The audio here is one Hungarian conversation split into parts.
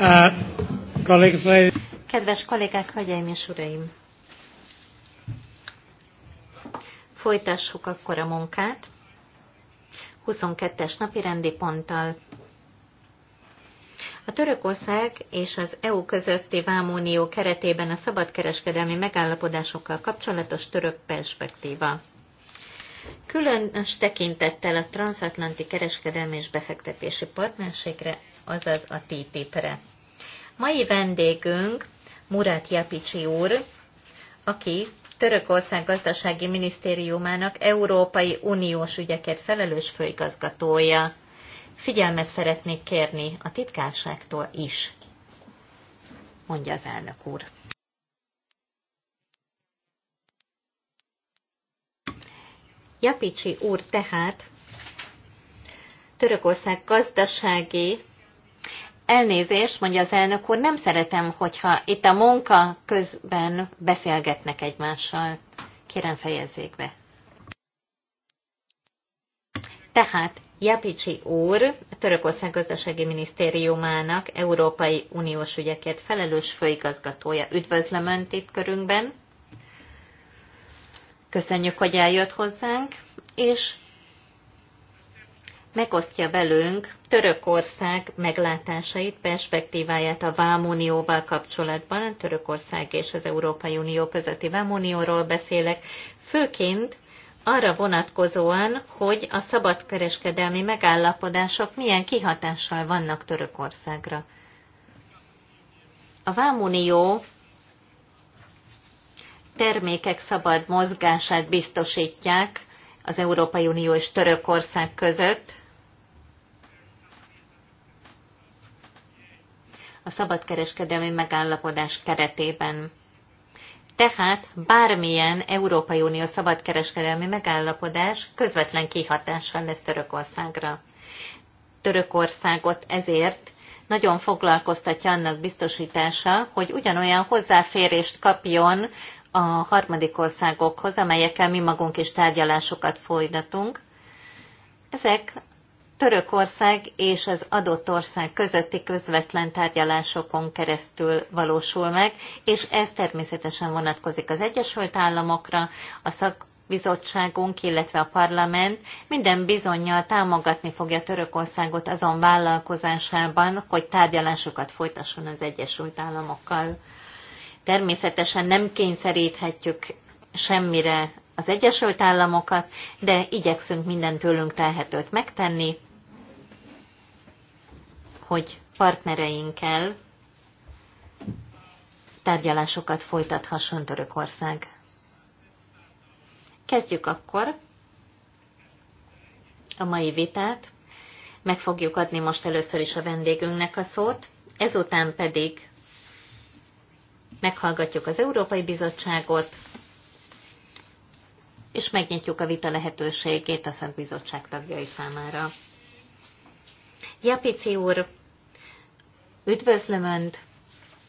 Uh, Kedves kollégák, hagyjaim és uraim! Folytassuk akkor a munkát. 22-es napi rendi ponttal. A Törökország és az EU közötti Vámunió keretében a szabadkereskedelmi megállapodásokkal kapcsolatos török perspektíva. Különös tekintettel a transatlanti kereskedelmi és befektetési partnerségre azaz a TTIP-re. Mai vendégünk Murat Japicsi úr, aki Törökország gazdasági minisztériumának Európai Uniós ügyeket felelős főigazgatója. Figyelmet szeretnék kérni a titkárságtól is, mondja az elnök úr. Japicsi úr tehát Törökország gazdasági Elnézést, mondja az elnök úr, nem szeretem, hogyha itt a munka közben beszélgetnek egymással. Kérem, fejezzék be. Tehát Japicsi úr, Törökország gazdasági minisztériumának Európai Uniós ügyeket felelős főigazgatója. Üdvözlöm Önt itt körünkben. Köszönjük, hogy eljött hozzánk, és megosztja velünk Törökország meglátásait, perspektíváját a Vámunióval kapcsolatban. A Törökország és az Európai Unió közötti Vámunióról beszélek, főként arra vonatkozóan, hogy a szabadkereskedelmi megállapodások milyen kihatással vannak Törökországra. A Vámunió termékek szabad mozgását biztosítják az Európai Unió és Törökország között. a szabadkereskedelmi megállapodás keretében. Tehát bármilyen Európai Unió szabadkereskedelmi megállapodás közvetlen kihatással lesz Törökországra. Törökországot ezért nagyon foglalkoztatja annak biztosítása, hogy ugyanolyan hozzáférést kapjon a harmadik országokhoz, amelyekkel mi magunk is tárgyalásokat folytatunk. Ezek Törökország és az adott ország közötti közvetlen tárgyalásokon keresztül valósul meg, és ez természetesen vonatkozik az Egyesült Államokra, a szak bizottságunk, illetve a parlament minden bizonyal támogatni fogja Törökországot azon vállalkozásában, hogy tárgyalásokat folytasson az Egyesült Államokkal. Természetesen nem kényszeríthetjük semmire az Egyesült Államokat, de igyekszünk minden tőlünk telhetőt megtenni, hogy partnereinkkel tárgyalásokat folytathasson Törökország. Kezdjük akkor a mai vitát. Meg fogjuk adni most először is a vendégünknek a szót, ezután pedig meghallgatjuk az Európai Bizottságot, és megnyitjuk a vita lehetőségét a szakbizottság tagjai számára. Japici úr, üdvözlöm Önt,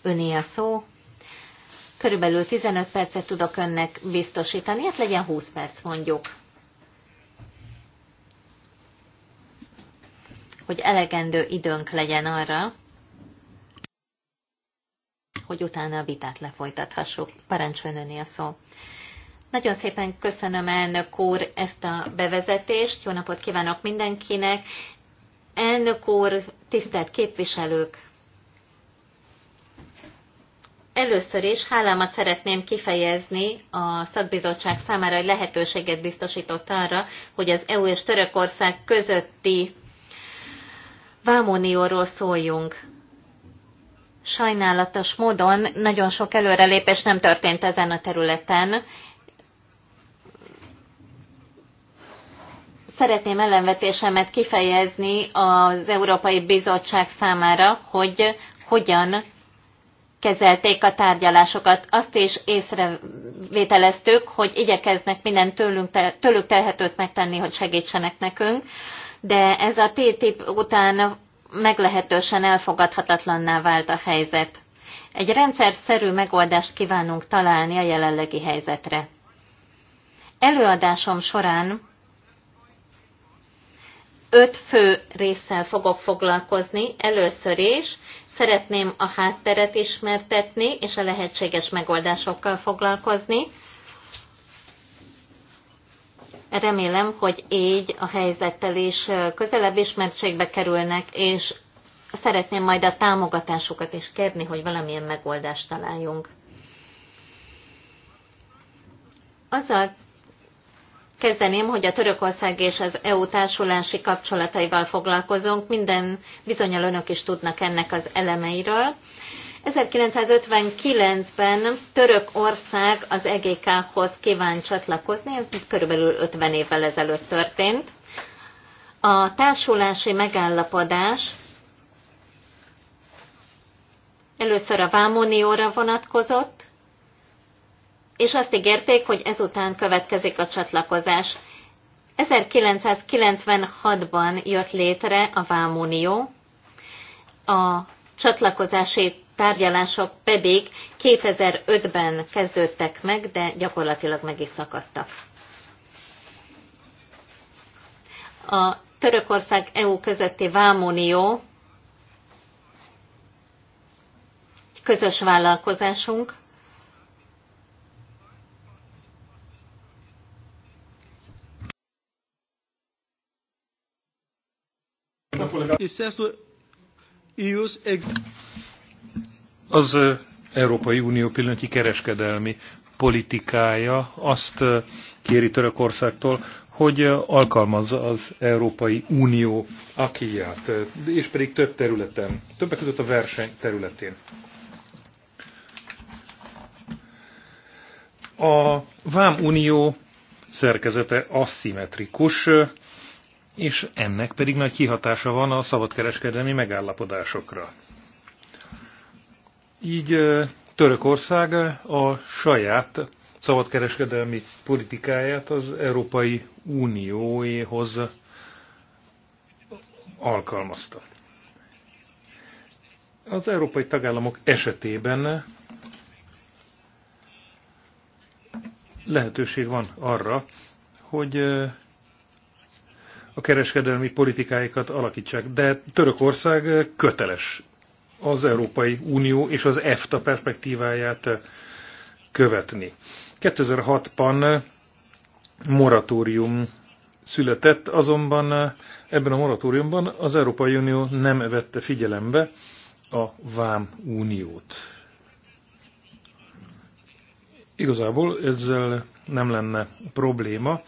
Öné a szó. Körülbelül 15 percet tudok Önnek biztosítani, hát legyen 20 perc mondjuk. Hogy elegendő időnk legyen arra, hogy utána a vitát lefolytathassuk. Parancsoljon öné a szó. Nagyon szépen köszönöm, elnök úr, ezt a bevezetést. Jó napot kívánok mindenkinek. Elnök úr, tisztelt képviselők, először is hálámat szeretném kifejezni a szakbizottság számára, hogy lehetőséget biztosított arra, hogy az EU és Törökország közötti vámunióról szóljunk sajnálatos módon nagyon sok előrelépés nem történt ezen a területen. Szeretném ellenvetésemet kifejezni az Európai Bizottság számára, hogy hogyan kezelték a tárgyalásokat. Azt is észrevételeztük, hogy igyekeznek minden tőlünk, tőlük telhetőt megtenni, hogy segítsenek nekünk, de ez a TTIP után meglehetősen elfogadhatatlanná vált a helyzet. Egy rendszer szerű megoldást kívánunk találni a jelenlegi helyzetre. Előadásom során öt fő résszel fogok foglalkozni. Először is szeretném a hátteret ismertetni, és a lehetséges megoldásokkal foglalkozni. Remélem, hogy így a helyzettel is közelebb ismertségbe kerülnek, és szeretném majd a támogatásukat is kérni, hogy valamilyen megoldást találjunk. Azzal kezdeném, hogy a Törökország és az EU társulási kapcsolataival foglalkozunk. Minden bizonyal önök is tudnak ennek az elemeiről. 1959-ben Törökország az EGK-hoz kíván csatlakozni, ez körülbelül 50 évvel ezelőtt történt. A társulási megállapodás először a Vámonióra vonatkozott, és azt ígérték, hogy ezután következik a csatlakozás. 1996-ban jött létre a Vámunió, a csatlakozási tárgyalások pedig 2005-ben kezdődtek meg, de gyakorlatilag meg is szakadtak. A Törökország EU közötti vámunió közös vállalkozásunk, az Európai Unió pillanatnyi kereskedelmi politikája azt kéri Törökországtól, hogy alkalmazza az Európai Unió akiját, és pedig több területen, többek között a verseny területén. A Vám Unió szerkezete aszimmetrikus, és ennek pedig nagy kihatása van a szabadkereskedelmi megállapodásokra. Így Törökország a saját szabadkereskedelmi politikáját az Európai Unióéhoz alkalmazta. Az európai tagállamok esetében lehetőség van arra, hogy a kereskedelmi politikáikat alakítsák, de Törökország köteles az Európai Unió és az EFTA perspektíváját követni. 2006-ban moratórium született, azonban ebben a moratóriumban az Európai Unió nem vette figyelembe a Vám Uniót. Igazából ezzel nem lenne probléma,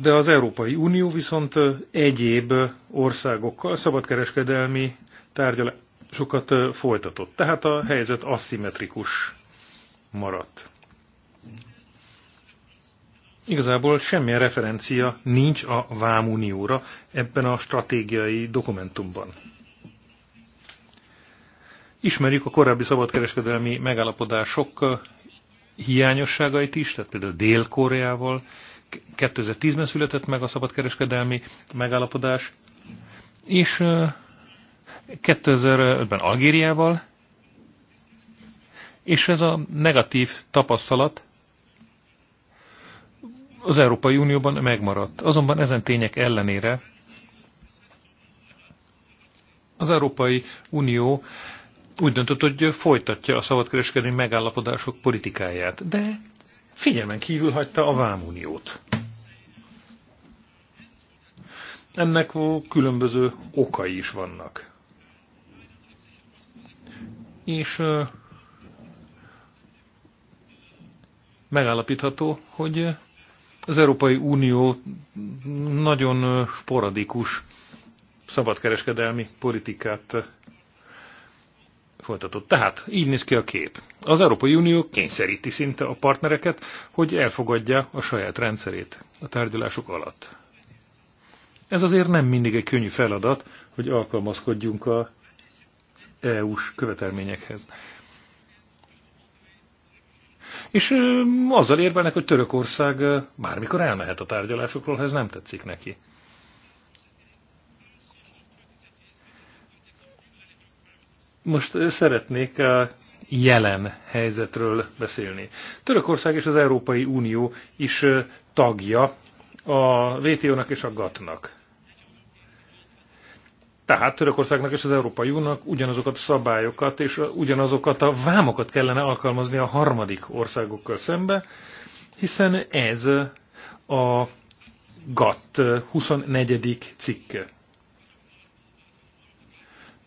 de az Európai Unió viszont egyéb országokkal szabadkereskedelmi tárgyal sokat folytatott. Tehát a helyzet aszimmetrikus maradt. Igazából semmilyen referencia nincs a Vámunióra ebben a stratégiai dokumentumban. Ismerjük a korábbi szabadkereskedelmi megállapodások hiányosságait is, tehát például Dél-Koreával. 2010-ben született meg a szabadkereskedelmi megállapodás, és 2005-ben Algériával, és ez a negatív tapasztalat az Európai Unióban megmaradt. Azonban ezen tények ellenére az Európai Unió úgy döntött, hogy folytatja a szabadkereskedelmi megállapodások politikáját, de figyelmen kívül hagyta a Vámuniót. Ennek különböző okai is vannak és megállapítható, hogy az Európai Unió nagyon sporadikus szabadkereskedelmi politikát folytatott. Tehát így néz ki a kép. Az Európai Unió kényszeríti szinte a partnereket, hogy elfogadja a saját rendszerét a tárgyalások alatt. Ez azért nem mindig egy könnyű feladat, hogy alkalmazkodjunk a EU-s követelményekhez. És azzal érvelnek, hogy Törökország bármikor elmehet a tárgyalásokról, ha ez nem tetszik neki. Most szeretnék a jelen helyzetről beszélni. Törökország és az Európai Unió is tagja a WTO-nak és a GATT-nak. Tehát Törökországnak és az Európai Uniónak ugyanazokat a szabályokat és ugyanazokat a vámokat kellene alkalmazni a harmadik országokkal szembe, hiszen ez a GATT 24. cikke.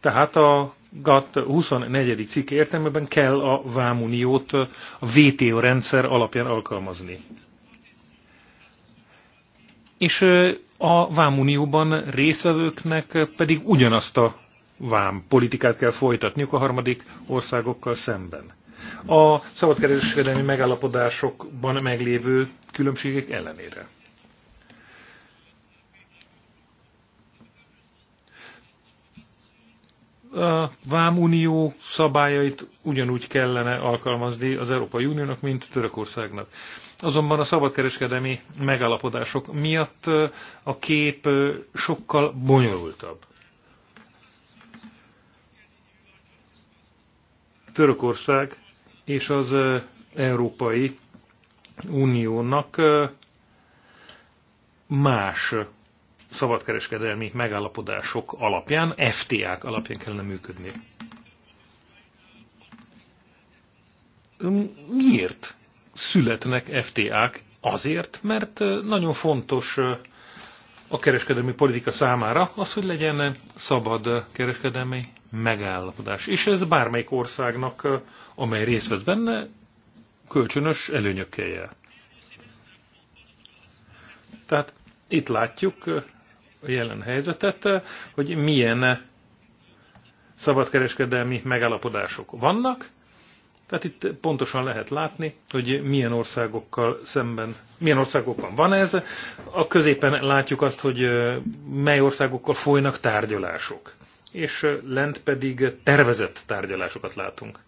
Tehát a GATT 24. cikke értelmében kell a vámuniót a VTO rendszer alapján alkalmazni és a vámunióban részvevőknek pedig ugyanazt a vám politikát kell folytatniuk a harmadik országokkal szemben. A szabadkereskedelmi megállapodásokban meglévő különbségek ellenére. a Vámunió szabályait ugyanúgy kellene alkalmazni az Európai Uniónak, mint Törökországnak. Azonban a szabadkereskedelmi megállapodások miatt a kép sokkal bonyolultabb. Törökország és az Európai Uniónak más szabadkereskedelmi megállapodások alapján, FTA-k alapján kellene működni. Miért születnek FTA-k azért, mert nagyon fontos a kereskedelmi politika számára az, hogy legyen szabad kereskedelmi megállapodás. És ez bármelyik országnak, amely részt vesz benne, kölcsönös előnyökkel jel. Tehát itt látjuk a jelen helyzetet, hogy milyen szabadkereskedelmi megállapodások vannak, tehát itt pontosan lehet látni, hogy milyen országokkal szemben, milyen országokban van ez. A középen látjuk azt, hogy mely országokkal folynak tárgyalások, és lent pedig tervezett tárgyalásokat látunk.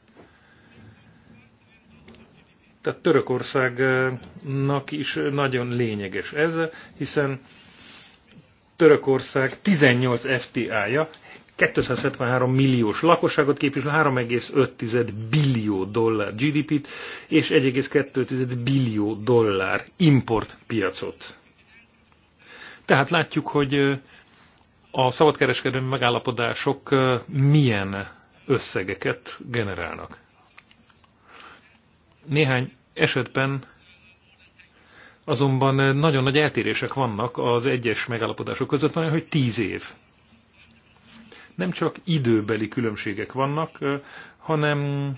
Tehát Törökországnak is nagyon lényeges ez, hiszen Törökország 18 FTA-ja 273 milliós lakosságot képvisel, 3,5 billió dollár GDP-t és 1,2 billió dollár importpiacot. Tehát látjuk, hogy a szabadkereskedelmi megállapodások milyen összegeket generálnak. Néhány esetben azonban nagyon nagy eltérések vannak az egyes megállapodások között, van, hogy tíz év nem csak időbeli különbségek vannak, hanem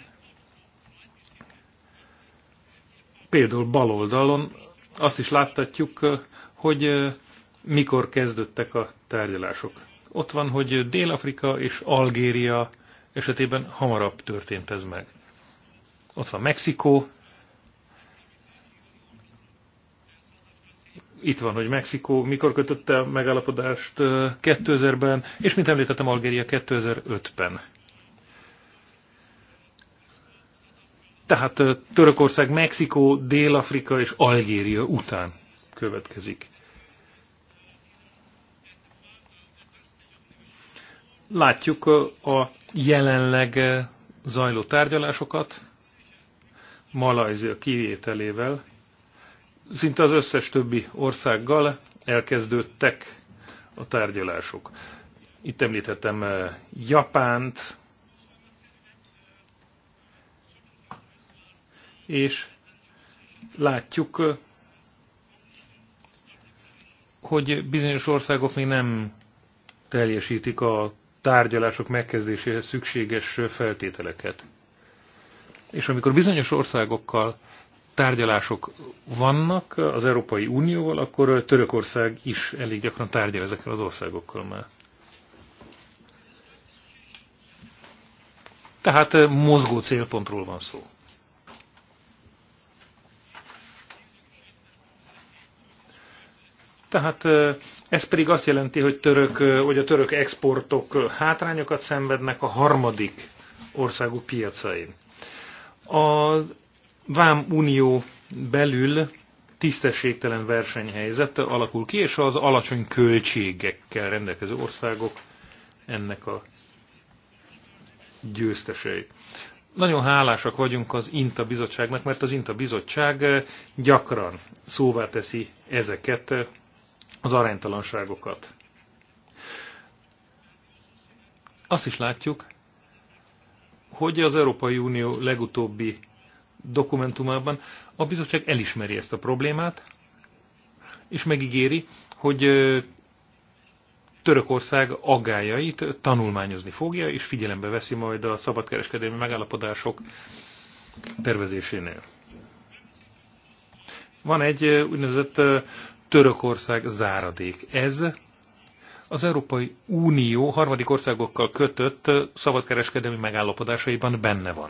például bal oldalon azt is láthatjuk, hogy mikor kezdődtek a tárgyalások. Ott van, hogy Dél-Afrika és Algéria esetében hamarabb történt ez meg. Ott van Mexikó, itt van, hogy Mexikó mikor kötötte a megállapodást 2000-ben, és mint említettem, Algéria 2005-ben. Tehát Törökország, Mexikó, Dél-Afrika és Algéria után következik. Látjuk a jelenleg zajló tárgyalásokat, Malajzia kivételével, szinte az összes többi országgal elkezdődtek a tárgyalások. Itt említettem eh, Japánt, és látjuk, eh, hogy bizonyos országok még nem teljesítik a tárgyalások megkezdéséhez szükséges feltételeket. És amikor bizonyos országokkal tárgyalások vannak az Európai Unióval, akkor Törökország is elég gyakran tárgyal ezekkel az országokkal már. Tehát mozgó célpontról van szó. Tehát ez pedig azt jelenti, hogy, török, hogy a török exportok hátrányokat szenvednek a harmadik országú piacain. Az Vám Unió belül tisztességtelen versenyhelyzet alakul ki, és az alacsony költségekkel rendelkező országok ennek a győztesei. Nagyon hálásak vagyunk az INTA bizottságnak, mert az INTA bizottság gyakran szóvá teszi ezeket az aránytalanságokat. Azt is látjuk, hogy az Európai Unió legutóbbi dokumentumában, a bizottság elismeri ezt a problémát, és megígéri, hogy Törökország aggájait tanulmányozni fogja, és figyelembe veszi majd a szabadkereskedelmi megállapodások tervezésénél. Van egy úgynevezett Törökország záradék. Ez az Európai Unió harmadik országokkal kötött szabadkereskedelmi megállapodásaiban benne van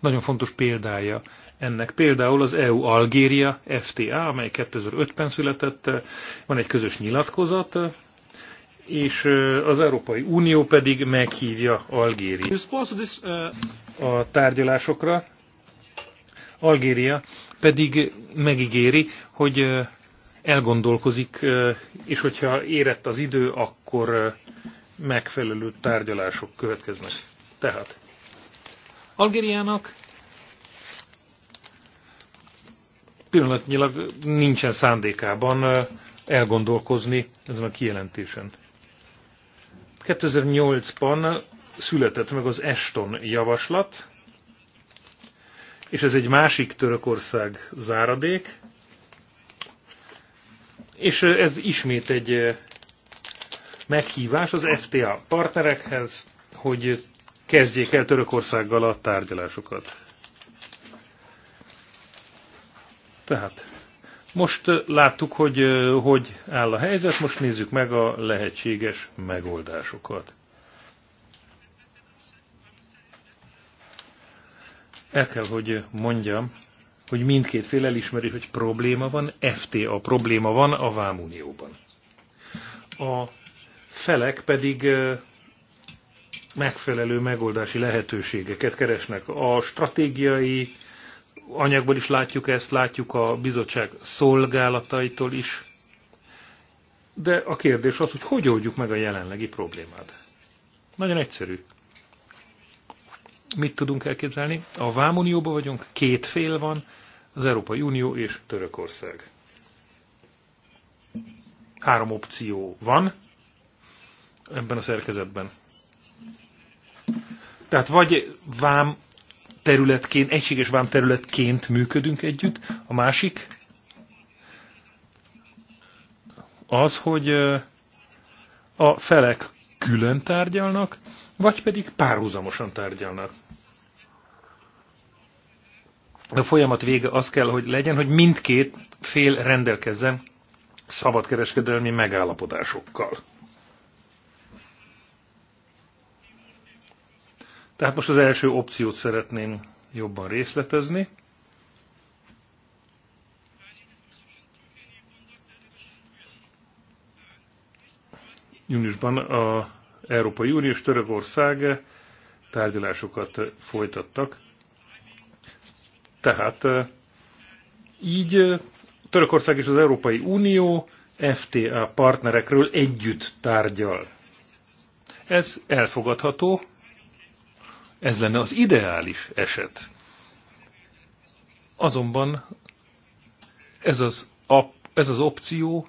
nagyon fontos példája ennek. Például az EU-Algéria FTA, amely 2005-ben született, van egy közös nyilatkozat, és az Európai Unió pedig meghívja Algériát uh, a tárgyalásokra. Algéria pedig megígéri, hogy elgondolkozik, és hogyha érett az idő, akkor megfelelő tárgyalások következnek. Tehát Algériának pillanatnyilag nincsen szándékában elgondolkozni ezen a kijelentésen. 2008-ban született meg az Eston javaslat, és ez egy másik Törökország záradék, és ez ismét egy meghívás az FTA partnerekhez, hogy kezdjék el Törökországgal a tárgyalásokat. Tehát most láttuk, hogy hogy áll a helyzet, most nézzük meg a lehetséges megoldásokat. El kell, hogy mondjam, hogy mindkét fél elismeri, hogy probléma van, FTA probléma van a Vámunióban. A felek pedig megfelelő megoldási lehetőségeket keresnek. A stratégiai anyagból is látjuk ezt, látjuk a bizottság szolgálataitól is. De a kérdés az, hogy hogy oldjuk meg a jelenlegi problémát. Nagyon egyszerű. Mit tudunk elképzelni? A Vámunióban vagyunk, két fél van, az Európai Unió és Törökország. Három opció van ebben a szerkezetben. Tehát vagy vám területként, egységes vám területként működünk együtt, a másik az, hogy a felek külön tárgyalnak, vagy pedig párhuzamosan tárgyalnak. A folyamat vége az kell, hogy legyen, hogy mindkét fél rendelkezzen szabadkereskedelmi megállapodásokkal. Tehát most az első opciót szeretném jobban részletezni. Júniusban a Európai Unió és Törökország tárgyalásokat folytattak. Tehát így Törökország és az Európai Unió FTA partnerekről együtt tárgyal. Ez elfogadható, ez lenne az ideális eset. Azonban ez az, ez az opció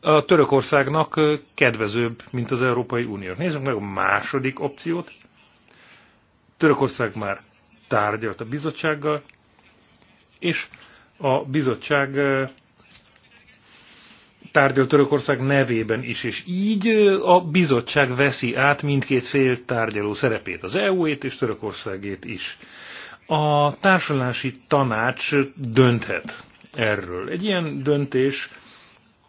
a Törökországnak kedvezőbb, mint az Európai Unió. Nézzük meg a második opciót. Törökország már tárgyalt a bizottsággal, és a bizottság tárgyal Törökország nevében is, és így a bizottság veszi át mindkét fél tárgyaló szerepét, az EU-ét és Törökországét is. A társulási tanács dönthet erről. Egy ilyen döntés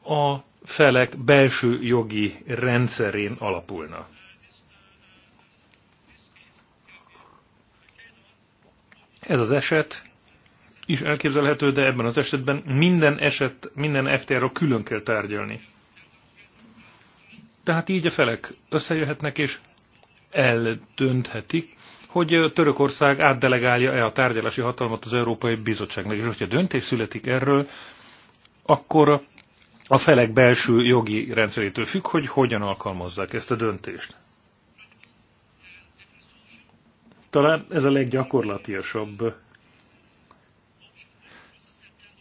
a felek belső jogi rendszerén alapulna. Ez az eset is elképzelhető, de ebben az esetben minden eset, minden FTR-ról külön kell tárgyalni. Tehát így a felek összejöhetnek és eldönthetik, hogy Törökország átdelegálja-e a tárgyalási hatalmat az Európai Bizottságnak. És hogyha döntés születik erről, akkor a felek belső jogi rendszerétől függ, hogy hogyan alkalmazzák ezt a döntést. Talán ez a leggyakorlatiasabb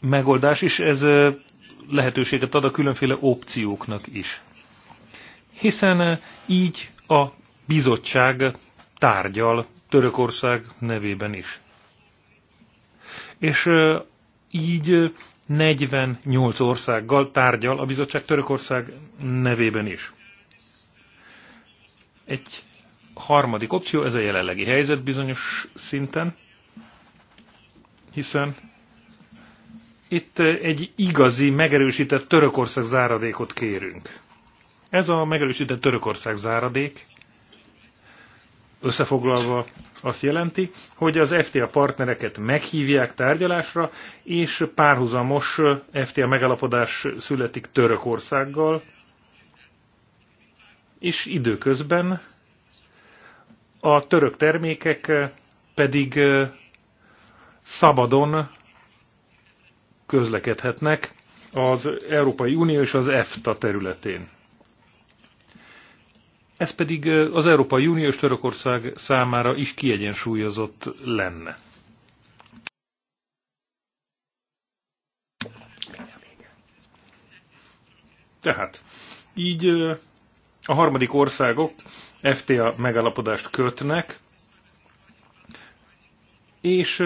megoldás, és ez lehetőséget ad a különféle opcióknak is. Hiszen így a bizottság tárgyal Törökország nevében is. És így 48 országgal tárgyal a bizottság Törökország nevében is. Egy harmadik opció, ez a jelenlegi helyzet bizonyos szinten, hiszen itt egy igazi, megerősített Törökország záradékot kérünk. Ez a megerősített Törökország záradék összefoglalva azt jelenti, hogy az FTA partnereket meghívják tárgyalásra, és párhuzamos FTA megalapodás születik Törökországgal, és időközben a török termékek pedig szabadon közlekedhetnek az Európai Unió és az EFTA területén. Ez pedig az Európai Unió és Törökország számára is kiegyensúlyozott lenne. Tehát így a harmadik országok FTA megalapodást kötnek, és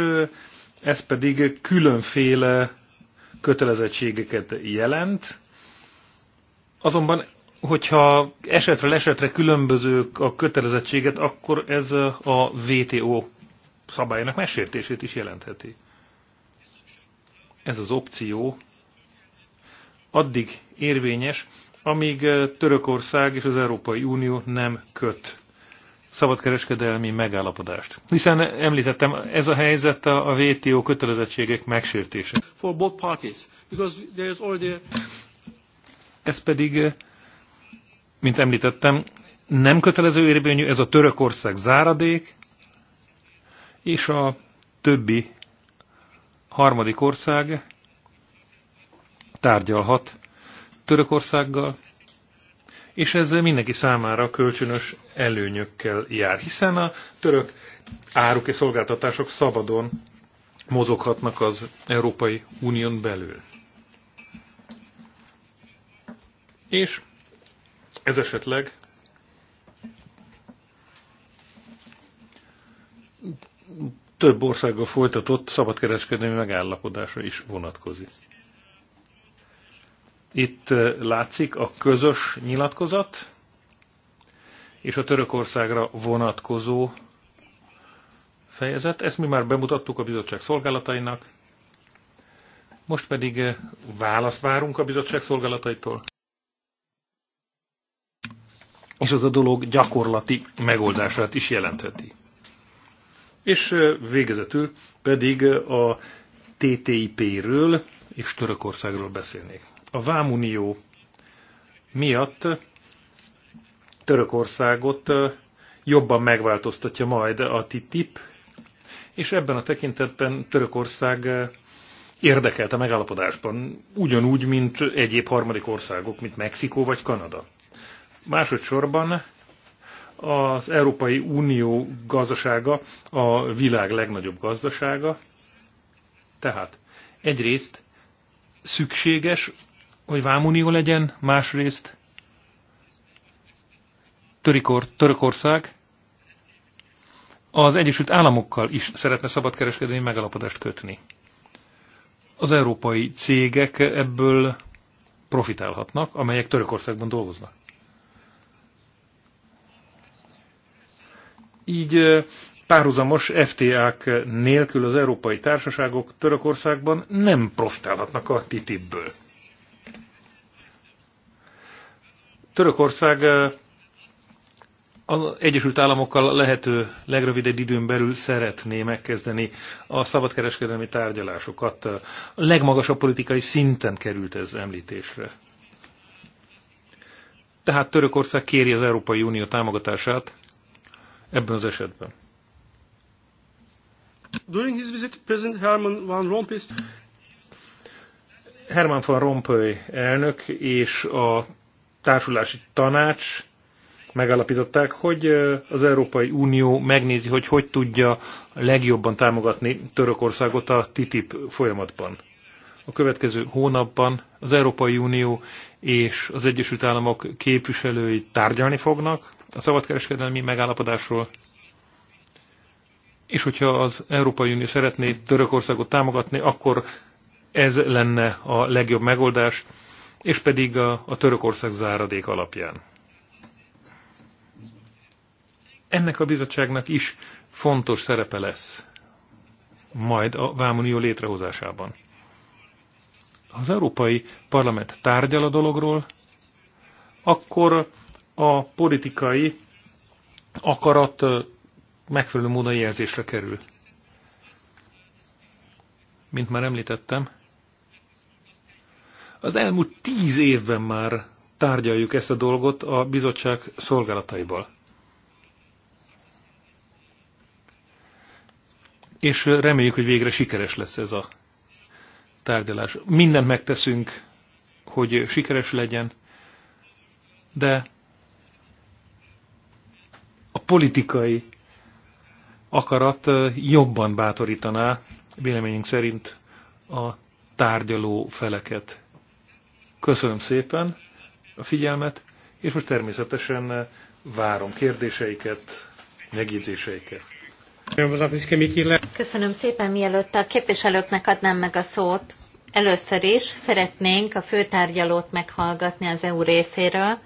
ez pedig különféle kötelezettségeket jelent, azonban hogyha esetről esetre különbözők a kötelezettséget, akkor ez a VTO szabályának megsértését is jelentheti. Ez az opció addig érvényes, amíg Törökország és az Európai Unió nem köt szabadkereskedelmi megállapodást. Hiszen említettem, ez a helyzet a WTO kötelezettségek megsértése. For both parties, because there is already... Ez pedig, mint említettem, nem kötelező érvényű, ez a Törökország záradék, és a többi harmadik ország tárgyalhat Törökországgal, és ez mindenki számára kölcsönös előnyökkel jár, hiszen a török áruk és szolgáltatások szabadon mozoghatnak az Európai Unión belül. És ez esetleg több országgal folytatott szabadkereskedelmi megállapodásra is vonatkozik. Itt látszik a közös nyilatkozat és a Törökországra vonatkozó fejezet. Ezt mi már bemutattuk a bizottság szolgálatainak, most pedig választ várunk a bizottság szolgálataitól. És az a dolog gyakorlati megoldását is jelentheti. És végezetül pedig a TTIP-ről és Törökországról beszélnék a Vámunió miatt Törökországot jobban megváltoztatja majd a TTIP, és ebben a tekintetben Törökország érdekelt a megállapodásban, ugyanúgy, mint egyéb harmadik országok, mint Mexikó vagy Kanada. Másodszorban az Európai Unió gazdasága a világ legnagyobb gazdasága, tehát egyrészt szükséges hogy vámunió legyen, másrészt Törikor, Törökország az Egyesült Államokkal is szeretne szabadkereskedelmi megalapodást kötni. Az európai cégek ebből profitálhatnak, amelyek Törökországban dolgoznak. Így párhuzamos FTA-k nélkül az európai társaságok Törökországban nem profitálhatnak a TTIP-ből. Törökország az Egyesült Államokkal lehető legrövidebb időn belül szeretné megkezdeni a szabadkereskedelmi tárgyalásokat. A legmagasabb politikai szinten került ez említésre. Tehát Törökország kéri az Európai Unió támogatását ebben az esetben. During his visit, President Herman Van Rompuy Herman van Rompuy elnök és a társulási tanács megállapították, hogy az Európai Unió megnézi, hogy hogy tudja legjobban támogatni Törökországot a TTIP folyamatban. A következő hónapban az Európai Unió és az Egyesült Államok képviselői tárgyalni fognak a szabadkereskedelmi megállapodásról, és hogyha az Európai Unió szeretné Törökországot támogatni, akkor ez lenne a legjobb megoldás, és pedig a, a Törökország záradék alapján. Ennek a bizottságnak is fontos szerepe lesz majd a Vámunió létrehozásában. Az Európai Parlament tárgyal a dologról, akkor a politikai akarat megfelelő módon jelzésre kerül. Mint már említettem, az elmúlt tíz évben már tárgyaljuk ezt a dolgot a bizottság szolgálataiból. És reméljük, hogy végre sikeres lesz ez a tárgyalás. Mindent megteszünk, hogy sikeres legyen, de a politikai akarat jobban bátorítaná, véleményünk szerint, a tárgyaló feleket. Köszönöm szépen a figyelmet, és most természetesen várom kérdéseiket, megjegyzéseiket. Köszönöm szépen, mielőtt a képviselőknek adnám meg a szót. Először is szeretnénk a főtárgyalót meghallgatni az EU részéről.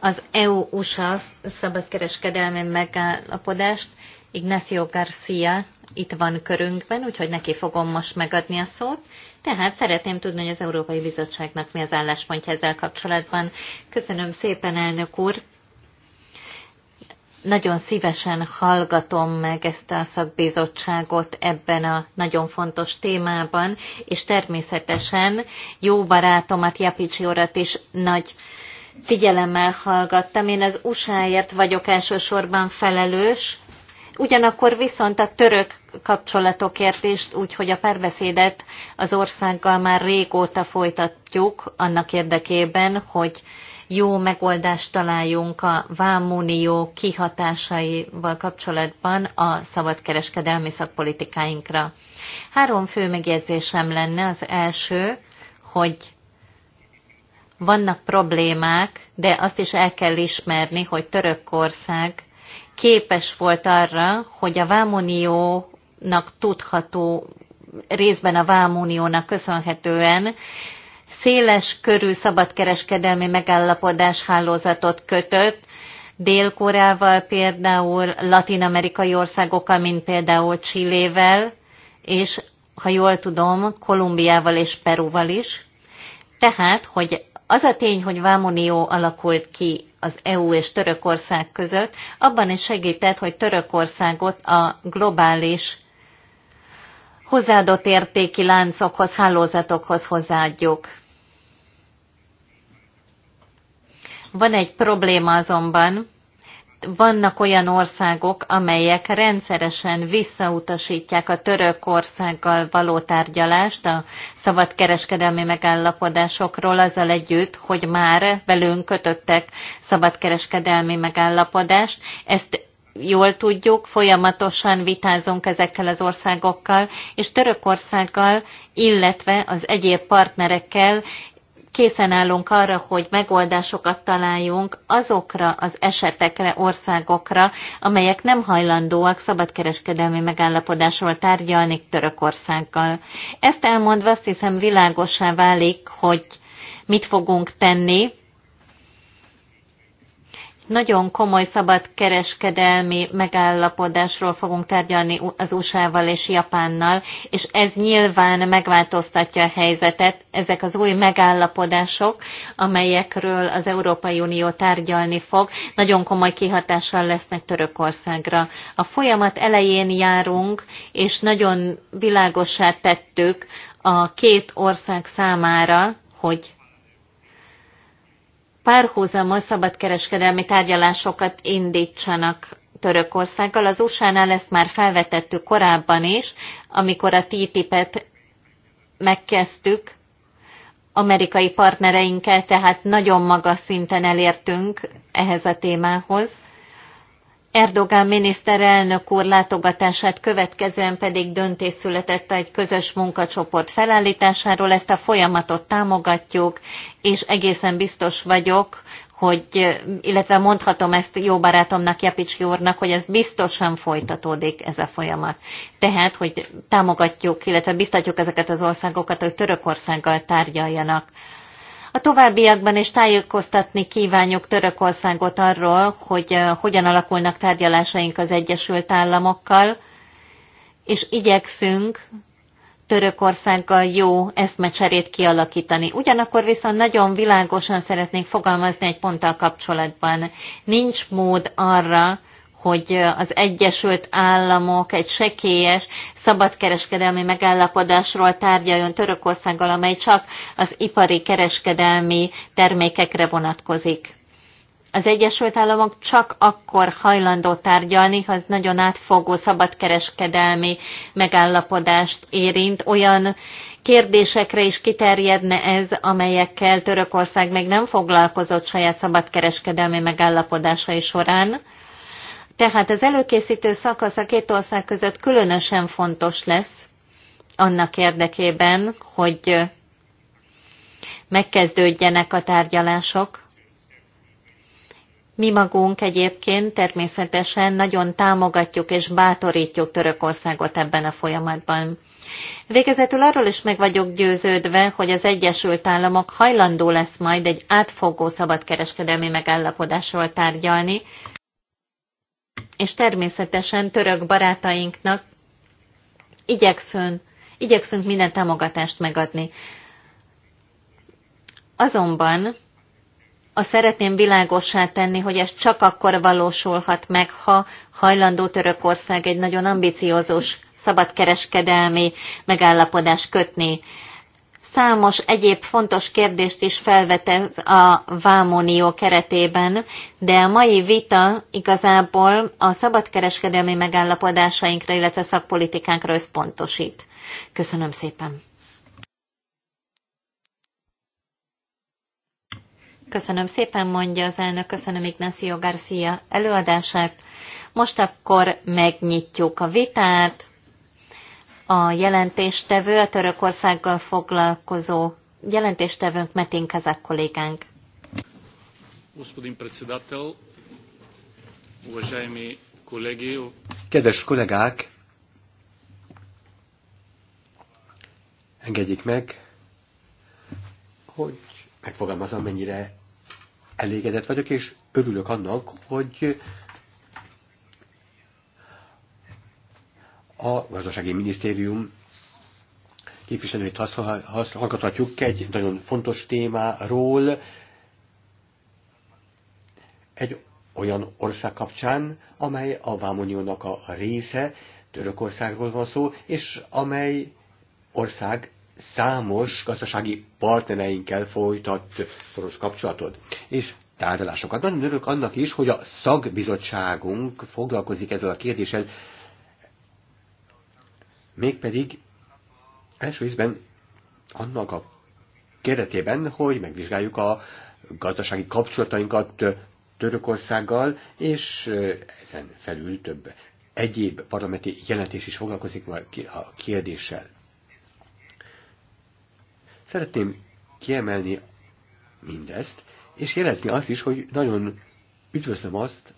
Az EU-USA szabadkereskedelmi megállapodást Ignacio Garcia itt van körünkben, úgyhogy neki fogom most megadni a szót. Tehát szeretném tudni, hogy az Európai Bizottságnak mi az álláspontja ezzel kapcsolatban. Köszönöm szépen, elnök úr! Nagyon szívesen hallgatom meg ezt a szakbizottságot ebben a nagyon fontos témában, és természetesen jó barátomat, Japicsi urat is nagy figyelemmel hallgattam. Én az USA-ért vagyok elsősorban felelős, Ugyanakkor viszont a török kapcsolatokért is, úgyhogy a párbeszédet az országgal már régóta folytatjuk annak érdekében, hogy jó megoldást találjunk a vámunió kihatásaival kapcsolatban a szabadkereskedelmi szakpolitikáinkra. Három fő megjegyzésem lenne. Az első, hogy vannak problémák, de azt is el kell ismerni, hogy Törökország képes volt arra, hogy a Vámuniónak tudható, részben a Vámuniónak köszönhetően széles körű szabadkereskedelmi megállapodás hálózatot kötött, Dél-Koreával például, latin-amerikai országokkal, mint például Csillével, és ha jól tudom, Kolumbiával és Peruval is. Tehát, hogy az a tény, hogy vámonió alakult ki az EU és Törökország között, abban is segített, hogy Törökországot a globális hozzáadott értéki láncokhoz, hálózatokhoz hozzáadjuk. Van egy probléma azonban, vannak olyan országok, amelyek rendszeresen visszautasítják a országgal való tárgyalást a szabadkereskedelmi megállapodásokról, azzal együtt, hogy már velünk kötöttek szabadkereskedelmi megállapodást. Ezt jól tudjuk, folyamatosan vitázunk ezekkel az országokkal, és Törökországgal, illetve az egyéb partnerekkel készen állunk arra, hogy megoldásokat találjunk azokra az esetekre, országokra, amelyek nem hajlandóak szabadkereskedelmi megállapodásról tárgyalni Törökországgal. Ezt elmondva azt hiszem világosá válik, hogy mit fogunk tenni, nagyon komoly kereskedelmi megállapodásról fogunk tárgyalni az USA-val és Japánnal, és ez nyilván megváltoztatja a helyzetet. Ezek az új megállapodások, amelyekről az Európai Unió tárgyalni fog, nagyon komoly kihatással lesznek Törökországra. A folyamat elején járunk, és nagyon világosá tettük a két ország számára, hogy párhuzamos szabadkereskedelmi tárgyalásokat indítsanak Törökországgal. Az USA-nál ezt már felvetettük korábban is, amikor a TTIP-et megkezdtük amerikai partnereinkkel, tehát nagyon magas szinten elértünk ehhez a témához. Erdogán miniszterelnök úr látogatását következően pedig döntés született egy közös munkacsoport felállításáról, ezt a folyamatot támogatjuk, és egészen biztos vagyok, hogy, illetve mondhatom ezt jó barátomnak, Japicsi úrnak, hogy ez biztosan folytatódik ez a folyamat. Tehát, hogy támogatjuk, illetve biztatjuk ezeket az országokat, hogy Törökországgal tárgyaljanak a továbbiakban is tájékoztatni kívánjuk Törökországot arról, hogy eh, hogyan alakulnak tárgyalásaink az Egyesült Államokkal, és igyekszünk Törökországgal jó eszmecserét kialakítani. Ugyanakkor viszont nagyon világosan szeretnénk fogalmazni egy ponttal kapcsolatban. Nincs mód arra, hogy az Egyesült Államok egy sekélyes szabadkereskedelmi megállapodásról tárgyaljon Törökországgal, amely csak az ipari kereskedelmi termékekre vonatkozik. Az Egyesült Államok csak akkor hajlandó tárgyalni, ha az nagyon átfogó szabadkereskedelmi megállapodást érint, olyan kérdésekre is kiterjedne ez, amelyekkel Törökország még nem foglalkozott saját szabadkereskedelmi megállapodásai során tehát az előkészítő szakasz a két ország között különösen fontos lesz annak érdekében, hogy megkezdődjenek a tárgyalások. Mi magunk egyébként természetesen nagyon támogatjuk és bátorítjuk Törökországot ebben a folyamatban. Végezetül arról is meg vagyok győződve, hogy az Egyesült Államok hajlandó lesz majd egy átfogó szabadkereskedelmi megállapodásról tárgyalni, és természetesen török barátainknak igyekszünk, igyekszünk minden támogatást megadni. Azonban azt szeretném világossá tenni, hogy ez csak akkor valósulhat meg, ha hajlandó Törökország egy nagyon ambiciózus szabadkereskedelmi megállapodás kötni számos egyéb fontos kérdést is felvetett a Vámonió keretében, de a mai vita igazából a szabadkereskedelmi megállapodásainkra, illetve szakpolitikánkra összpontosít. Köszönöm szépen! Köszönöm szépen, mondja az elnök, köszönöm Ignacio Garcia előadását. Most akkor megnyitjuk a vitát a jelentéstevő, a Törökországgal foglalkozó jelentéstevőnk Metin Kazak kollégánk. Kedves kollégák, engedjék meg, hogy megfogalmazom, mennyire elégedett vagyok, és örülök annak, hogy a gazdasági minisztérium képviselőit hallgathatjuk egy nagyon fontos témáról, egy olyan ország kapcsán, amely a Vámuniónak a része, Törökországról van szó, és amely ország számos gazdasági partnereinkkel folytat szoros kapcsolatot. És tárgyalásokat. Nagyon örülök annak is, hogy a szakbizottságunk foglalkozik ezzel a kérdéssel, mégpedig első ízben annak a keretében, hogy megvizsgáljuk a gazdasági kapcsolatainkat Törökországgal, és ezen felül több egyéb parlamenti jelentés is foglalkozik már a kérdéssel. Szeretném kiemelni mindezt, és jelezni azt is, hogy nagyon üdvözlöm azt,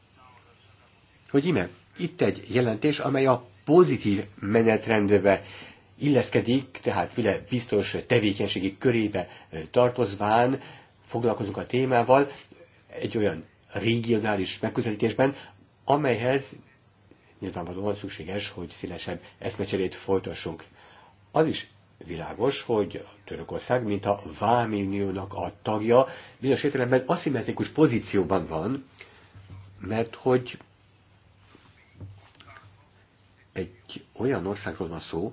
hogy ime, itt egy jelentés, amely a pozitív menetrendbe illeszkedik, tehát File biztos tevékenységi körébe tartozván foglalkozunk a témával egy olyan regionális megközelítésben, amelyhez nyilvánvalóan szükséges, hogy szélesebb eszmecserét folytassunk. Az is világos, hogy Törökország, mint a Vámuniónak a tagja, bizonyos értelemben aszimetrikus pozícióban van, mert hogy olyan országról van szó,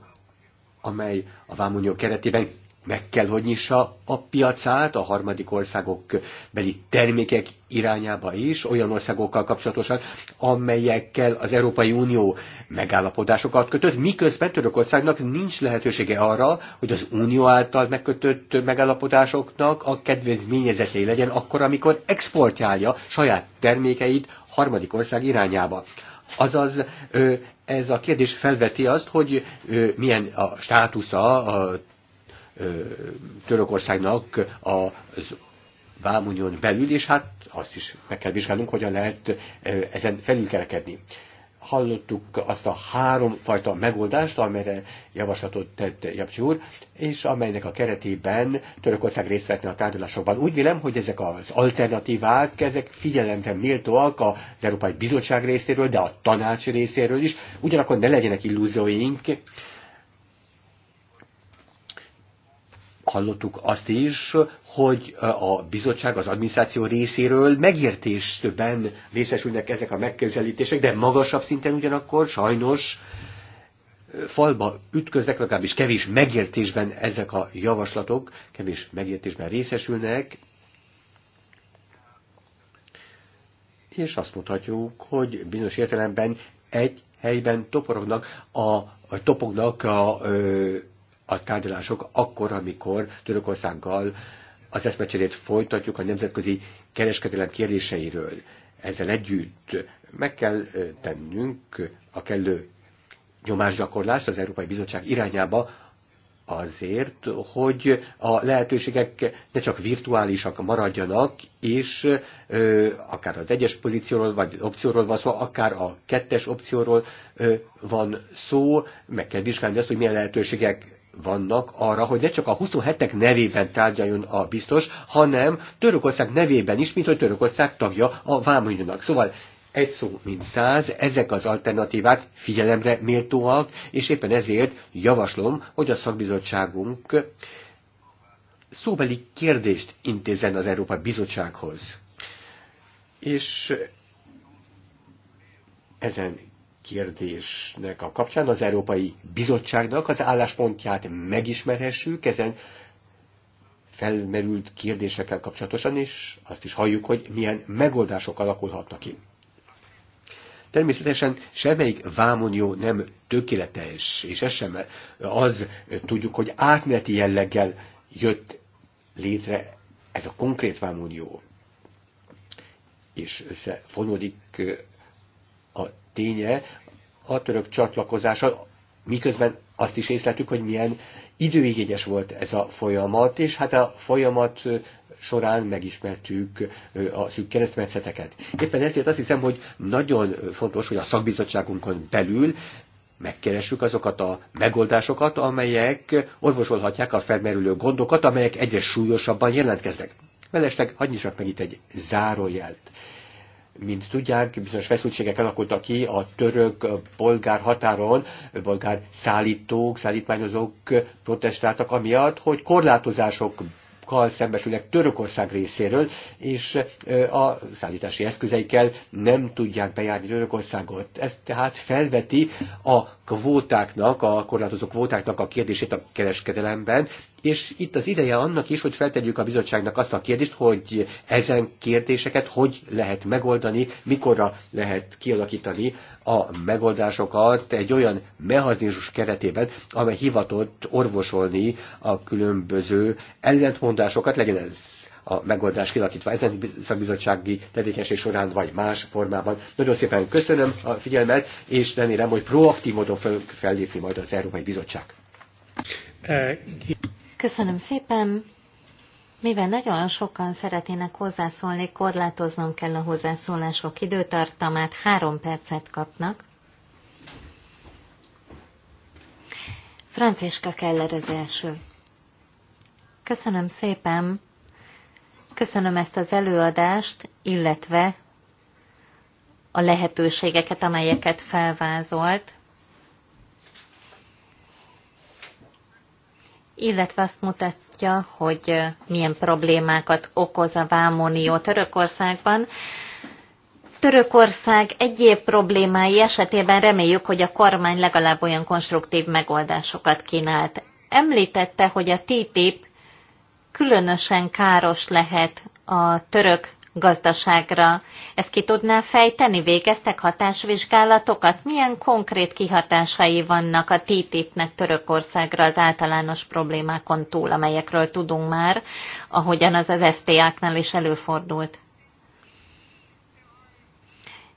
amely a Vámunió keretében meg kell, hogy nyissa a piacát a harmadik országok beli termékek irányába is, olyan országokkal kapcsolatosan, amelyekkel az Európai Unió megállapodásokat kötött, miközben Törökországnak nincs lehetősége arra, hogy az Unió által megkötött megállapodásoknak a kedvezményezetei legyen akkor, amikor exportálja saját termékeit harmadik ország irányába. Azaz ez a kérdés felveti azt, hogy milyen a státusza a Törökországnak az vámunyon belül, és hát azt is meg kell vizsgálnunk, hogyan lehet ezen felülkerekedni hallottuk azt a három fajta megoldást, amelyre javaslatot tett Japsi úr, és amelynek a keretében Törökország részt vetne a tárgyalásokban. Úgy vélem, hogy ezek az alternatívák, ezek figyelemre méltóak az Európai Bizottság részéről, de a tanács részéről is, ugyanakkor ne legyenek illúzióink, hallottuk azt is, hogy a bizottság az adminisztráció részéről megértésben részesülnek ezek a megközelítések, de magasabb szinten ugyanakkor sajnos falba ütköznek, legalábbis kevés megértésben ezek a javaslatok, kevés megértésben részesülnek, és azt mutatjuk, hogy bizonyos értelemben egy helyben toporognak a, a topognak a ö, a tárgyalások akkor, amikor Törökországgal az eszmecserét folytatjuk a nemzetközi kereskedelem kérdéseiről. Ezzel együtt meg kell tennünk a kellő nyomásgyakorlást az Európai Bizottság irányába, azért, hogy a lehetőségek ne csak virtuálisak maradjanak, és ö, akár az egyes pozícióról, vagy opcióról van szó, akár a kettes opcióról ö, van szó, meg kell vizsgálni azt, hogy milyen lehetőségek vannak arra, hogy ne csak a 27-ek nevében tárgyaljon a biztos, hanem Törökország nevében is, mint hogy Törökország tagja a Vámonyonak. Szóval egy szó, mint száz, ezek az alternatívák figyelemre méltóak, és éppen ezért javaslom, hogy a szakbizottságunk szóbeli kérdést intézen az Európa Bizottsághoz. És ezen kérdésnek a kapcsán az Európai Bizottságnak az álláspontját megismerhessük ezen felmerült kérdésekkel kapcsolatosan, és azt is halljuk, hogy milyen megoldások alakulhatnak ki. Természetesen semmelyik vámunió nem tökéletes, és ez sem az, tudjuk, hogy átmeneti jelleggel jött létre ez a konkrét vámunió, és összefonódik ténye a török csatlakozása, miközben azt is észleltük, hogy milyen időigényes volt ez a folyamat, és hát a folyamat során megismertük a szűk keresztmetszeteket. Éppen ezért azt hiszem, hogy nagyon fontos, hogy a szakbizottságunkon belül megkeressük azokat a megoldásokat, amelyek orvosolhatják a felmerülő gondokat, amelyek egyre súlyosabban jelentkeznek. Mellesleg hagyj meg itt egy zárójelt mint tudják, bizonyos feszültségek alakultak ki a török bolgár határon, bolgár szállítók, szállítmányozók protestáltak amiatt, hogy korlátozások szembesülnek Törökország részéről, és a szállítási eszközeikkel nem tudják bejárni Törökországot. Ez tehát felveti a kvótáknak, a korlátozó kvótáknak a kérdését a kereskedelemben, és itt az ideje annak is, hogy feltegyük a bizottságnak azt a kérdést, hogy ezen kérdéseket hogy lehet megoldani, mikorra lehet kialakítani a megoldásokat egy olyan mechanizmus keretében, amely hivatott orvosolni a különböző ellentmondásokat, legyen ez a megoldás kilakítva ezen szakbizottsági tevékenység során, vagy más formában. Nagyon szépen köszönöm a figyelmet, és remélem, hogy proaktív módon fel, fellépni majd az Európai Bizottság. Köszönöm szépen. Mivel nagyon sokan szeretnének hozzászólni, korlátoznom kell a hozzászólások időtartamát, három percet kapnak. Franciska Keller az első. Köszönöm szépen. Köszönöm ezt az előadást, illetve a lehetőségeket, amelyeket felvázolt, illetve azt mutatja, hogy milyen problémákat okoz a Vámonió Törökországban. Törökország egyéb problémái esetében reméljük, hogy a kormány legalább olyan konstruktív megoldásokat kínált. Említette, hogy a TTIP különösen káros lehet a török gazdaságra. Ezt ki tudná fejteni? Végeztek hatásvizsgálatokat? Milyen konkrét kihatásai vannak a TTIP-nek Törökországra az általános problémákon túl, amelyekről tudunk már, ahogyan az az FTA-knál is előfordult?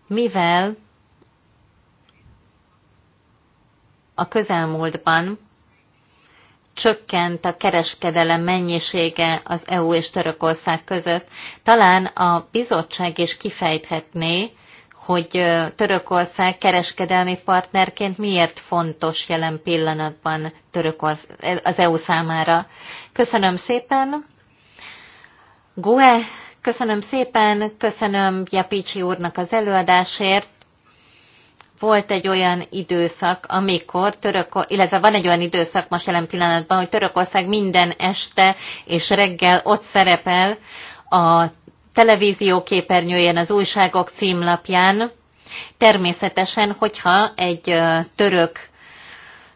Mivel a közelmúltban csökkent a kereskedelem mennyisége az EU és Törökország között. Talán a bizottság is kifejthetné, hogy Törökország kereskedelmi partnerként miért fontos jelen pillanatban Törökország, az EU számára. Köszönöm szépen. Gue, köszönöm szépen, köszönöm Japicsi úrnak az előadásért volt egy olyan időszak, amikor Török, illetve van egy olyan időszak most jelen pillanatban, hogy Törökország minden este és reggel ott szerepel a televízió képernyőjén, az újságok címlapján. Természetesen, hogyha egy török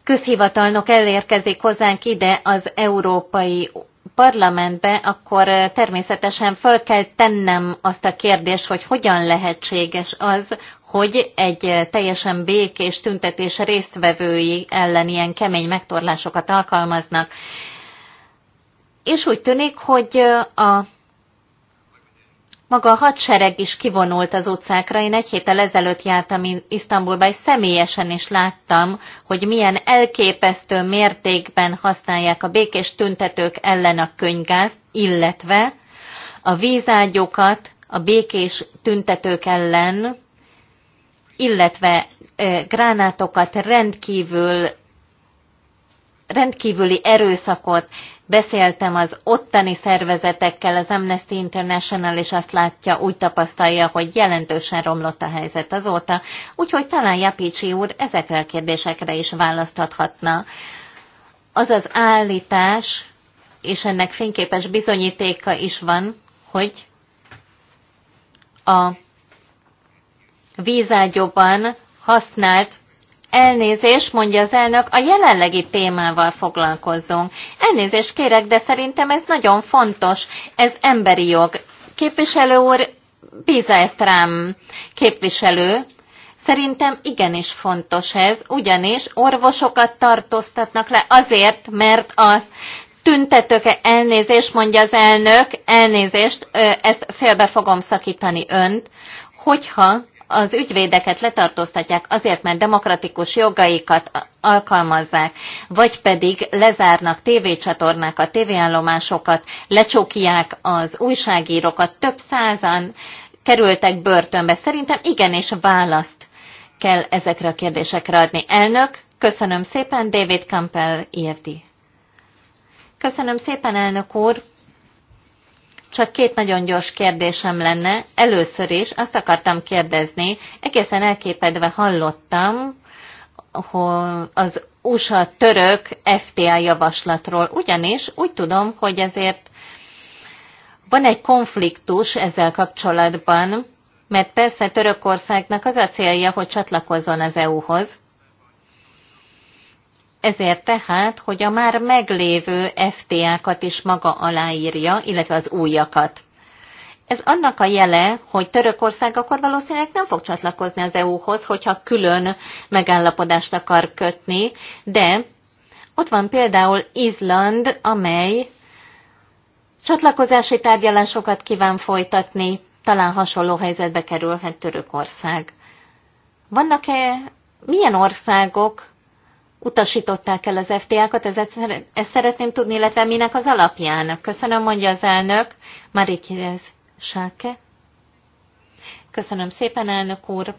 közhivatalnok elérkezik hozzánk ide az Európai parlamentbe, akkor természetesen föl kell tennem azt a kérdést, hogy hogyan lehetséges az, hogy egy eh, teljesen békés tüntetés résztvevői ellen ilyen kemény megtorlásokat alkalmaznak. És úgy tűnik, hogy eh, a maga a hadsereg is kivonult az utcákra. Én egy héttel ezelőtt jártam Isztambulba, és személyesen is láttam, hogy milyen elképesztő mértékben használják a békés tüntetők ellen a könygázt, illetve a vízágyokat a békés tüntetők ellen, illetve gránátokat rendkívül rendkívüli erőszakot, beszéltem az ottani szervezetekkel, az Amnesty International és azt látja, úgy tapasztalja, hogy jelentősen romlott a helyzet azóta, úgyhogy talán Japicsi úr ezekre a kérdésekre is választathatna. Az az állítás, és ennek fényképes bizonyítéka is van, hogy a vízágyóban használt elnézés, mondja az elnök, a jelenlegi témával foglalkozzunk. Elnézést kérek, de szerintem ez nagyon fontos, ez emberi jog. Képviselő úr, bíza ezt rám, képviselő. Szerintem igenis fontos ez, ugyanis orvosokat tartóztatnak le azért, mert az tüntetők elnézést, mondja az elnök, elnézést, ezt félbe fogom szakítani önt, hogyha az ügyvédeket letartóztatják azért, mert demokratikus jogaikat alkalmazzák, vagy pedig lezárnak tévécsatornákat, tévéállomásokat, lecsukják az újságírókat, több százan kerültek börtönbe. Szerintem igenis választ kell ezekre a kérdésekre adni. Elnök, köszönöm szépen, David Campbell érti. Köszönöm szépen, elnök úr. Csak két nagyon gyors kérdésem lenne. Először is azt akartam kérdezni, egészen elképedve hallottam hogy az USA-török FTA javaslatról, ugyanis úgy tudom, hogy ezért van egy konfliktus ezzel kapcsolatban, mert persze Törökországnak az a célja, hogy csatlakozzon az EU-hoz, ezért tehát, hogy a már meglévő FTA-kat is maga aláírja, illetve az újakat. Ez annak a jele, hogy Törökország akkor valószínűleg nem fog csatlakozni az EU-hoz, hogyha külön megállapodást akar kötni, de ott van például Izland, amely csatlakozási tárgyalásokat kíván folytatni, talán hasonló helyzetbe kerülhet Törökország. Vannak-e milyen országok, utasították el az FTA-kat, ezt, ezt szeretném tudni, illetve minek az alapján. Köszönöm, mondja az elnök. Marikirez Sáke. Köszönöm szépen, elnök úr.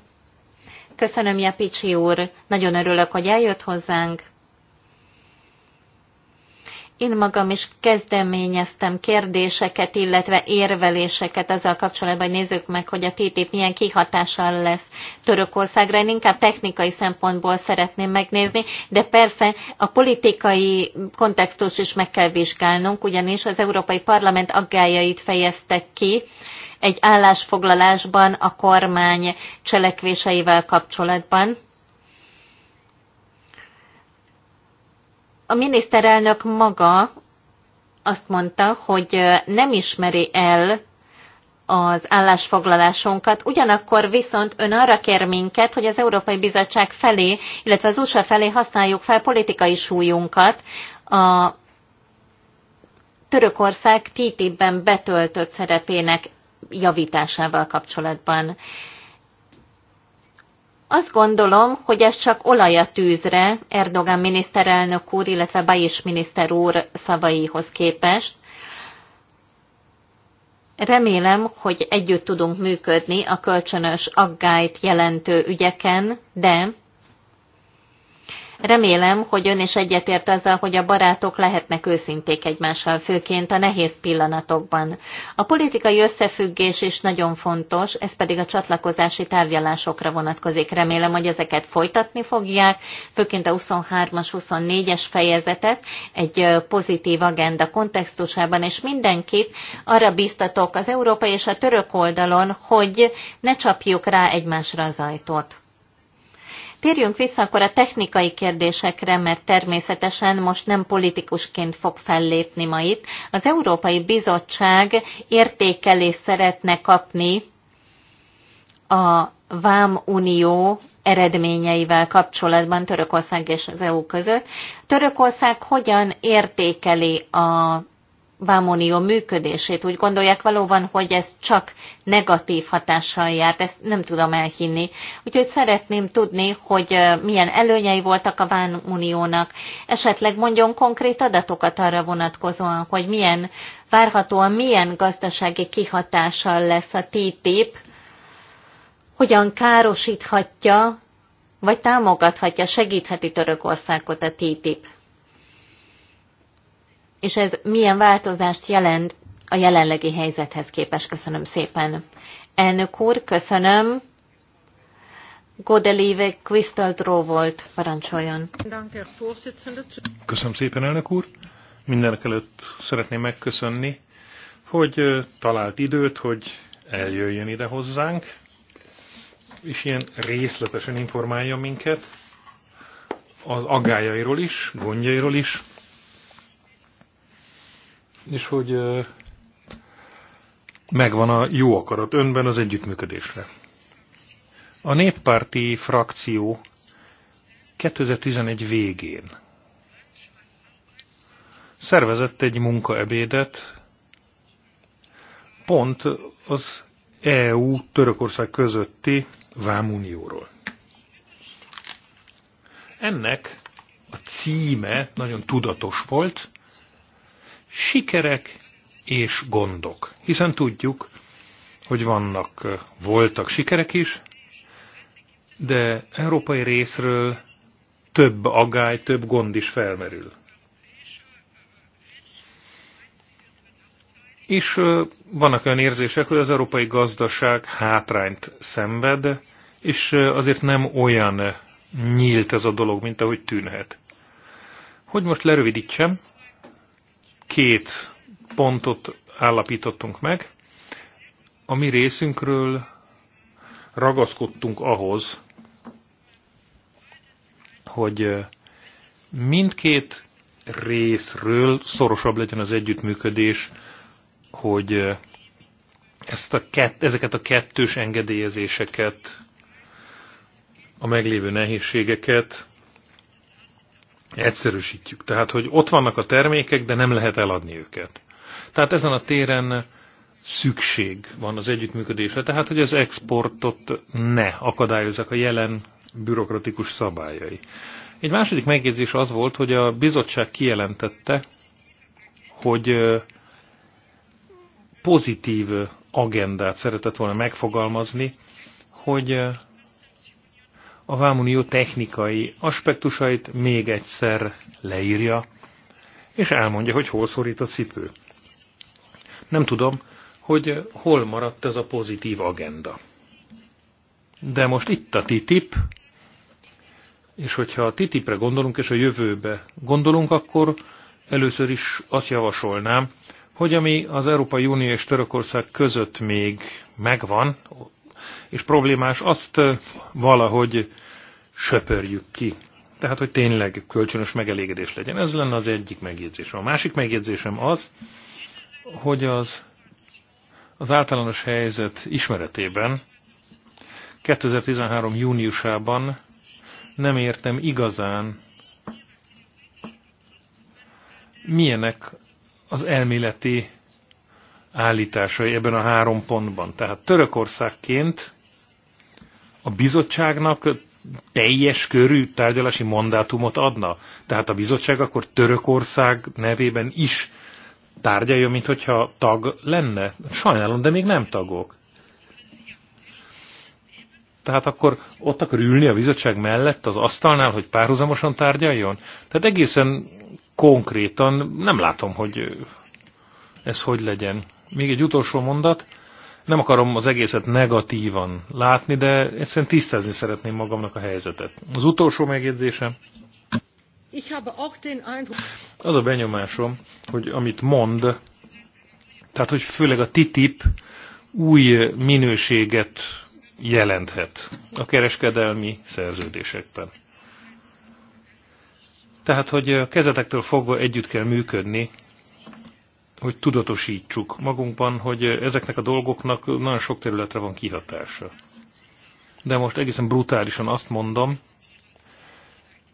Köszönöm, Japicsi úr. Nagyon örülök, hogy eljött hozzánk. Én magam is kezdeményeztem kérdéseket, illetve érveléseket azzal kapcsolatban, hogy nézzük meg, hogy a TTIP milyen kihatással lesz Törökországra. Én inkább technikai szempontból szeretném megnézni, de persze a politikai kontextus is meg kell vizsgálnunk, ugyanis az Európai Parlament aggájait fejeztek ki, egy állásfoglalásban a kormány cselekvéseivel kapcsolatban. A miniszterelnök maga azt mondta, hogy nem ismeri el az állásfoglalásunkat, ugyanakkor viszont ön arra kér minket, hogy az Európai Bizottság felé, illetve az USA felé használjuk fel politikai súlyunkat a Törökország TTIP-ben betöltött szerepének javításával kapcsolatban. Azt gondolom, hogy ez csak olaj a tűzre Erdogan miniszterelnök úr, illetve Bajis miniszter úr szavaihoz képest. Remélem, hogy együtt tudunk működni a kölcsönös aggályt jelentő ügyeken, de Remélem, hogy ön is egyetért azzal, hogy a barátok lehetnek őszinték egymással, főként a nehéz pillanatokban. A politikai összefüggés is nagyon fontos, ez pedig a csatlakozási tárgyalásokra vonatkozik. Remélem, hogy ezeket folytatni fogják, főként a 23-as, 24-es fejezetet egy pozitív agenda kontextusában, és mindenkit arra biztatok az európai és a török oldalon, hogy ne csapjuk rá egymásra az ajtót. Térjünk vissza akkor a technikai kérdésekre, mert természetesen most nem politikusként fog fellépni ma itt. Az Európai Bizottság értékelést szeretne kapni a Vám Unió eredményeivel kapcsolatban Törökország és az EU között. Törökország hogyan értékeli a vámonió működését. Úgy gondolják valóban, hogy ez csak negatív hatással járt, ezt nem tudom elhinni. Úgyhogy szeretném tudni, hogy milyen előnyei voltak a vámoniónak? Esetleg mondjon konkrét adatokat arra vonatkozóan, hogy milyen várhatóan milyen gazdasági kihatással lesz a TTIP, hogyan károsíthatja, vagy támogathatja, segítheti Törökországot a TTIP és ez milyen változást jelent a jelenlegi helyzethez képest. Köszönöm szépen. Elnök úr, köszönöm. Godelieve crystal volt, parancsoljon. Köszönöm szépen, elnök úr. Mindenek előtt szeretném megköszönni, hogy talált időt, hogy eljöjjön ide hozzánk, és ilyen részletesen informálja minket az aggájairól is, gondjairól is, és hogy megvan a jó akarat önben az együttműködésre. A néppárti frakció 2011 végén szervezett egy munkaebédet pont az EU-Törökország közötti vámunióról. Ennek a címe nagyon tudatos volt, sikerek és gondok. Hiszen tudjuk, hogy vannak, voltak sikerek is, de európai részről több agály, több gond is felmerül. És vannak olyan érzések, hogy az európai gazdaság hátrányt szenved, és azért nem olyan nyílt ez a dolog, mint ahogy tűnhet. Hogy most lerövidítsem, két pontot állapítottunk meg. A mi részünkről ragaszkodtunk ahhoz, hogy eh, mindkét részről szorosabb legyen az együttműködés, hogy eh, ezt a kett, ezeket a kettős engedélyezéseket, a meglévő nehézségeket egyszerűsítjük. Tehát, hogy ott vannak a termékek, de nem lehet eladni őket. Tehát ezen a téren szükség van az együttműködésre, tehát hogy az exportot ne akadályozzák a jelen bürokratikus szabályai. Egy második megjegyzés az volt, hogy a bizottság kijelentette, hogy pozitív agendát szeretett volna megfogalmazni, hogy a Vámunió technikai aspektusait még egyszer leírja, és elmondja, hogy hol szorít a cipő. Nem tudom, hogy hol maradt ez a pozitív agenda. De most itt a TTIP, és hogyha a TTIP-re gondolunk, és a jövőbe gondolunk, akkor először is azt javasolnám, hogy ami az Európai Unió és Törökország között még megvan, és problémás, azt valahogy söpörjük ki. Tehát, hogy tényleg kölcsönös megelégedés legyen. Ez lenne az egyik megjegyzésem. A másik megjegyzésem az, hogy az, az általános helyzet ismeretében 2013. júniusában nem értem igazán, milyenek az elméleti állításai ebben a három pontban. Tehát Törökországként a bizottságnak teljes körű tárgyalási mandátumot adna. Tehát a bizottság akkor Törökország nevében is tárgyalja, mint hogyha tag lenne. Sajnálom, de még nem tagok. Tehát akkor ott akar ülni a bizottság mellett az asztalnál, hogy párhuzamosan tárgyaljon? Tehát egészen konkrétan nem látom, hogy ez hogy legyen. Még egy utolsó mondat. Nem akarom az egészet negatívan látni, de egyszerűen tisztázni szeretném magamnak a helyzetet. Az utolsó megjegyzése. Az a benyomásom, hogy amit mond, tehát hogy főleg a TTIP új minőséget jelenthet a kereskedelmi szerződésekben. Tehát, hogy a kezetektől fogva együtt kell működni hogy tudatosítsuk magunkban, hogy ezeknek a dolgoknak nagyon sok területre van kihatása. De most egészen brutálisan azt mondom,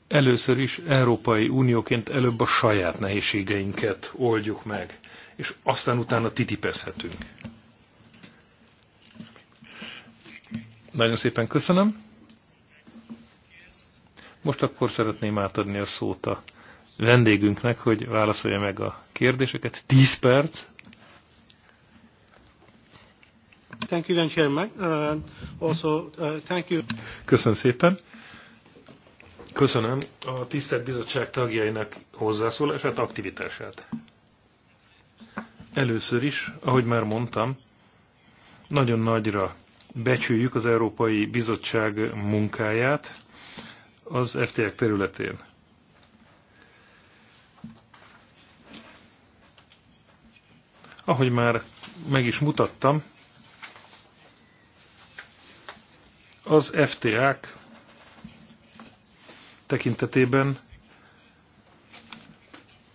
először is Európai Unióként előbb a saját nehézségeinket oldjuk meg, és aztán utána titipezhetünk. Nagyon szépen köszönöm. Most akkor szeretném átadni a szót a vendégünknek, hogy válaszolja meg a kérdéseket. 10 perc. Thank you, Uh, also, uh, thank you. Köszönöm szépen. Köszönöm a tisztelt bizottság tagjainak hozzászólását, aktivitását. Először is, ahogy már mondtam, nagyon nagyra becsüljük az Európai Bizottság munkáját az FTEK területén. Ahogy már meg is mutattam, az FTA-k tekintetében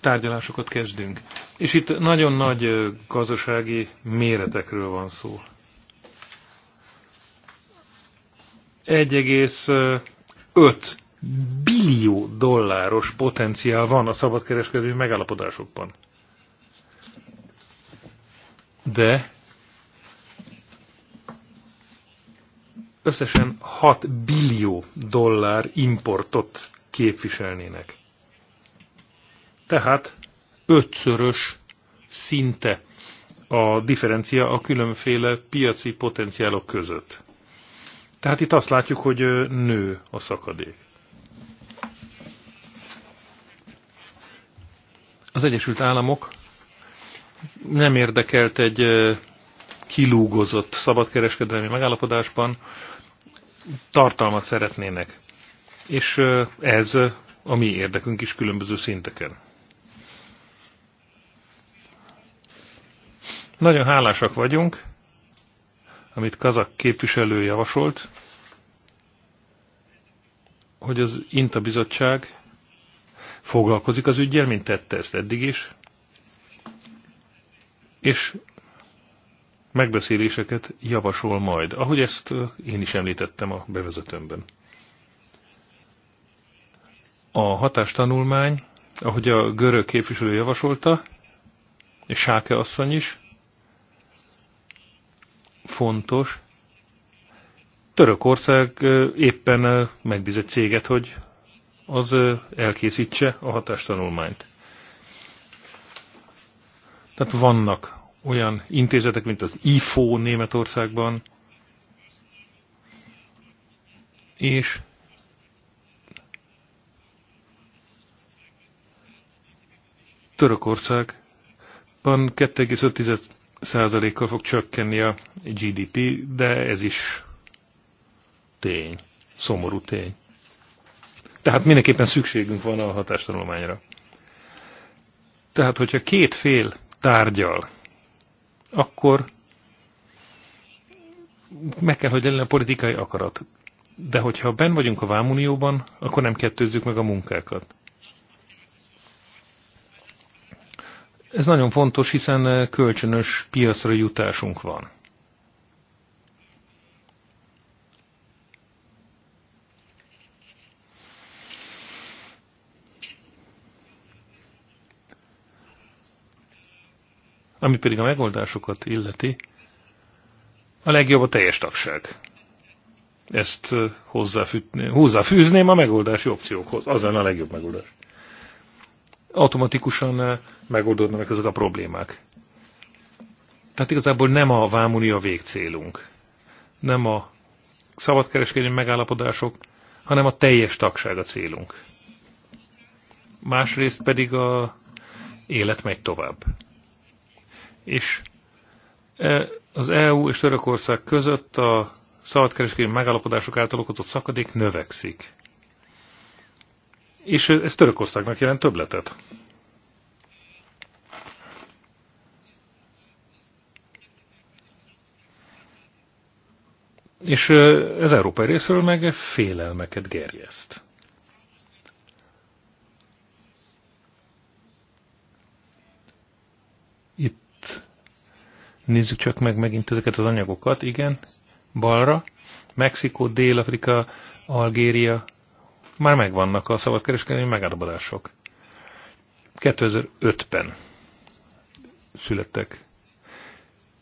tárgyalásokat kezdünk. És itt nagyon nagy gazdasági méretekről van szó. 1,5 billió dolláros potenciál van a szabadkereskedő megállapodásokban de összesen 6 billió dollár importot képviselnének. Tehát ötszörös szinte a differencia a különféle piaci potenciálok között. Tehát itt azt látjuk, hogy nő a szakadék. Az Egyesült Államok nem érdekelt egy kilúgozott szabadkereskedelmi megállapodásban, tartalmat szeretnének. És ez a mi érdekünk is különböző szinteken. Nagyon hálásak vagyunk, amit kazak képviselő javasolt, hogy az INTA bizottság foglalkozik az ügyjel, mint tette ezt eddig is, és megbeszéléseket javasol majd, ahogy ezt én is említettem a bevezetőmben. A hatástanulmány, ahogy a görög képviselő javasolta, és Sáke asszony is, fontos. Törökország éppen megbízott céget, hogy az elkészítse a hatástanulmányt. Tehát vannak olyan intézetek, mint az IFO Németországban, és Törökországban 2,5%-kal fog csökkenni a GDP, de ez is tény, szomorú tény. Tehát mindenképpen szükségünk van a hatástanulmányra. Tehát, hogyha két fél tárgyal, akkor meg kell, hogy legyen a politikai akarat. De hogyha ben vagyunk a Vámunióban, akkor nem kettőzzük meg a munkákat. Ez nagyon fontos, hiszen kölcsönös piacra jutásunk van. Ami pedig a megoldásokat illeti, a legjobb a teljes tagság. Ezt hozzáfűzném a megoldási opciókhoz. Az lenne a legjobb megoldás. Automatikusan megoldódnak ezek a problémák. Tehát igazából nem a vámuni a végcélunk. Nem a szabadkereskedelmi megállapodások, hanem a teljes tagság a célunk. Másrészt pedig a élet megy tovább és e, az EU és Törökország között a szabadkereskedelmi megállapodások által okozott szakadék növekszik. És ez Törökországnak jelent többletet. És e, ez európai részről meg félelmeket gerjeszt. Itt Nézzük csak meg megint ezeket az anyagokat, igen, balra, Mexikó, Dél-Afrika, Algéria, már megvannak a szabadkereskedelmi megállapodások. 2005-ben születtek.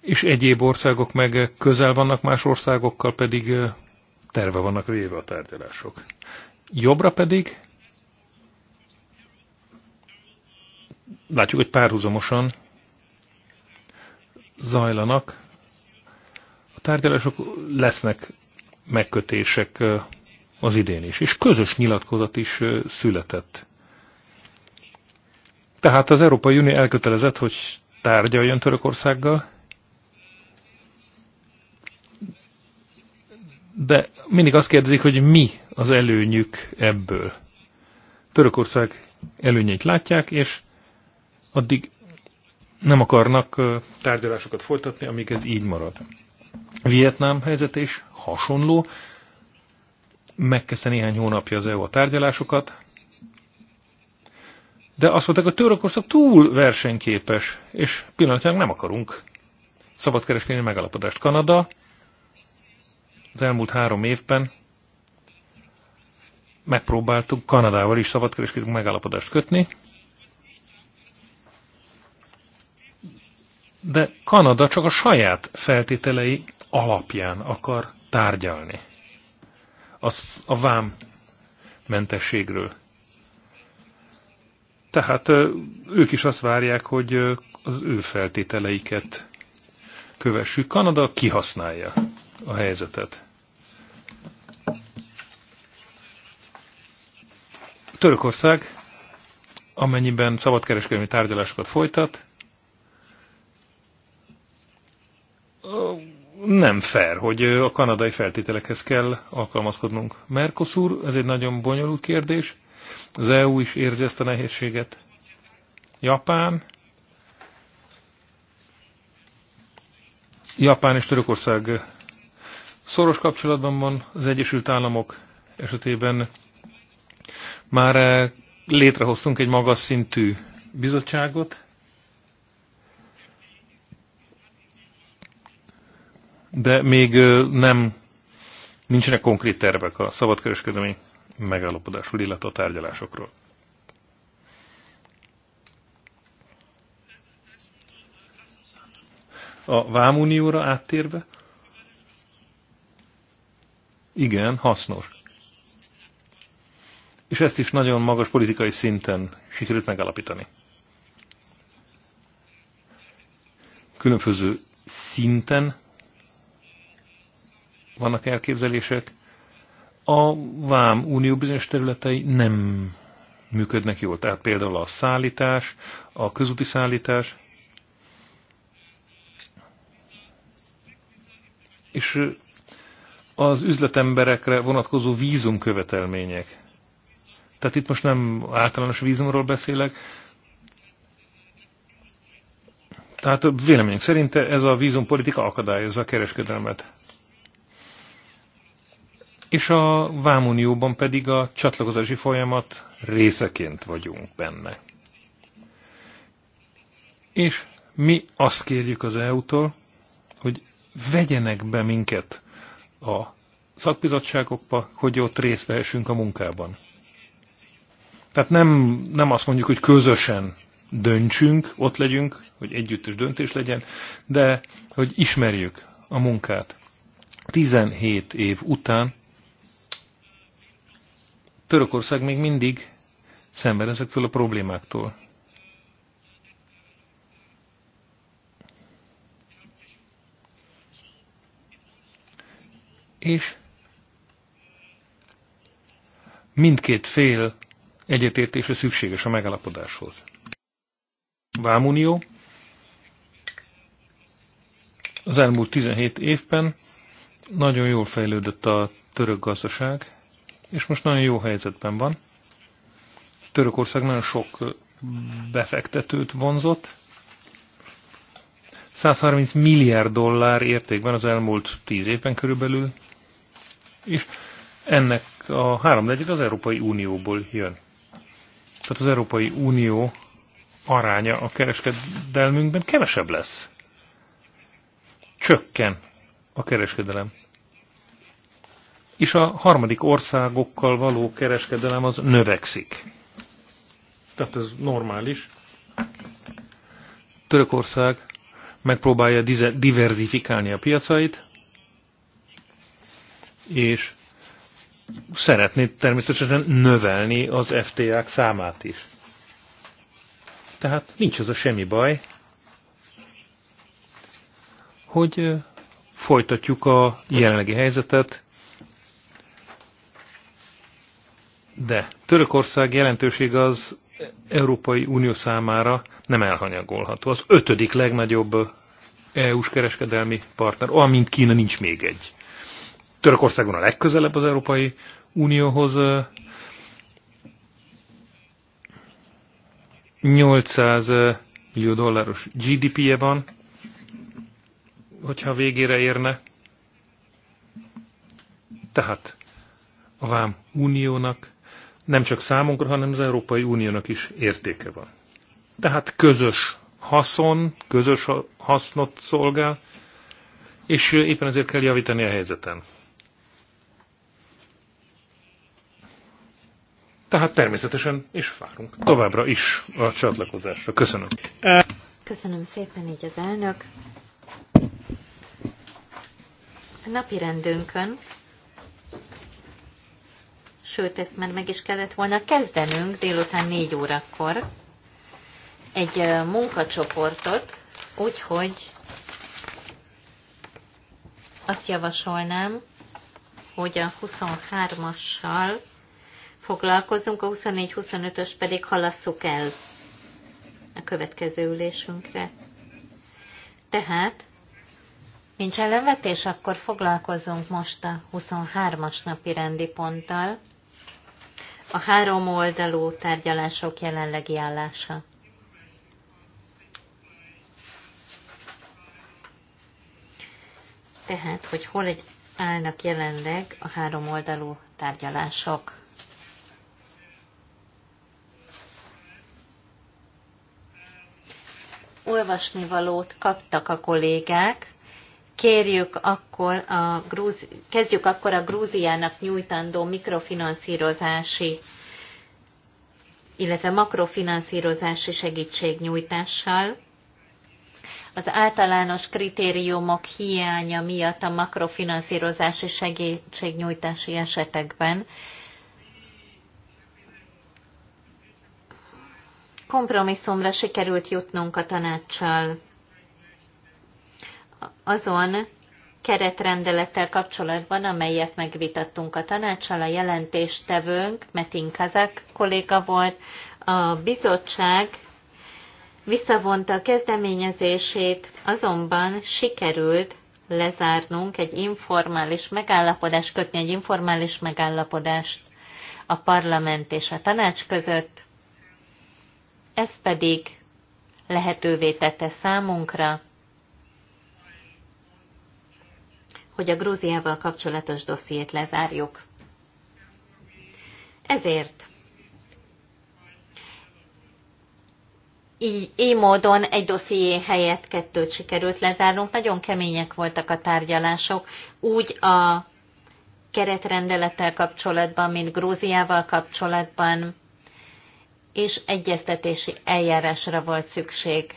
És egyéb országok meg közel vannak, más országokkal pedig terve vannak véve a tárgyalások. Jobbra pedig látjuk, hogy párhuzamosan zajlanak. A tárgyalások lesznek megkötések az idén is, és közös nyilatkozat is született. Tehát az Európai Unió elkötelezett, hogy tárgyaljon Törökországgal, de mindig azt kérdezik, hogy mi az előnyük ebből. Törökország előnyeit látják, és addig nem akarnak tárgyalásokat folytatni, amíg ez így marad. Vietnám helyzet is hasonló. Megkezdte néhány hónapja az EU a tárgyalásokat, de azt mondták, hogy Törökország túl versenyképes, és pillanatnyilag nem akarunk szabadkereskedelmi megalapodást. Kanada az elmúlt három évben megpróbáltuk Kanadával is szabadkereskedelmi megalapodást kötni, de Kanada csak a saját feltételei alapján akar tárgyalni. Az a vám mentességről. Tehát ők is azt várják, hogy az ő feltételeiket kövessük. Kanada kihasználja a helyzetet. Törökország, amennyiben szabadkereskedelmi tárgyalásokat folytat, nem fair, hogy a kanadai feltételekhez kell alkalmazkodnunk. Mercosur, ez egy nagyon bonyolult kérdés. Az EU is érzi ezt a nehézséget. Japán. Japán és Törökország szoros kapcsolatban van az Egyesült Államok esetében. Már létrehoztunk egy magas szintű bizottságot, de még nem nincsenek konkrét tervek a szabadkereskedelmi megállapodásról, illetve a tárgyalásokról. A Vámunióra áttérve? Igen, hasznos. És ezt is nagyon magas politikai szinten sikerült megállapítani. Különböző szinten vannak elképzelések. A vám unió bizonyos területei nem működnek jól. Tehát például a szállítás, a közúti szállítás, és az üzletemberekre vonatkozó vízumkövetelmények. Tehát itt most nem általános vízumról beszélek. Tehát véleményünk szerint ez a vízumpolitika akadályozza a kereskedelmet és a Vámunióban pedig a csatlakozási folyamat részeként vagyunk benne. És mi azt kérjük az EU-tól, hogy vegyenek be minket a szakbizottságokba, hogy ott részt vehessünk a munkában. Tehát nem, nem azt mondjuk, hogy közösen döntsünk, ott legyünk, hogy együttes döntés legyen, de hogy ismerjük a munkát. 17 év után Törökország még mindig szemben ezektől a problémáktól. És mindkét fél egyetértése szükséges a megállapodáshoz. Vámunió az elmúlt 17 évben nagyon jól fejlődött a török gazdaság, és most nagyon jó helyzetben van. Törökország nagyon sok befektetőt vonzott. 130 milliárd dollár értékben az elmúlt 10 évben körülbelül, és ennek a háromnegyed az Európai Unióból jön. Tehát az Európai Unió aránya a kereskedelmünkben kevesebb lesz. Csökken a kereskedelem és a harmadik országokkal való kereskedelem az növekszik. Tehát ez normális. Törökország megpróbálja diverzifikálni a piacait, és szeretné természetesen növelni az FTA-k számát is. Tehát nincs az a semmi baj, hogy folytatjuk a jelenlegi helyzetet, De Törökország jelentőség az Európai Unió számára nem elhanyagolható. Az ötödik legnagyobb EU-s kereskedelmi partner, olyan, mint Kína, nincs még egy. Törökországon a legközelebb az Európai Unióhoz. 800 millió dolláros GDP-je van, hogyha végére érne. Tehát a Vám Uniónak nem csak számunkra, hanem az Európai Uniónak is értéke van. Tehát közös haszon, közös hasznot szolgál, és éppen ezért kell javítani a helyzeten. Tehát természetesen is várunk továbbra is a csatlakozásra. Köszönöm. Köszönöm szépen így az elnök. A napi rendünkön sőt, ezt már meg is kellett volna kezdenünk délután négy órakor egy munkacsoportot, úgyhogy azt javasolnám, hogy a 23-assal foglalkozunk, a 24-25-ös pedig halasszuk el a következő ülésünkre. Tehát, nincs ellenvetés, akkor foglalkozunk most a 23-as napi rendi ponttal a három oldalú tárgyalások jelenlegi állása. Tehát, hogy hol egy állnak jelenleg a három oldalú tárgyalások. Olvasnivalót kaptak a kollégák, kérjük akkor a Grúzi, kezdjük akkor a Grúziának nyújtandó mikrofinanszírozási, illetve makrofinanszírozási segítségnyújtással. Az általános kritériumok hiánya miatt a makrofinanszírozási segítségnyújtási esetekben kompromisszumra sikerült jutnunk a tanácssal azon keretrendelettel kapcsolatban, amelyet megvitattunk a tanácssal, a jelentéstevőnk Metin Kazak kolléga volt, a bizottság visszavonta a kezdeményezését, azonban sikerült lezárnunk egy informális megállapodást, kötni egy informális megállapodást a parlament és a tanács között, ez pedig lehetővé tette számunkra, hogy a Grúziával kapcsolatos dossziét lezárjuk. Ezért így, így módon egy dosszié helyett kettőt sikerült lezárnunk. Nagyon kemények voltak a tárgyalások, úgy a keretrendelettel kapcsolatban, mint Grúziával kapcsolatban, és egyeztetési eljárásra volt szükség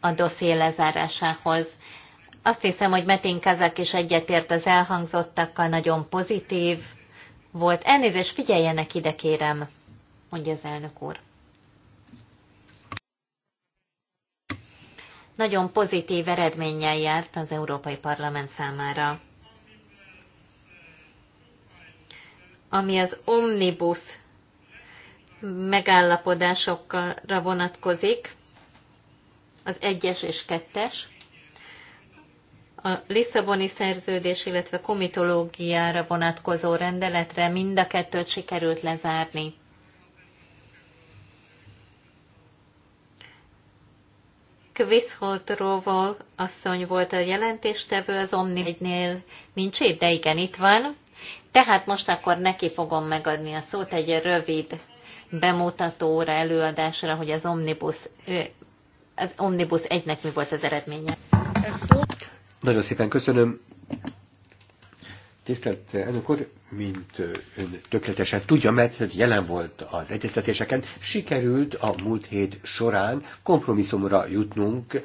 a dosszié lezárásához. Azt hiszem, hogy Metin Kazak is egyetért az elhangzottakkal, nagyon pozitív volt. Elnézést, figyeljenek ide, kérem, mondja az elnök úr. Nagyon pozitív eredménnyel járt az Európai Parlament számára. Ami az omnibus megállapodásokra vonatkozik, az egyes és kettes, a Lisszaboni szerződés, illetve komitológiára vonatkozó rendeletre mind a kettőt sikerült lezárni. Kviszholtróval asszony volt a jelentéstevő az Omni-nél. Nincs itt, de igen, itt van. Tehát most akkor neki fogom megadni a szót egy rövid bemutatóra, előadásra, hogy az Omnibus, az Omnibus egynek mi volt az eredménye. Nagyon szépen köszönöm. Tisztelt elnök úr, mint ön tökéletesen tudja, mert jelen volt az egyeztetéseken, sikerült a múlt hét során kompromisszumra jutnunk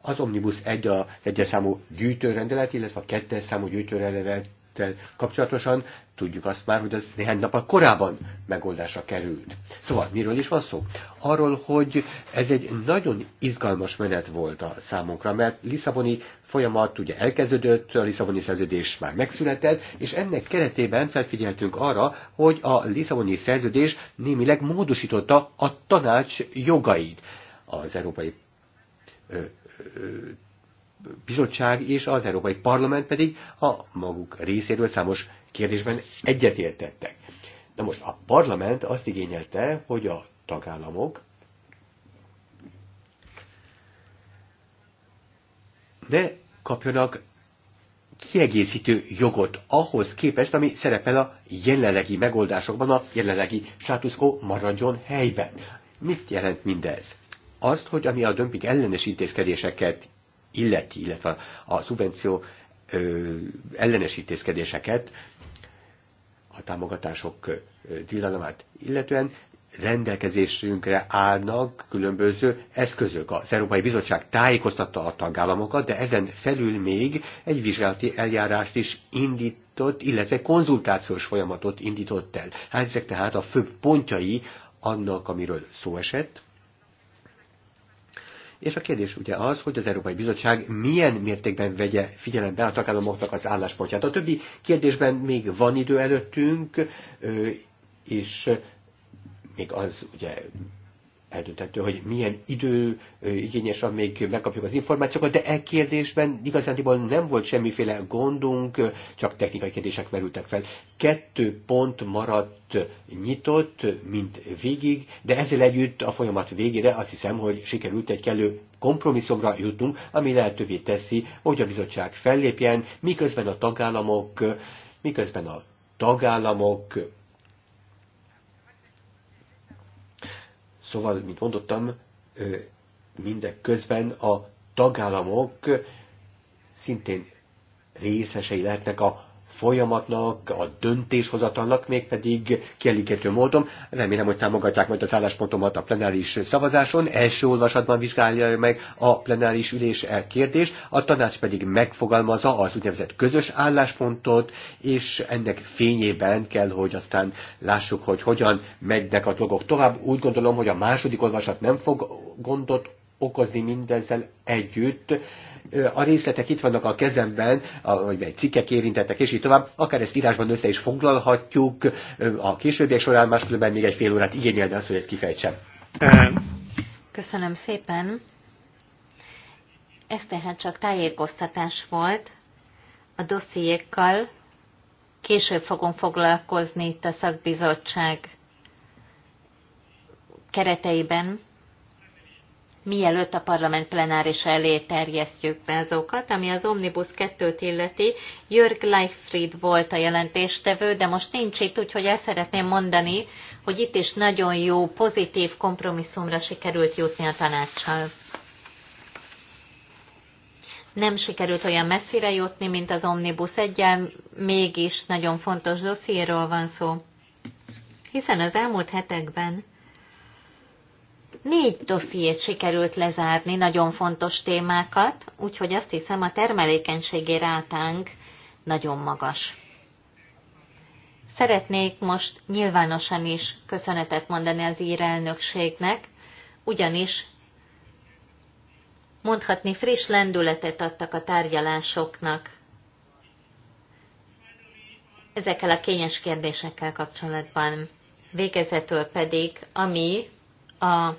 az Omnibus 1 a egyes számú gyűjtőrendelet, illetve a kettes számú gyűjtőrendelet ügyettel kapcsolatosan tudjuk azt már, hogy ez néhány nappal korábban megoldásra került. Szóval miről is van szó? Arról, hogy ez egy nagyon izgalmas menet volt a számunkra, mert Lisszaboni folyamat ugye elkezdődött, a Lisszaboni szerződés már megszületett, és ennek keretében felfigyeltünk arra, hogy a Lisszaboni szerződés némileg módosította a tanács jogait az európai bizottság és az Európai Parlament pedig a maguk részéről számos kérdésben egyetértettek. Na most a parlament azt igényelte, hogy a tagállamok ne kapjanak kiegészítő jogot ahhoz képest, ami szerepel a jelenlegi megoldásokban, a jelenlegi státuszkó maradjon helyben. Mit jelent mindez? Azt, hogy ami a dömping ellenes intézkedéseket illeti, illetve a szubvenció ö, ellenes intézkedéseket, a támogatások tilalmát illetően rendelkezésünkre állnak különböző eszközök. Az Európai Bizottság tájékoztatta a tagállamokat, de ezen felül még egy vizsgálati eljárást is indított, illetve konzultációs folyamatot indított el. Hát ezek tehát a fő pontjai annak, amiről szó esett. És a kérdés ugye az, hogy az Európai Bizottság milyen mértékben vegye figyelembe a tagállamoknak az álláspontját. A többi kérdésben még van idő előttünk, és még az ugye eldöntető, hogy milyen idő igényes, amíg megkapjuk az információkat, de e kérdésben igazándiból nem volt semmiféle gondunk, csak technikai kérdések merültek fel. Kettő pont maradt nyitott, mint végig, de ezzel együtt a folyamat végére azt hiszem, hogy sikerült egy kellő kompromisszumra jutnunk, ami lehetővé teszi, hogy a bizottság fellépjen, miközben a tagállamok, miközben a tagállamok Szóval, mint mondottam, mindeközben a tagállamok szintén részesei lehetnek a folyamatnak, a döntéshozatalnak, mégpedig kielégítő módon. Remélem, hogy támogatják majd az álláspontomat a plenáris szavazáson. Első olvasatban vizsgálja meg a plenáris ülés e kérdést, a tanács pedig megfogalmazza az úgynevezett közös álláspontot, és ennek fényében kell, hogy aztán lássuk, hogy hogyan megynek a dolgok tovább. Úgy gondolom, hogy a második olvasat nem fog gondot okozni mindezzel együtt. A részletek itt vannak a kezemben, vagy egy cikkek érintettek, és így tovább. Akár ezt írásban össze is foglalhatjuk a későbbiek során, máskülönben még egy fél órát igényelne az, hogy ezt kifejtsem. Köszönöm szépen. Ez tehát csak tájékoztatás volt a dossziékkal. Később fogunk foglalkozni itt a szakbizottság kereteiben mielőtt a parlament plenáris elé terjesztjük be azokat. Ami az Omnibus 2-t illeti, Jörg Leifried volt a jelentéstevő, de most nincs itt, úgyhogy el szeretném mondani, hogy itt is nagyon jó, pozitív kompromisszumra sikerült jutni a tanácssal. Nem sikerült olyan messzire jutni, mint az Omnibus 1 mégis nagyon fontos dossziéről van szó. Hiszen az elmúlt hetekben négy dossziét sikerült lezárni, nagyon fontos témákat, úgyhogy azt hiszem a termelékenységi rátánk nagyon magas. Szeretnék most nyilvánosan is köszönetet mondani az írelnökségnek, ugyanis mondhatni friss lendületet adtak a tárgyalásoknak ezekkel a kényes kérdésekkel kapcsolatban. Végezetül pedig, ami a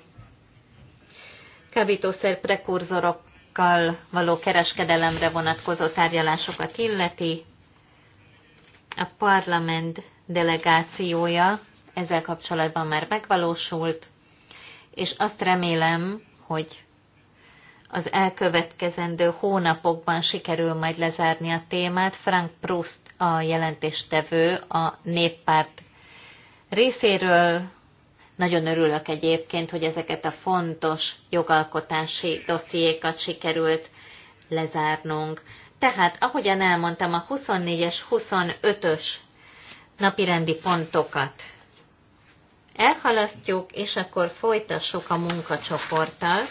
kábítószer prekurzorokkal való kereskedelemre vonatkozó tárgyalásokat illeti. A parlament delegációja ezzel kapcsolatban már megvalósult, és azt remélem, hogy az elkövetkezendő hónapokban sikerül majd lezárni a témát. Frank Proust a jelentéstevő a néppárt részéről nagyon örülök egyébként, hogy ezeket a fontos jogalkotási dossziékat sikerült lezárnunk. Tehát, ahogyan elmondtam, a 24-es, 25-ös napirendi pontokat elhalasztjuk, és akkor folytassuk a munkacsoporttal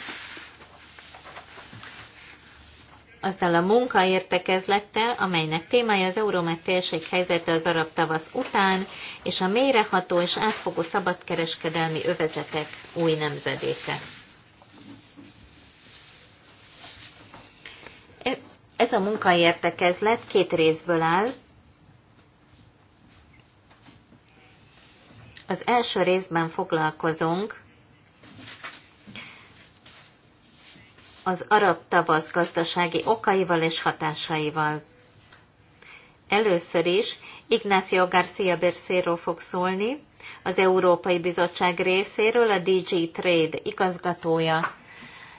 azzal a munkaértekezlettel, amelynek témája az Euromed térség helyzete az arab tavasz után, és a mélyreható és átfogó szabadkereskedelmi övezetek új nemzedéke. E, ez a munkaértekezlet két részből áll. Az első részben foglalkozunk az arab tavasz gazdasági okaival és hatásaival. Először is Ignacio García Bercéről fog szólni, az Európai Bizottság részéről a DG Trade igazgatója,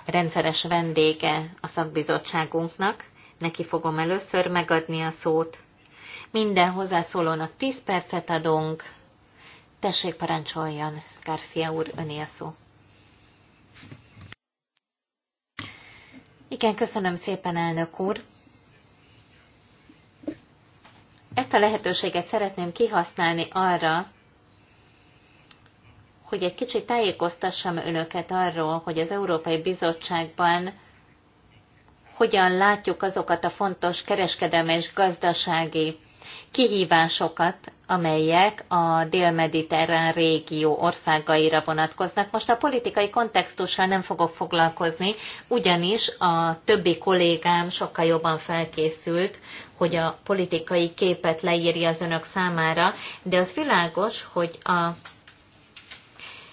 rendszeres vendége a szakbizottságunknak. Neki fogom először megadni a szót. Minden hozzászólónak 10 percet adunk. Tessék, parancsoljon, Garcia úr, öné a szó. Igen, köszönöm szépen, elnök úr. Ezt a lehetőséget szeretném kihasználni arra, hogy egy kicsit tájékoztassam önöket arról, hogy az Európai Bizottságban hogyan látjuk azokat a fontos kereskedelmi és gazdasági kihívásokat, amelyek a dél-mediterrán régió országaira vonatkoznak. Most a politikai kontextussal nem fogok foglalkozni, ugyanis a többi kollégám sokkal jobban felkészült, hogy a politikai képet leírja az önök számára, de az világos, hogy a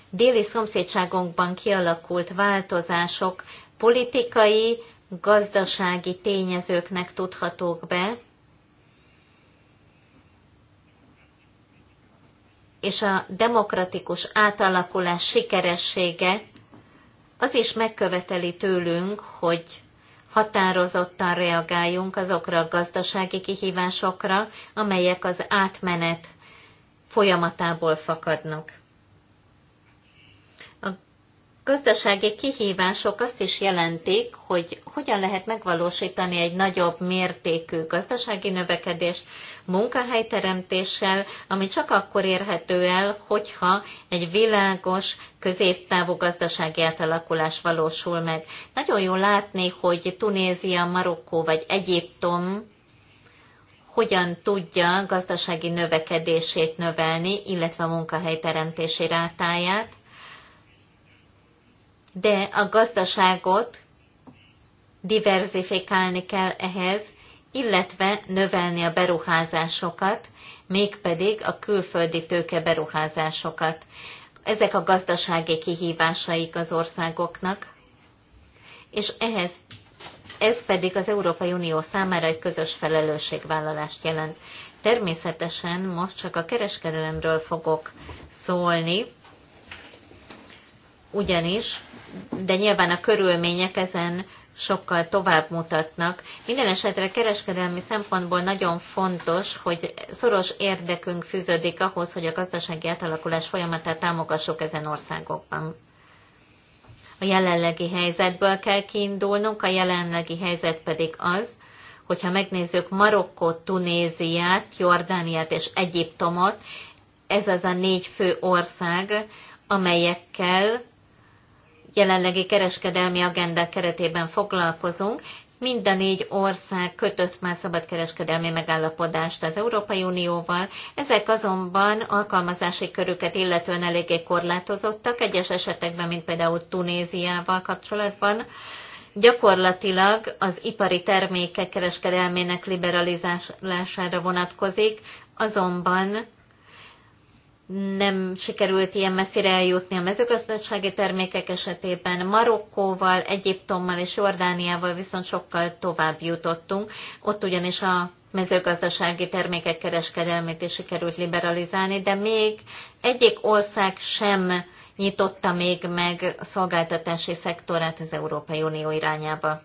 déli szomszédságunkban kialakult változások politikai, gazdasági tényezőknek tudhatók be, és a demokratikus átalakulás sikeressége az is megköveteli tőlünk, hogy határozottan reagáljunk azokra a gazdasági kihívásokra, amelyek az átmenet folyamatából fakadnak gazdasági kihívások azt is jelentik, hogy hogyan lehet megvalósítani egy nagyobb mértékű gazdasági növekedést munkahelyteremtéssel, ami csak akkor érhető el, hogyha egy világos, középtávú gazdasági átalakulás valósul meg. Nagyon jó látni, hogy Tunézia, Marokkó vagy Egyiptom hogyan tudja gazdasági növekedését növelni, illetve a munkahelyteremtési rátáját, de a gazdaságot diverzifikálni kell ehhez, illetve növelni a beruházásokat, mégpedig a külföldi tőke beruházásokat. Ezek a gazdasági kihívásaik az országoknak, és ehhez ez pedig az Európai Unió számára egy közös felelősségvállalást jelent. Természetesen most csak a kereskedelemről fogok szólni, ugyanis, de nyilván a körülmények ezen sokkal tovább mutatnak. Minden esetre kereskedelmi szempontból nagyon fontos, hogy szoros érdekünk fűződik ahhoz, hogy a gazdasági átalakulás folyamatát támogassuk ezen országokban. A jelenlegi helyzetből kell kiindulnunk, a jelenlegi helyzet pedig az, hogyha megnézzük Marokkot, Tunéziát, Jordániát és Egyiptomot, ez az a négy fő ország, amelyekkel jelenlegi kereskedelmi agendák keretében foglalkozunk. Mind a négy ország kötött már szabadkereskedelmi megállapodást az Európai Unióval, ezek azonban alkalmazási körüket illetően eléggé korlátozottak, egyes esetekben, mint például Tunéziával kapcsolatban. Gyakorlatilag az ipari termékek kereskedelmének liberalizálására vonatkozik, azonban nem sikerült ilyen messzire eljutni a mezőgazdasági termékek esetében. Marokkóval, Egyiptommal és Jordániával viszont sokkal tovább jutottunk. Ott ugyanis a mezőgazdasági termékek kereskedelmét is sikerült liberalizálni, de még egyik ország sem nyitotta még meg a szolgáltatási szektorát az Európai Unió irányába.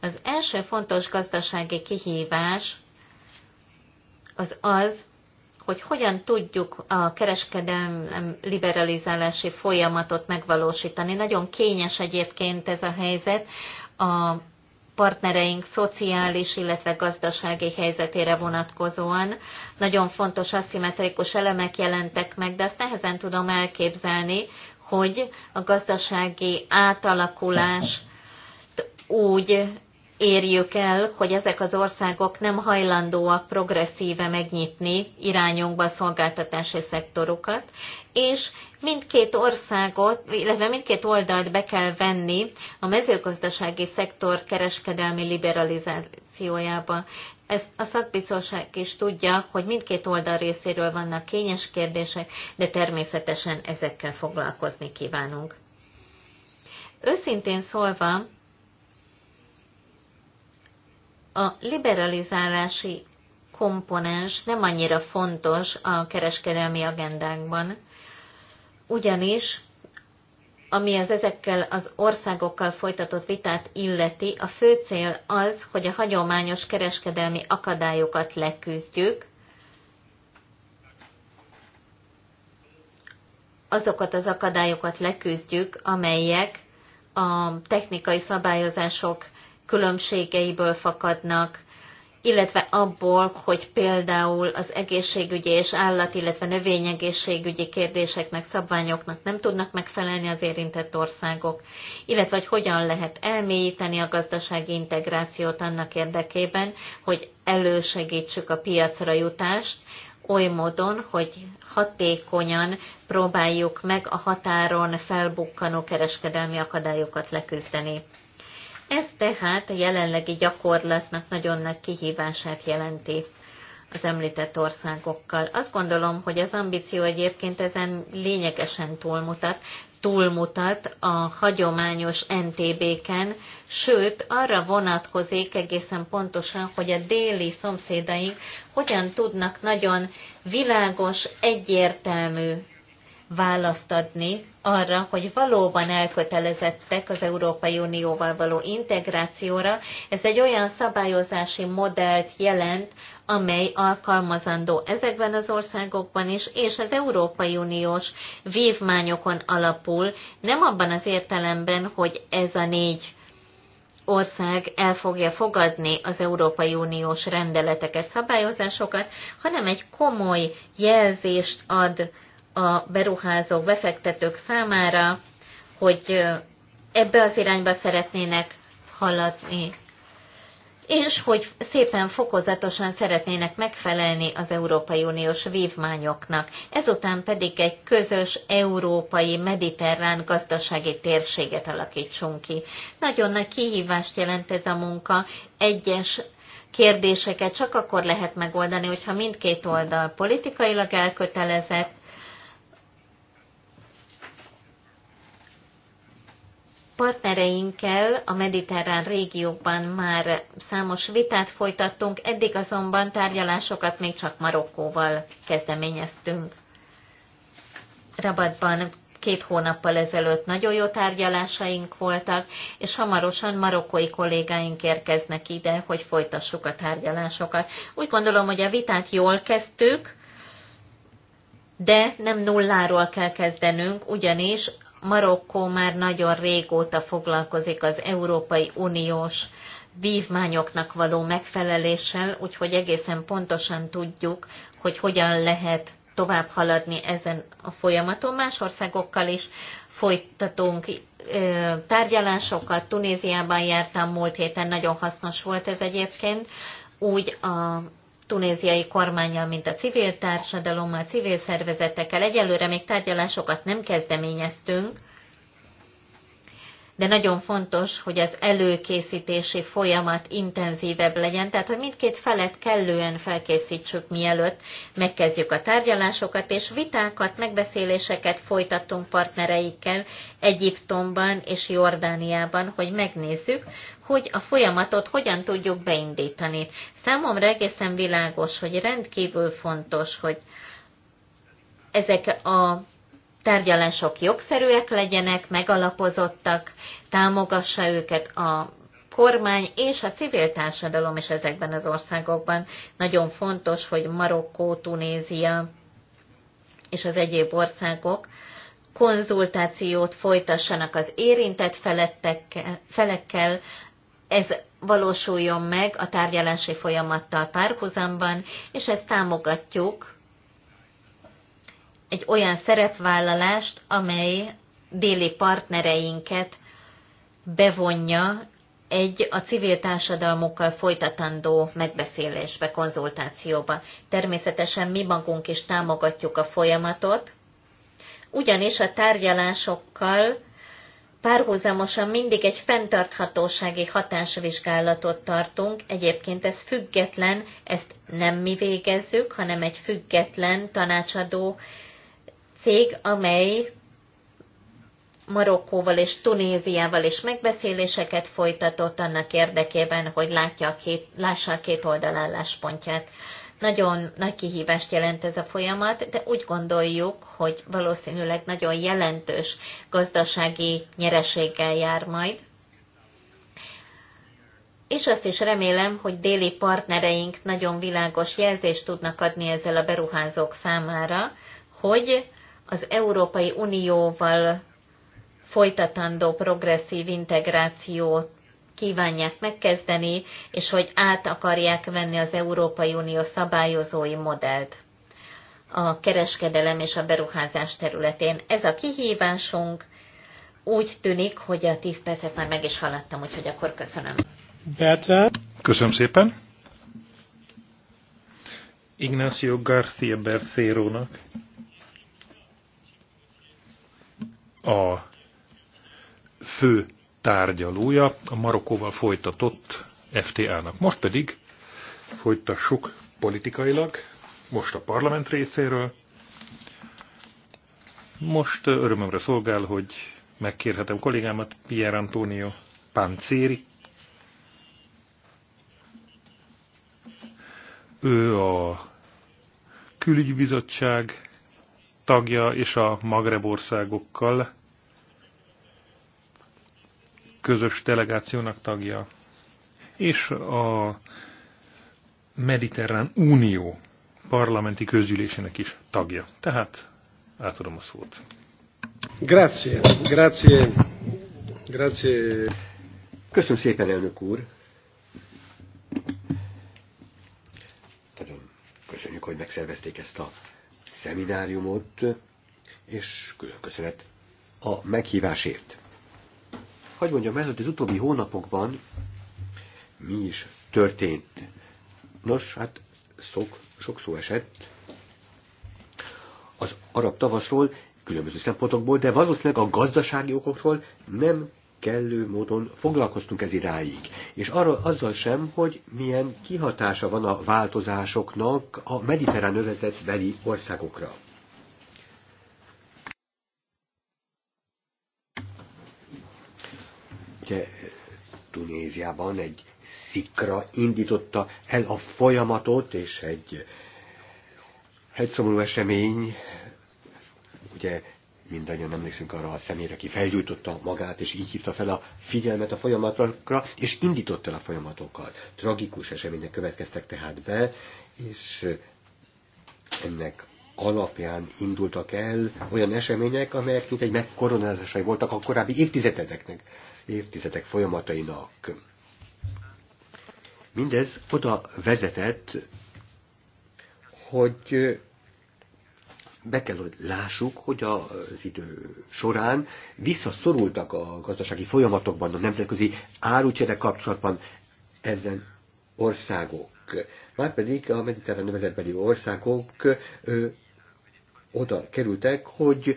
Az első fontos gazdasági kihívás az az, hogy hogyan tudjuk a kereskedelem liberalizálási folyamatot megvalósítani. Nagyon kényes egyébként ez a helyzet. A partnereink szociális, illetve gazdasági helyzetére vonatkozóan. Nagyon fontos aszimetrikus elemek jelentek meg, de azt nehezen tudom elképzelni, hogy a gazdasági átalakulás úgy érjük el, hogy ezek az országok nem hajlandóak progresszíve megnyitni irányunkba a szolgáltatási szektorukat, és mindkét országot, illetve mindkét oldalt be kell venni a mezőgazdasági szektor kereskedelmi liberalizációjába. Ezt a szakbiztonság is tudja, hogy mindkét oldal részéről vannak kényes kérdések, de természetesen ezekkel foglalkozni kívánunk. Őszintén szólva, a liberalizálási komponens nem annyira fontos a kereskedelmi agendánkban, ugyanis ami az ezekkel az országokkal folytatott vitát illeti, a fő cél az, hogy a hagyományos kereskedelmi akadályokat leküzdjük, azokat az akadályokat leküzdjük, amelyek a technikai szabályozások különbségeiből fakadnak, illetve abból, hogy például az egészségügyi és állat, illetve növényegészségügyi kérdéseknek, szabványoknak nem tudnak megfelelni az érintett országok, illetve hogy hogyan lehet elmélyíteni a gazdasági integrációt annak érdekében, hogy elősegítsük a piacra jutást, oly módon, hogy hatékonyan próbáljuk meg a határon felbukkanó kereskedelmi akadályokat leküzdeni. Ez tehát a jelenlegi gyakorlatnak nagyon nagy kihívását jelenti az említett országokkal. Azt gondolom, hogy az ambíció egyébként ezen lényegesen túlmutat, túlmutat a hagyományos NTB-ken, sőt arra vonatkozik egészen pontosan, hogy a déli szomszédaink hogyan tudnak nagyon világos, egyértelmű választ adni arra, hogy valóban elkötelezettek az Európai Unióval való integrációra. Ez egy olyan szabályozási modellt jelent, amely alkalmazandó ezekben az országokban is, és az Európai Uniós vívmányokon alapul, nem abban az értelemben, hogy ez a négy ország el fogja fogadni az Európai Uniós rendeleteket, szabályozásokat, hanem egy komoly jelzést ad a beruházók, befektetők számára, hogy ebbe az irányba szeretnének haladni, és hogy szépen fokozatosan szeretnének megfelelni az Európai Uniós vívmányoknak. Ezután pedig egy közös európai mediterrán gazdasági térséget alakítsunk ki. Nagyon nagy kihívást jelent ez a munka. Egyes kérdéseket csak akkor lehet megoldani, hogyha mindkét oldal politikailag elkötelezett, partnereinkkel a mediterrán régióban már számos vitát folytattunk, eddig azonban tárgyalásokat még csak Marokkóval kezdeményeztünk. Rabatban két hónappal ezelőtt nagyon jó tárgyalásaink voltak, és hamarosan marokkói kollégáink érkeznek ide, hogy folytassuk a tárgyalásokat. Úgy gondolom, hogy a vitát jól kezdtük, de nem nulláról kell kezdenünk, ugyanis Marokkó már nagyon régóta foglalkozik az Európai Uniós vívmányoknak való megfeleléssel, úgyhogy egészen pontosan tudjuk, hogy hogyan lehet tovább haladni ezen a folyamaton. Más országokkal is folytatunk tárgyalásokat. Tunéziában jártam múlt héten, nagyon hasznos volt ez egyébként. Úgy a tunéziai kormányjal, mint a civil társadalommal, civil szervezetekkel. Egyelőre még tárgyalásokat nem kezdeményeztünk, de nagyon fontos, hogy az előkészítési folyamat intenzívebb legyen, tehát hogy mindkét felet kellően felkészítsük mielőtt megkezdjük a tárgyalásokat, és vitákat, megbeszéléseket folytattunk partnereikkel Egyiptomban és Jordániában, hogy megnézzük, hogy a folyamatot hogyan tudjuk beindítani. Számomra egészen világos, hogy rendkívül fontos, hogy ezek a tárgyalások jogszerűek legyenek, megalapozottak, támogassa őket a kormány és a civil társadalom is ezekben az országokban. Nagyon fontos, hogy Marokkó, Tunézia és az egyéb országok konzultációt folytassanak az érintett felekkel, ez valósuljon meg a tárgyalási folyamattal párhuzamban, és ezt támogatjuk egy olyan szerepvállalást, amely déli partnereinket bevonja egy a civil társadalmukkal folytatandó megbeszélésbe, konzultációba. Természetesen mi magunk is támogatjuk a folyamatot, ugyanis a tárgyalásokkal párhuzamosan mindig egy fenntarthatósági hatásvizsgálatot tartunk, egyébként ez független, ezt nem mi végezzük, hanem egy független tanácsadó cég, amely Marokkóval és Tunéziával is megbeszéléseket folytatott annak érdekében, hogy látja a két, lássa a két oldal álláspontját. Nagyon nagy kihívást jelent ez a folyamat, de úgy gondoljuk, hogy valószínűleg nagyon jelentős gazdasági nyereséggel jár majd. És azt is remélem, hogy déli partnereink nagyon világos jelzést tudnak adni ezzel a beruházók számára, hogy az Európai Unióval folytatandó progresszív integrációt kívánják megkezdeni, és hogy át akarják venni az Európai Unió szabályozói modellt a kereskedelem és a beruházás területén. Ez a kihívásunk. Úgy tűnik, hogy a 10 percet már meg is haladtam, úgyhogy akkor köszönöm. Berta. Köszönöm szépen. Ignacio García Bercero-nak. a fő tárgyalója a Marokkóval folytatott FTA-nak. Most pedig folytassuk politikailag, most a parlament részéről. Most örömömre szolgál, hogy megkérhetem kollégámat, Pier Antonio Pancéri. Ő a külügybizottság tagja, és a Magreb országokkal közös delegációnak tagja, és a Mediterrán Unió parlamenti közgyűlésének is tagja. Tehát átadom a szót. Grazie, grazie, grazie. Köszönöm szépen, elnök úr. köszönjük, hogy megszervezték ezt a szemináriumot, és külön köszönet a meghívásért. Hogy mondjam, ez, hogy az utóbbi hónapokban mi is történt. Nos, hát sok, sok szó esett az arab tavaszról, különböző szempontokból, de valószínűleg a gazdasági okokról nem kellő módon foglalkoztunk ez iráig, és arról azzal sem, hogy milyen kihatása van a változásoknak a mediterrán beli országokra. Ugye Tunéziában egy szikra indította el a folyamatot, és egy szomorú esemény ugye mindannyian emlékszünk arra a személyre, aki felgyújtotta magát, és így hívta fel a figyelmet a folyamatokra, és indította el a folyamatokat. Tragikus események következtek tehát be, és ennek alapján indultak el olyan események, amelyek mint egy megkoronázásai voltak a korábbi évtizedeknek, évtizedek folyamatainak. Mindez oda vezetett, hogy be kell, hogy lássuk, hogy az idő során visszaszorultak a gazdasági folyamatokban, a nemzetközi árucsere kapcsolatban ezen országok. Márpedig a mediterrán nevezetbeli országok oda kerültek, hogy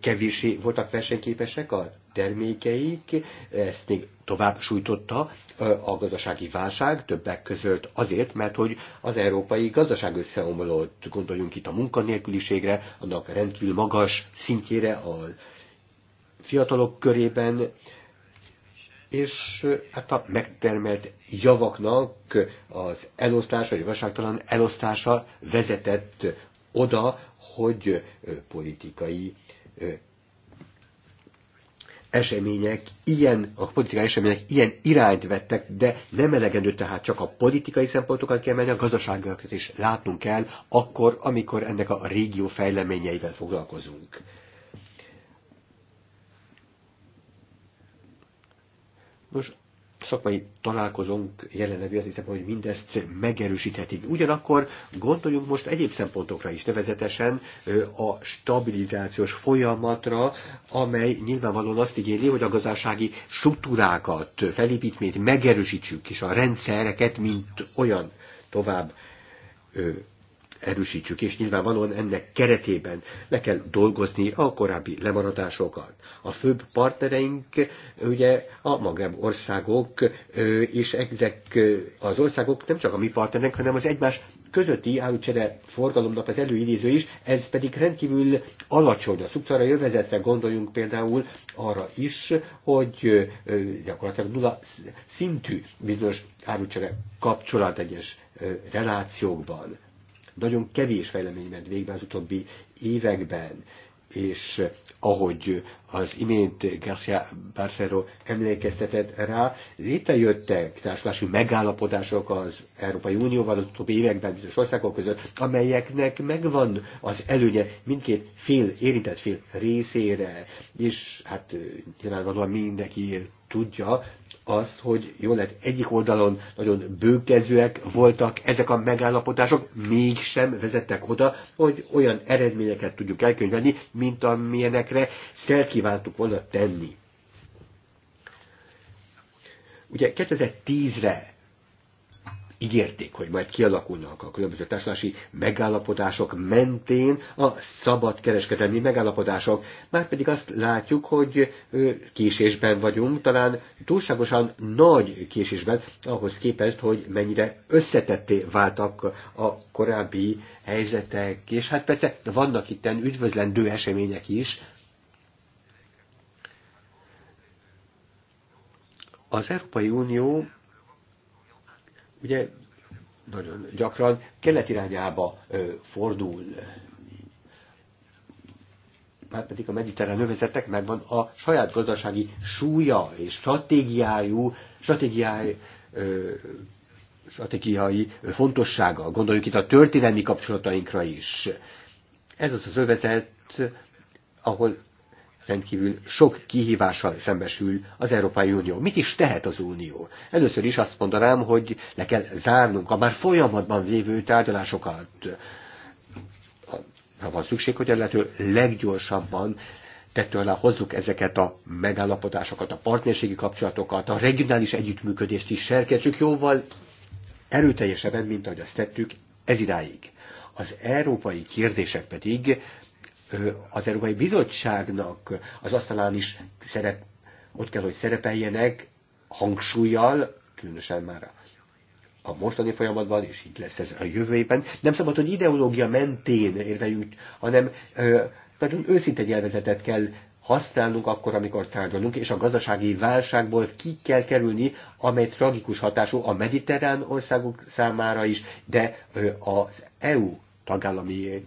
kevésé voltak versenyképesek a termékeik, ezt még tovább sújtotta a gazdasági válság, többek között azért, mert hogy az európai gazdaság összeomlott, gondoljunk itt a munkanélküliségre, annak rendkívül magas szintjére a fiatalok körében, és hát a megtermelt javaknak az elosztása, vagy vasságtalan elosztása vezetett oda, hogy politikai események ilyen, a politikai események ilyen irányt vettek, de nem elegendő, tehát csak a politikai szempontokat kell menni, a gazdaságokat is látnunk kell, akkor, amikor ennek a régió fejleményeivel foglalkozunk. Nos, szakmai találkozónk jelenlegi azt hiszem, hogy mindezt megerősíthetik. Ugyanakkor gondoljunk most egyéb szempontokra is, nevezetesen a stabilizációs folyamatra, amely nyilvánvalóan azt igényli, hogy a gazdasági struktúrákat, felépítményt megerősítsük, és a rendszereket, mint olyan tovább erősítsük, és nyilvánvalóan ennek keretében le kell dolgozni a korábbi lemaradásokat. A főbb partnereink ugye a magreb országok, és ezek az országok nem csak a mi partnerek, hanem az egymás közötti állócsere forgalomnak az előidéző is, ez pedig rendkívül alacsony. A szubszarai jövezetre gondoljunk például arra is, hogy gyakorlatilag nulla szintű bizonyos árucsere kapcsolat egyes relációkban. Nagyon kevés fejlemény ment végbe az utóbbi években, és ahogy az imént Garcia Barcero emlékeztetett rá, létrejöttek társulási megállapodások az Európai Unióval az utóbbi években bizonyos országok között, amelyeknek megvan az előnye mindkét fél, érintett fél részére, és hát nyilvánvalóan mindenki él tudja azt, hogy jól lett egyik oldalon nagyon bőkezőek voltak ezek a megállapodások, mégsem vezettek oda, hogy olyan eredményeket tudjuk elkönyvelni, mint amilyenekre szert kívántuk volna tenni. Ugye 2010-re ígérték, hogy majd kialakulnak a különböző társadalmi megállapodások mentén a szabad kereskedelmi megállapodások. Márpedig azt látjuk, hogy késésben vagyunk, talán túlságosan nagy késésben ahhoz képest, hogy mennyire összetetté váltak a korábbi helyzetek. És hát persze vannak itten üdvözlendő események is, az Európai Unió ugye nagyon gyakran kelet irányába fordul. Már pedig a mediterrán övezetnek megvan a saját gazdasági súlya és stratégiájú, stratégiái stratégiai fontossága. Gondoljuk itt a történelmi kapcsolatainkra is. Ez az az övezet, ahol rendkívül sok kihívással szembesül az Európai Unió. Mit is tehet az Unió? Először is azt mondanám, hogy le kell zárnunk a már folyamatban lévő tárgyalásokat. Ha van szükség, hogy a lehető leggyorsabban tettő alá hozzuk ezeket a megállapodásokat, a partnerségi kapcsolatokat, a regionális együttműködést is serkentsük jóval erőteljesebben, mint ahogy azt tettük ez idáig. Az európai kérdések pedig az Európai Bizottságnak az asztalán is szerep, ott kell, hogy szerepeljenek hangsúlyjal, különösen már a mostani folyamatban, és így lesz ez a jövő éppen. nem szabad, hogy ideológia mentén érveljünk, hanem nagyon őszinte nyelvezetet kell használnunk akkor, amikor tárgyalunk, és a gazdasági válságból ki kell kerülni, amely tragikus hatású a mediterrán országok számára is, de az EU tagállami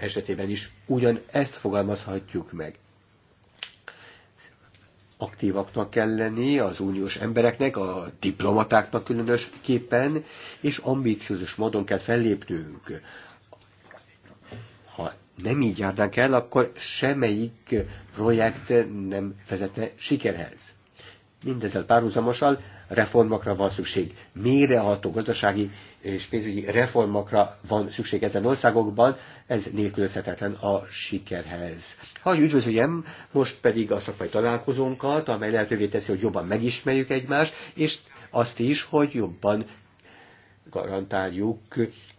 esetében is ugyan ezt fogalmazhatjuk meg. Aktívaknak kell lenni az uniós embereknek, a diplomatáknak különösképpen, és ambíciózus módon kell fellépnünk. Ha nem így járnánk el, akkor semmelyik projekt nem vezetne sikerhez. Mindezzel párhuzamosan reformokra van szükség, méreható gazdasági és pénzügyi reformokra van szükség ezen országokban, ez nélkülözhetetlen a sikerhez. Ha üdvözöljem most pedig a szakmai találkozónkat, amely lehetővé teszi, hogy jobban megismerjük egymást, és azt is, hogy jobban garantáljuk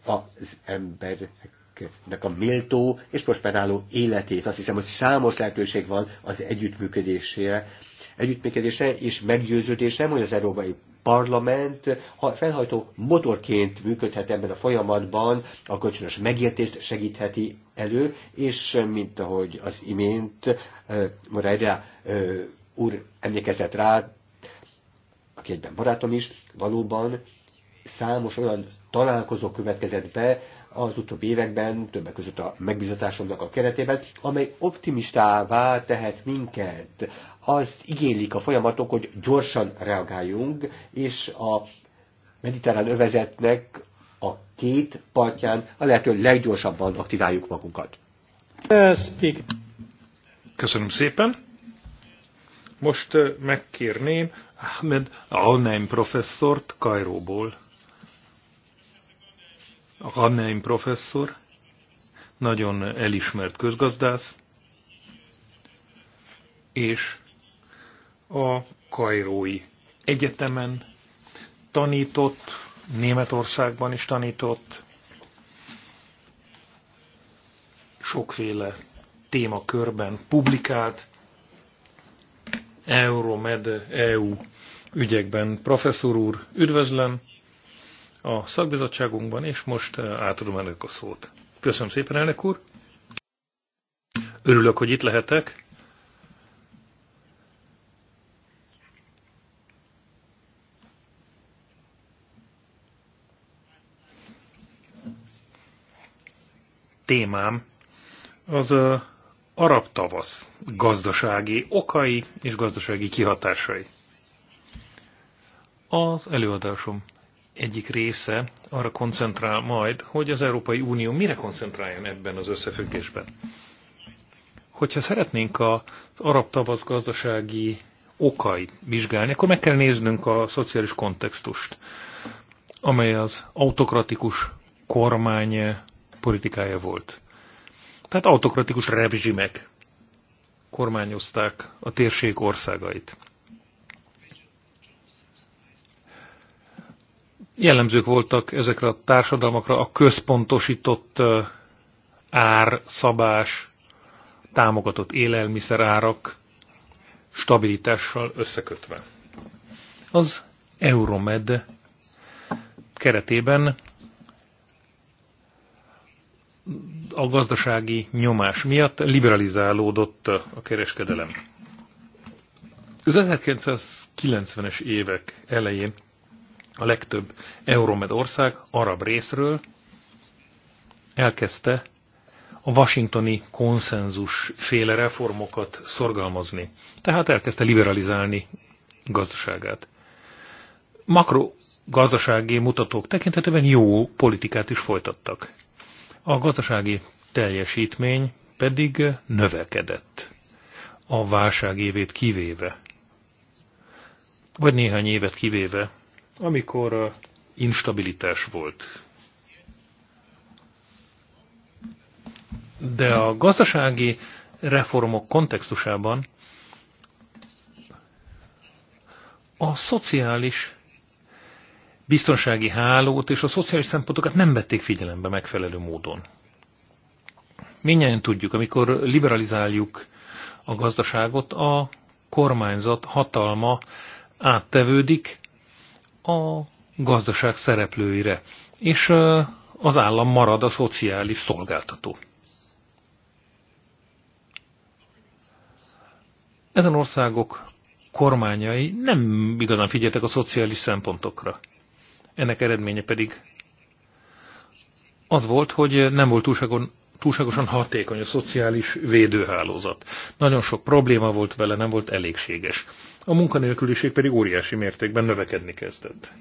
az emberek nek a méltó és prosperáló életét. Azt hiszem, hogy számos lehetőség van az együttműködésére együttműködése és meggyőződésem, hogy az Európai Parlament felhajtó motorként működhet ebben a folyamatban, a kölcsönös megértést segítheti elő, és mint ahogy az imént Moreira úr emlékezett rá, aki egyben barátom is, valóban számos olyan találkozó következett be, az utóbbi években, többek között a megbizatásomnak a keretében, amely optimistává tehet minket. Azt igénylik a folyamatok, hogy gyorsan reagáljunk, és a mediterrán övezetnek a két partján a lehető leggyorsabban aktiváljuk magunkat. Köszönöm szépen. Most eh, megkérném Ahmed Alnaim professzort Kajróból. A Haneim professzor, nagyon elismert közgazdász, és a Kairói Egyetemen tanított, Németországban is tanított, sokféle témakörben publikált, Euromed EU ügyekben. Professzor úr, üdvözlöm! a szakbizottságunkban, és most eh, átadom önök a szót. Köszönöm szépen, elnök úr! Örülök, hogy itt lehetek. Témám az eh, arab tavasz gazdasági okai és gazdasági kihatásai. Az előadásom egyik része arra koncentrál majd, hogy az Európai Unió mire koncentráljon ebben az összefüggésben. Hogyha szeretnénk az arab tavasz gazdasági okait vizsgálni, akkor meg kell néznünk a szociális kontextust, amely az autokratikus kormány politikája volt. Tehát autokratikus rezsimek kormányozták a térség országait. jellemzők voltak ezekre a társadalmakra a központosított árszabás, támogatott élelmiszerárak stabilitással összekötve. Az Euromed keretében a gazdasági nyomás miatt liberalizálódott a kereskedelem. Az 1990-es évek elején a legtöbb Euromed ország arab részről elkezdte a washingtoni konszenzus féle reformokat szorgalmazni. Tehát elkezdte liberalizálni gazdaságát. Makro gazdasági mutatók tekintetében jó politikát is folytattak. A gazdasági teljesítmény pedig növekedett a válság évét kivéve, vagy néhány évet kivéve, amikor instabilitás volt. De a gazdasági reformok kontextusában a szociális biztonsági hálót és a szociális szempontokat nem vették figyelembe megfelelő módon. Mindjárt tudjuk, amikor liberalizáljuk a gazdaságot, a kormányzat hatalma áttevődik a gazdaság szereplőire, és az állam marad a szociális szolgáltató. Ezen országok kormányai nem igazán figyeltek a szociális szempontokra. Ennek eredménye pedig az volt, hogy nem volt túlságon túlságosan hatékony a szociális védőhálózat. Nagyon sok probléma volt vele, nem volt elégséges. A munkanélküliség pedig óriási mértékben növekedni kezdett.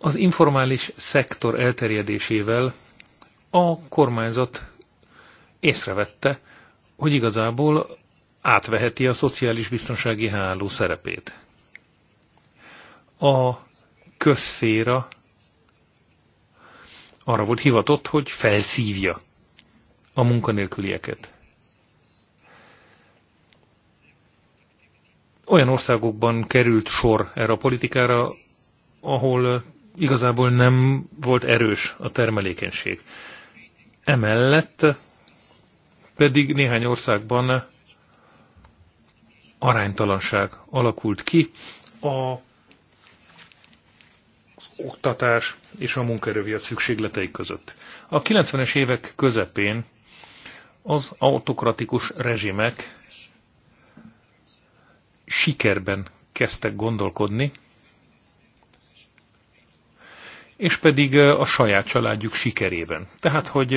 Az informális szektor elterjedésével a kormányzat észrevette, hogy igazából átveheti a szociális biztonsági háló szerepét. A közféra arra volt hivatott, hogy felszívja a munkanélkülieket. Olyan országokban került sor erre a politikára, ahol igazából nem volt erős a termelékenység. Emellett pedig néhány országban aránytalanság alakult ki a oktatás és a munkaerőviac szükségletei között. A 90-es évek közepén az autokratikus rezsimek sikerben kezdtek gondolkodni, és pedig a saját családjuk sikerében. Tehát, hogy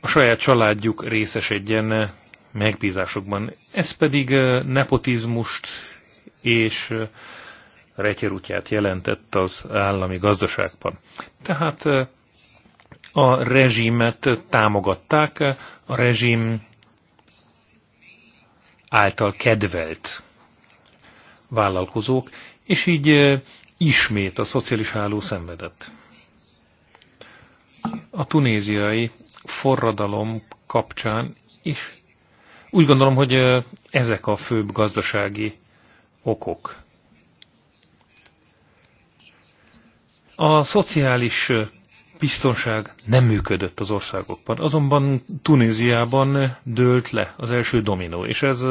a saját családjuk részesedjen megbízásokban. Ez pedig nepotizmust és retyerútját jelentett az állami gazdaságban. Tehát a rezsimet támogatták, a rezsim által kedvelt vállalkozók, és így ismét a szociális háló szenvedett. A tunéziai forradalom kapcsán is úgy gondolom, hogy ezek a főbb gazdasági okok. A szociális biztonság nem működött az országokban, azonban Tunéziában dőlt le az első dominó, és ez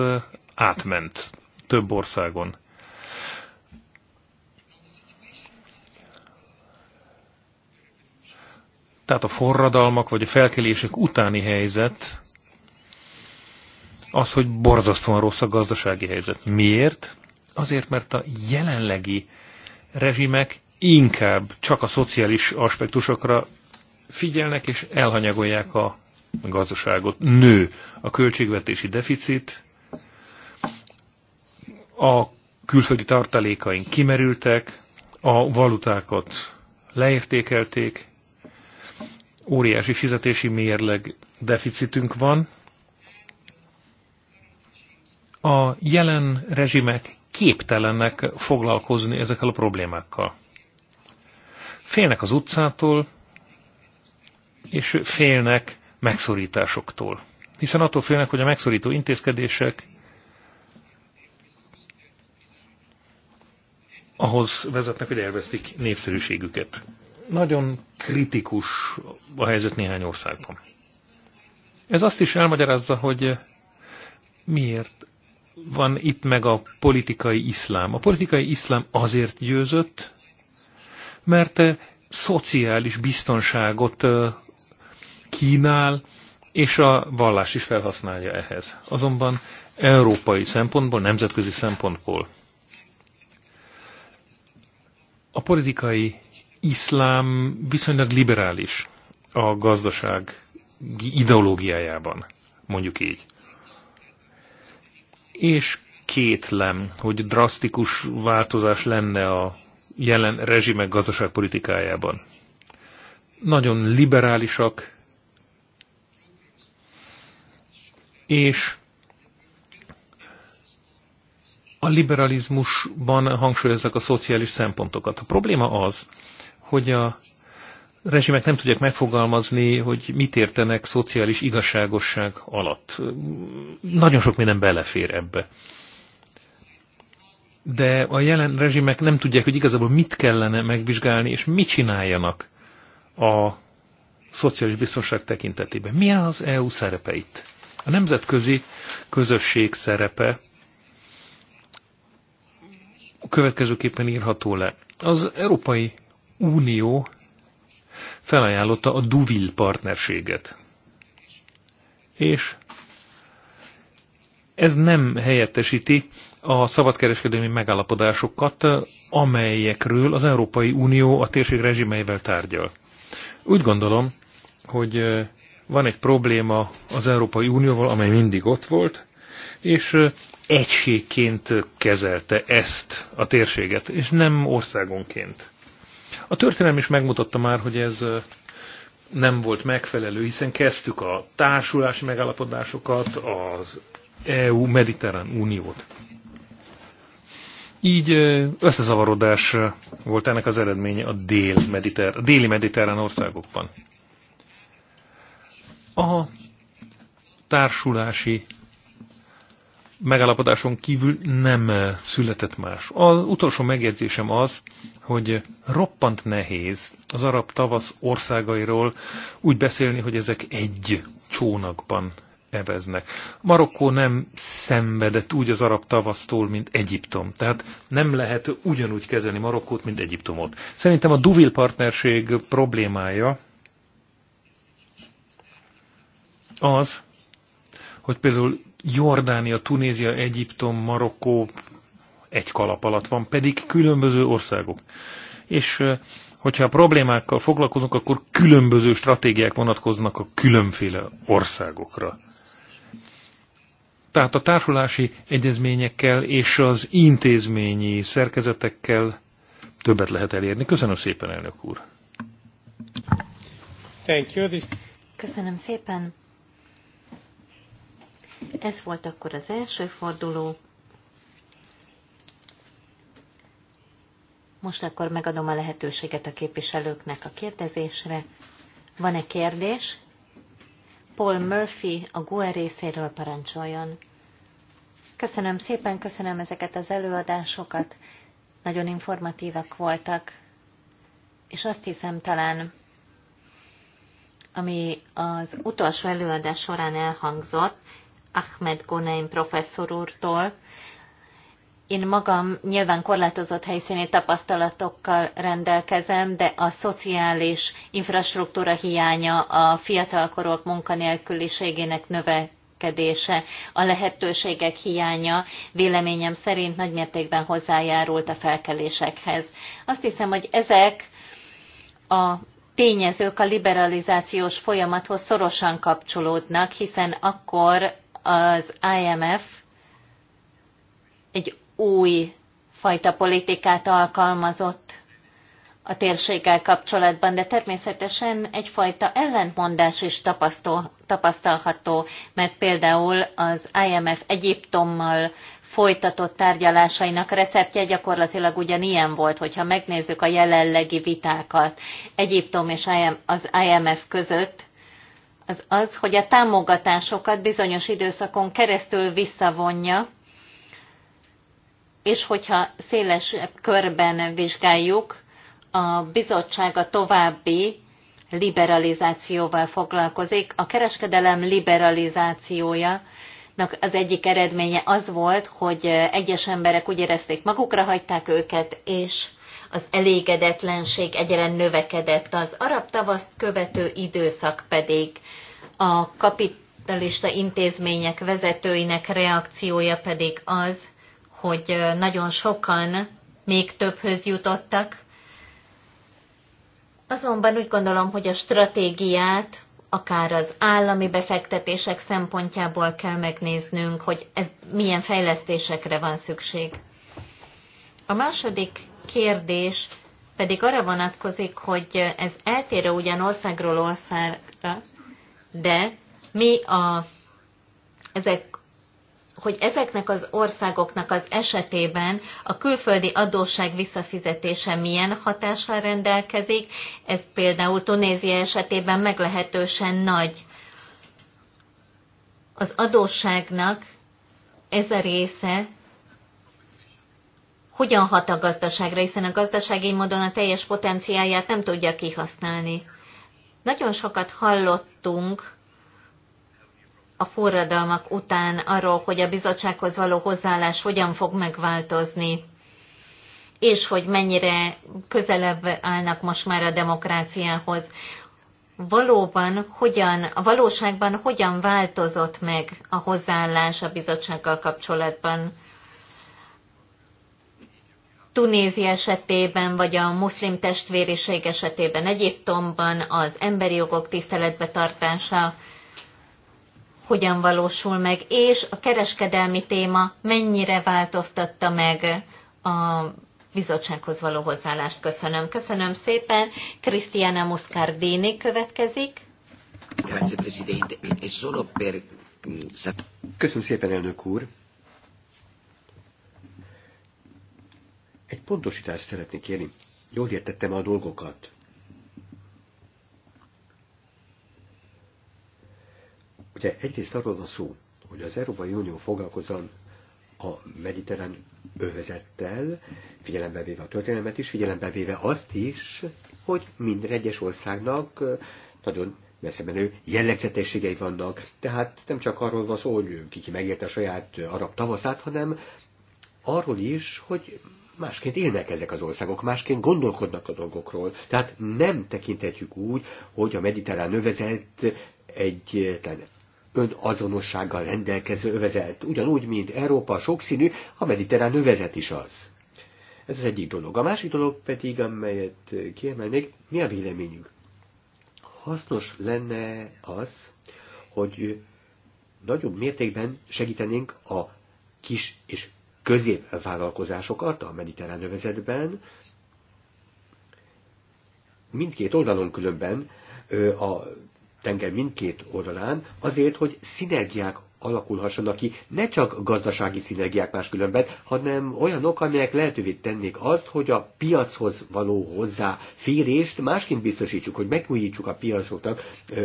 átment több országon. Tehát a forradalmak vagy a felkelések utáni helyzet az, hogy borzasztóan rossz a gazdasági helyzet. Miért? Azért, mert a jelenlegi rezsimek inkább csak a szociális aspektusokra figyelnek és elhanyagolják a gazdaságot. Nő a költségvetési deficit, a külföldi tartalékaink kimerültek, a valutákat leértékelték, óriási fizetési mérleg deficitünk van. A jelen rezsimek képtelenek foglalkozni ezekkel a problémákkal. Félnek az utcától, és félnek megszorításoktól. Hiszen attól félnek, hogy a megszorító intézkedések ahhoz vezetnek, hogy elvesztik népszerűségüket. Nagyon kritikus a helyzet néhány országban. Ez azt is elmagyarázza, hogy miért van itt meg a politikai iszlám. A politikai iszlám azért győzött, mert eh, szociális biztonságot eh, kínál, és a vallás is felhasználja ehhez. Azonban európai szempontból, nemzetközi szempontból a politikai iszlám viszonylag liberális a gazdaság ideológiájában, mondjuk így. És kétlem, hogy drasztikus változás lenne a jelen rezsimek gazdaságpolitikájában. Nagyon liberálisak, és a liberalizmusban hangsúlyozzák a szociális szempontokat. A probléma az, hogy a rezsimek nem tudják megfogalmazni, hogy mit értenek szociális igazságosság alatt. Nagyon sok minden belefér ebbe de a jelen rezsimek nem tudják, hogy igazából mit kellene megvizsgálni, és mit csináljanak a szociális biztonság tekintetében. Mi az EU szerepe itt? A nemzetközi közösség szerepe következőképpen írható le. Az Európai Unió felajánlotta a Duvil partnerséget. És ez nem helyettesíti a szabadkereskedelmi megállapodásokat, amelyekről az Európai Unió a térség rezsimeivel tárgyal. Úgy gondolom, hogy van egy probléma az Európai Unióval, amely mindig ott volt, és egységként kezelte ezt a térséget, és nem országonként. A történelem is megmutatta már, hogy ez nem volt megfelelő, hiszen kezdtük a társulási megállapodásokat, az EU-Mediterrán Uniót. Így összezavarodás volt ennek az eredménye a, dél -mediter, a déli mediterrán országokban. A társulási megállapodáson kívül nem született más. Az utolsó megjegyzésem az, hogy roppant nehéz az arab tavasz országairól úgy beszélni, hogy ezek egy csónakban eveznek. Marokkó nem szenvedett úgy az arab tavasztól, mint Egyiptom. Tehát nem lehet ugyanúgy kezelni Marokkót, mint Egyiptomot. Szerintem a Duville partnerség problémája az, hogy például Jordánia, Tunézia, Egyiptom, Marokkó egy kalap alatt van, pedig különböző országok. És hogyha a problémákkal foglalkozunk, akkor különböző stratégiák vonatkoznak a különféle országokra. Tehát a társulási egyezményekkel és az intézményi szerkezetekkel többet lehet elérni. Köszönöm szépen, elnök úr! Thank you. Köszönöm szépen! Ez volt akkor az első forduló. Most akkor megadom a lehetőséget a képviselőknek a kérdezésre. Van-e kérdés? Paul Murphy a GUE részéről parancsoljon. Köszönöm szépen, köszönöm ezeket az előadásokat. Nagyon informatívak voltak. És azt hiszem talán, ami az utolsó előadás során elhangzott, Ahmed Gonaim professzor úrtól, én magam nyilván korlátozott helyszíni tapasztalatokkal rendelkezem, de a szociális infrastruktúra hiánya, a fiatalkorok munkanélküliségének növekedése, a lehetőségek hiánya véleményem szerint nagymértékben hozzájárult a felkelésekhez. Azt hiszem, hogy ezek a tényezők a liberalizációs folyamathoz szorosan kapcsolódnak, hiszen akkor az IMF egy új fajta politikát alkalmazott a térséggel kapcsolatban, de természetesen egyfajta ellentmondás is tapasztalható, mert például az IMF Egyiptommal folytatott tárgyalásainak receptje gyakorlatilag ugyanilyen volt, hogyha megnézzük a jelenlegi vitákat Egyiptom és az IMF között, az az, hogy a támogatásokat bizonyos időszakon keresztül visszavonja, és hogyha széles körben vizsgáljuk, a bizottság a további liberalizációval foglalkozik. A kereskedelem liberalizációja az egyik eredménye az volt, hogy egyes emberek úgy érezték, magukra hagyták őket, és az elégedetlenség egyre növekedett. Az arab tavaszt követő időszak pedig a kapitalista intézmények vezetőinek reakciója pedig az, hogy nagyon sokan még többhöz jutottak. Azonban úgy gondolom, hogy a stratégiát akár az állami befektetések szempontjából kell megnéznünk, hogy ez milyen fejlesztésekre van szükség. A második kérdés pedig arra vonatkozik, hogy ez eltérő ugyan országról országra, de mi a, ezek hogy ezeknek az országoknak az esetében a külföldi adósság visszafizetése milyen hatással rendelkezik, ez például Tunézia esetében meglehetősen nagy. Az adósságnak ez a része hogyan hat a gazdaságra, hiszen a gazdasági módon a teljes potenciáját nem tudja kihasználni. Nagyon sokat hallottunk a forradalmak után arról, hogy a bizottsághoz való hozzáállás hogyan fog megváltozni, és hogy mennyire közelebb állnak most már a demokráciához. Valóban hogyan, a valóságban hogyan változott meg a hozzáállás a bizottsággal kapcsolatban? Tunézi esetében, vagy a muszlim testvériség esetében Egyiptomban az emberi jogok tiszteletbe tartása, hogyan valósul meg, és a kereskedelmi téma mennyire változtatta meg a bizottsághoz való hozzáállást. Köszönöm. Köszönöm szépen. Krisztiana Muscardini következik. Presidente. E solo per... Mm, Köszönöm szépen, elnök úr. Egy pontosítást szeretnék kérni. Jól értettem a dolgokat. Ugye egyrészt arról van szó, hogy az Európai Unió foglalkozzon a mediterrán övezettel, figyelembe véve a történelmet is, figyelembe véve azt is, hogy minden egyes országnak nagyon messze menő jellegzetességei vannak. Tehát nem csak arról van szó, hogy kiki megérte a saját arab tavaszát, hanem arról is, hogy másként élnek ezek az országok, másként gondolkodnak a dolgokról. Tehát nem tekinthetjük úgy, hogy a mediterrán övezet tehát önazonossággal rendelkező övezet, ugyanúgy, mint Európa sokszínű, a mediterrán övezet is az. Ez az egyik dolog. A másik dolog pedig, amelyet kiemelnék, mi a véleményük? Hasznos lenne az, hogy nagyobb mértékben segítenénk a kis és középvállalkozásokat a mediterrán övezetben, mindkét oldalon különben a tenger mindkét oldalán, azért, hogy szinergiák alakulhassanak ki, ne csak gazdasági szinergiák máskülönben, hanem olyanok, amelyek lehetővé tennék azt, hogy a piachoz való hozzáférést másként biztosítsuk, hogy megújítsuk a piacoknak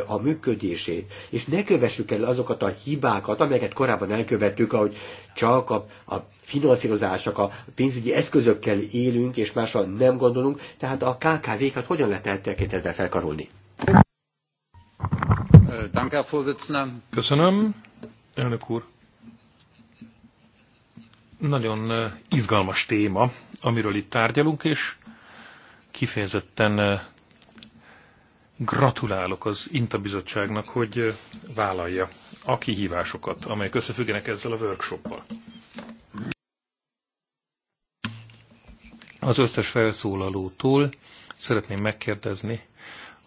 a működését, és ne kövessük el azokat a hibákat, amelyeket korábban elkövettük, ahogy csak a, a finanszírozások, a pénzügyi eszközökkel élünk, és másra nem gondolunk, tehát a KKV-kat hogyan lehet eltekintetve felkarolni. Köszönöm, elnök úr. Nagyon eh, izgalmas téma, amiről itt tárgyalunk, és kifejezetten eh, gratulálok az INTA bizottságnak, hogy eh, vállalja a kihvásokat amelyek összefüggenek ezzel a workshoppal. Az összes felszólalótól szeretném megkérdezni,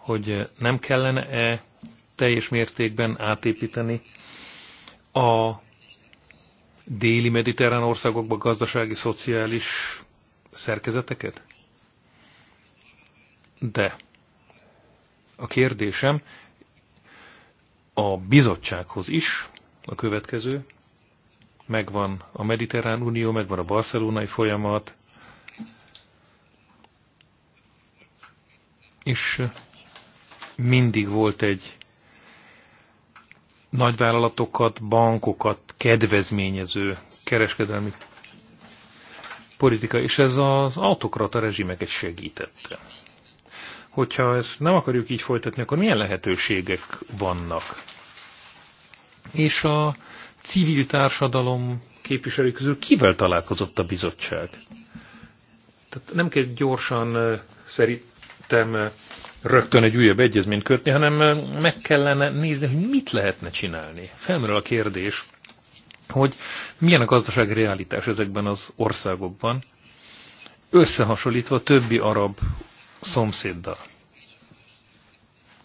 hogy eh, nem kellene-e teljes mértékben átépíteni a déli mediterrán országokba gazdasági, szociális szerkezeteket? De a kérdésem a bizottsághoz is a következő. Megvan a Mediterrán Unió, megvan a barcelonai folyamat, és mindig volt egy nagyvállalatokat, bankokat kedvezményező kereskedelmi politika, és ez az autokrata rezsimeket segítette. Hogyha ezt nem akarjuk így folytatni, akkor milyen lehetőségek vannak? És a civil társadalom képviselői közül kivel találkozott a bizottság? Tehát nem kell gyorsan szerintem rögtön egy újabb egyezményt kötni, hanem meg kellene nézni, hogy mit lehetne csinálni. Felmerül a kérdés, hogy milyen a gazdasági realitás ezekben az országokban, összehasonlítva többi arab szomszéddal.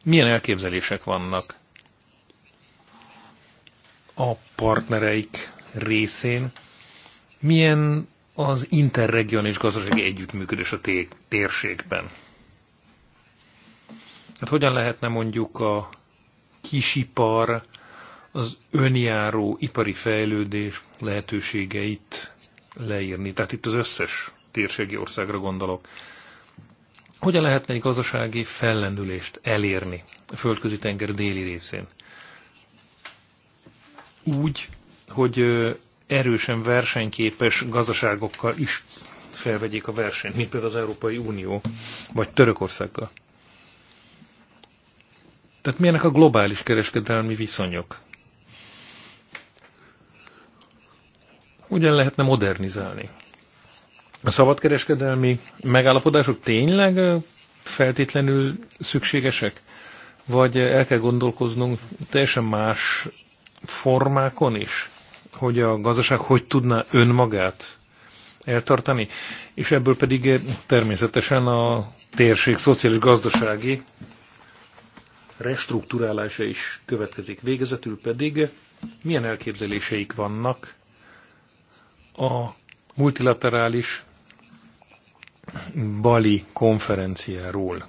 Milyen elképzelések vannak a partnereik részén, milyen az interregionális gazdasági együttműködés a térségben. Hát hogyan lehetne mondjuk a kisipar, az önjáró ipari fejlődés lehetőségeit leírni? Tehát itt az összes térségi országra gondolok. Hogyan lehetne egy gazdasági fellendülést elérni a földközi tenger déli részén? Úgy, hogy erősen versenyképes gazdaságokkal is felvegyék a versenyt, mint például az Európai Unió, vagy Törökországgal. Tehát milyenek a globális kereskedelmi viszonyok? Ugyan lehetne modernizálni. A szabadkereskedelmi megállapodások tényleg feltétlenül szükségesek? Vagy el kell gondolkoznunk teljesen más formákon is, hogy a gazdaság hogy tudná önmagát eltartani, és ebből pedig természetesen a térség szociális gazdasági restruktúrálása is következik. Végezetül pedig milyen elképzeléseik vannak a multilaterális Bali konferenciáról.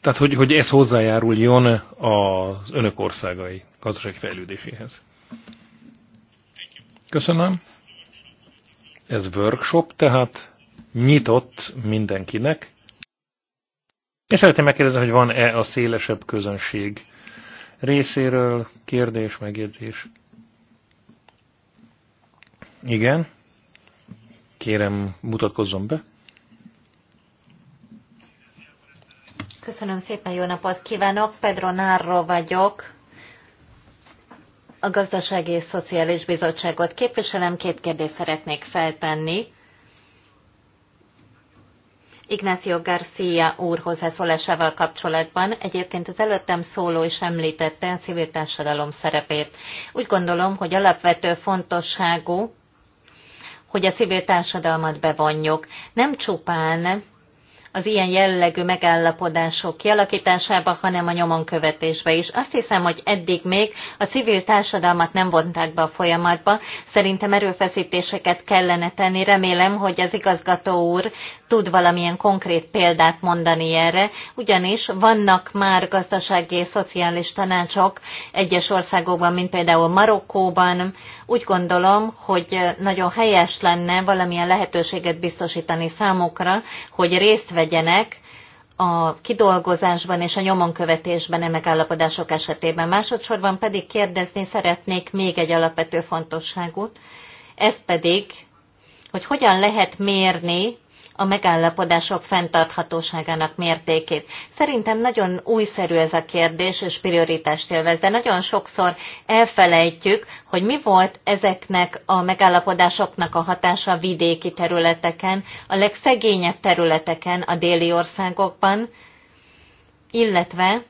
Tehát, hogy, hogy ez hozzájáruljon az önök országai gazdasági fejlődéséhez. Köszönöm. Ez workshop, tehát nyitott mindenkinek. Én szeretném megkérdezni, hogy van-e a szélesebb közönség részéről kérdés, megjegyzés. Igen. Kérem, mutatkozzon be. Köszönöm szépen, jó napot kívánok! Pedro Narro vagyok. A Gazdasági és Szociális Bizottságot képviselem, két kérdést szeretnék feltenni. Ignacio Garcia úr hozzászólásával kapcsolatban. Egyébként az előttem szóló is említette a civil társadalom szerepét. Úgy gondolom, hogy alapvető fontosságú, hogy a civil társadalmat bevonjuk. Nem csupán az ilyen jellegű megállapodások kialakításába, hanem a nyomon követésbe is. Azt hiszem, hogy eddig még a civil társadalmat nem vonták be a folyamatba. Szerintem erőfeszítéseket kellene tenni. Remélem, hogy az igazgató úr tud valamilyen konkrét példát mondani erre, ugyanis vannak már gazdasági és szociális tanácsok egyes országokban, mint például Marokkóban, úgy gondolom, hogy nagyon helyes lenne valamilyen lehetőséget biztosítani számukra, hogy részt vegyenek a kidolgozásban és a nyomonkövetésben e megállapodások esetében. Másodszorban pedig kérdezni szeretnék még egy alapvető fontosságot, ez pedig, hogy hogyan lehet mérni a megállapodások fenntarthatóságának mértékét. Szerintem nagyon újszerű ez a kérdés, és prioritást élvez, de nagyon sokszor elfelejtjük, hogy mi volt ezeknek a megállapodásoknak a hatása a vidéki területeken, a legszegényebb területeken, a déli országokban, illetve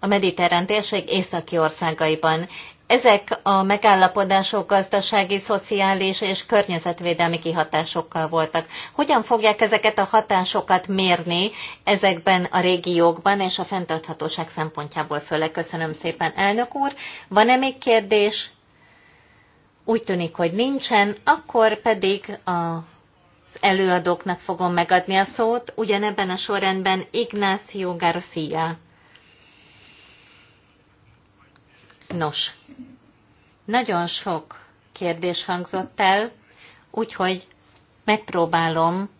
a mediterrán térség északi országaiban. Ezek a megállapodások gazdasági, szociális és környezetvédelmi kihatásokkal voltak. Hogyan fogják ezeket a hatásokat mérni ezekben a régiókban és a fenntarthatóság szempontjából főleg? Köszönöm szépen, elnök úr. Van-e még kérdés? Úgy tűnik, hogy nincsen, akkor pedig a előadóknak fogom megadni a szót, ugyanebben a sorrendben Ignacio Garcia Nos, nagyon sok kérdés hangzott el, úgyhogy megpróbálom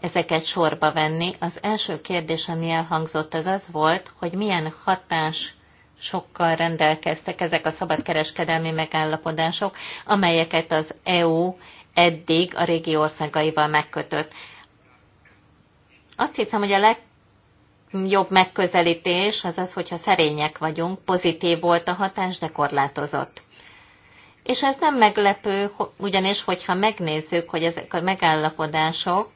ezeket sorba venni. Az első kérdés, ami elhangzott, az az volt, hogy milyen hatás sokkal rendelkeztek ezek a szabadkereskedelmi megállapodások, amelyeket az EU eddig a régi országaival megkötött. Azt hiszem, hogy a leg jobb megközelítés az az, hogyha szerények vagyunk, pozitív volt a hatás, de korlátozott. És ez nem meglepő, ugyanis, hogyha megnézzük, hogy ezek a megállapodások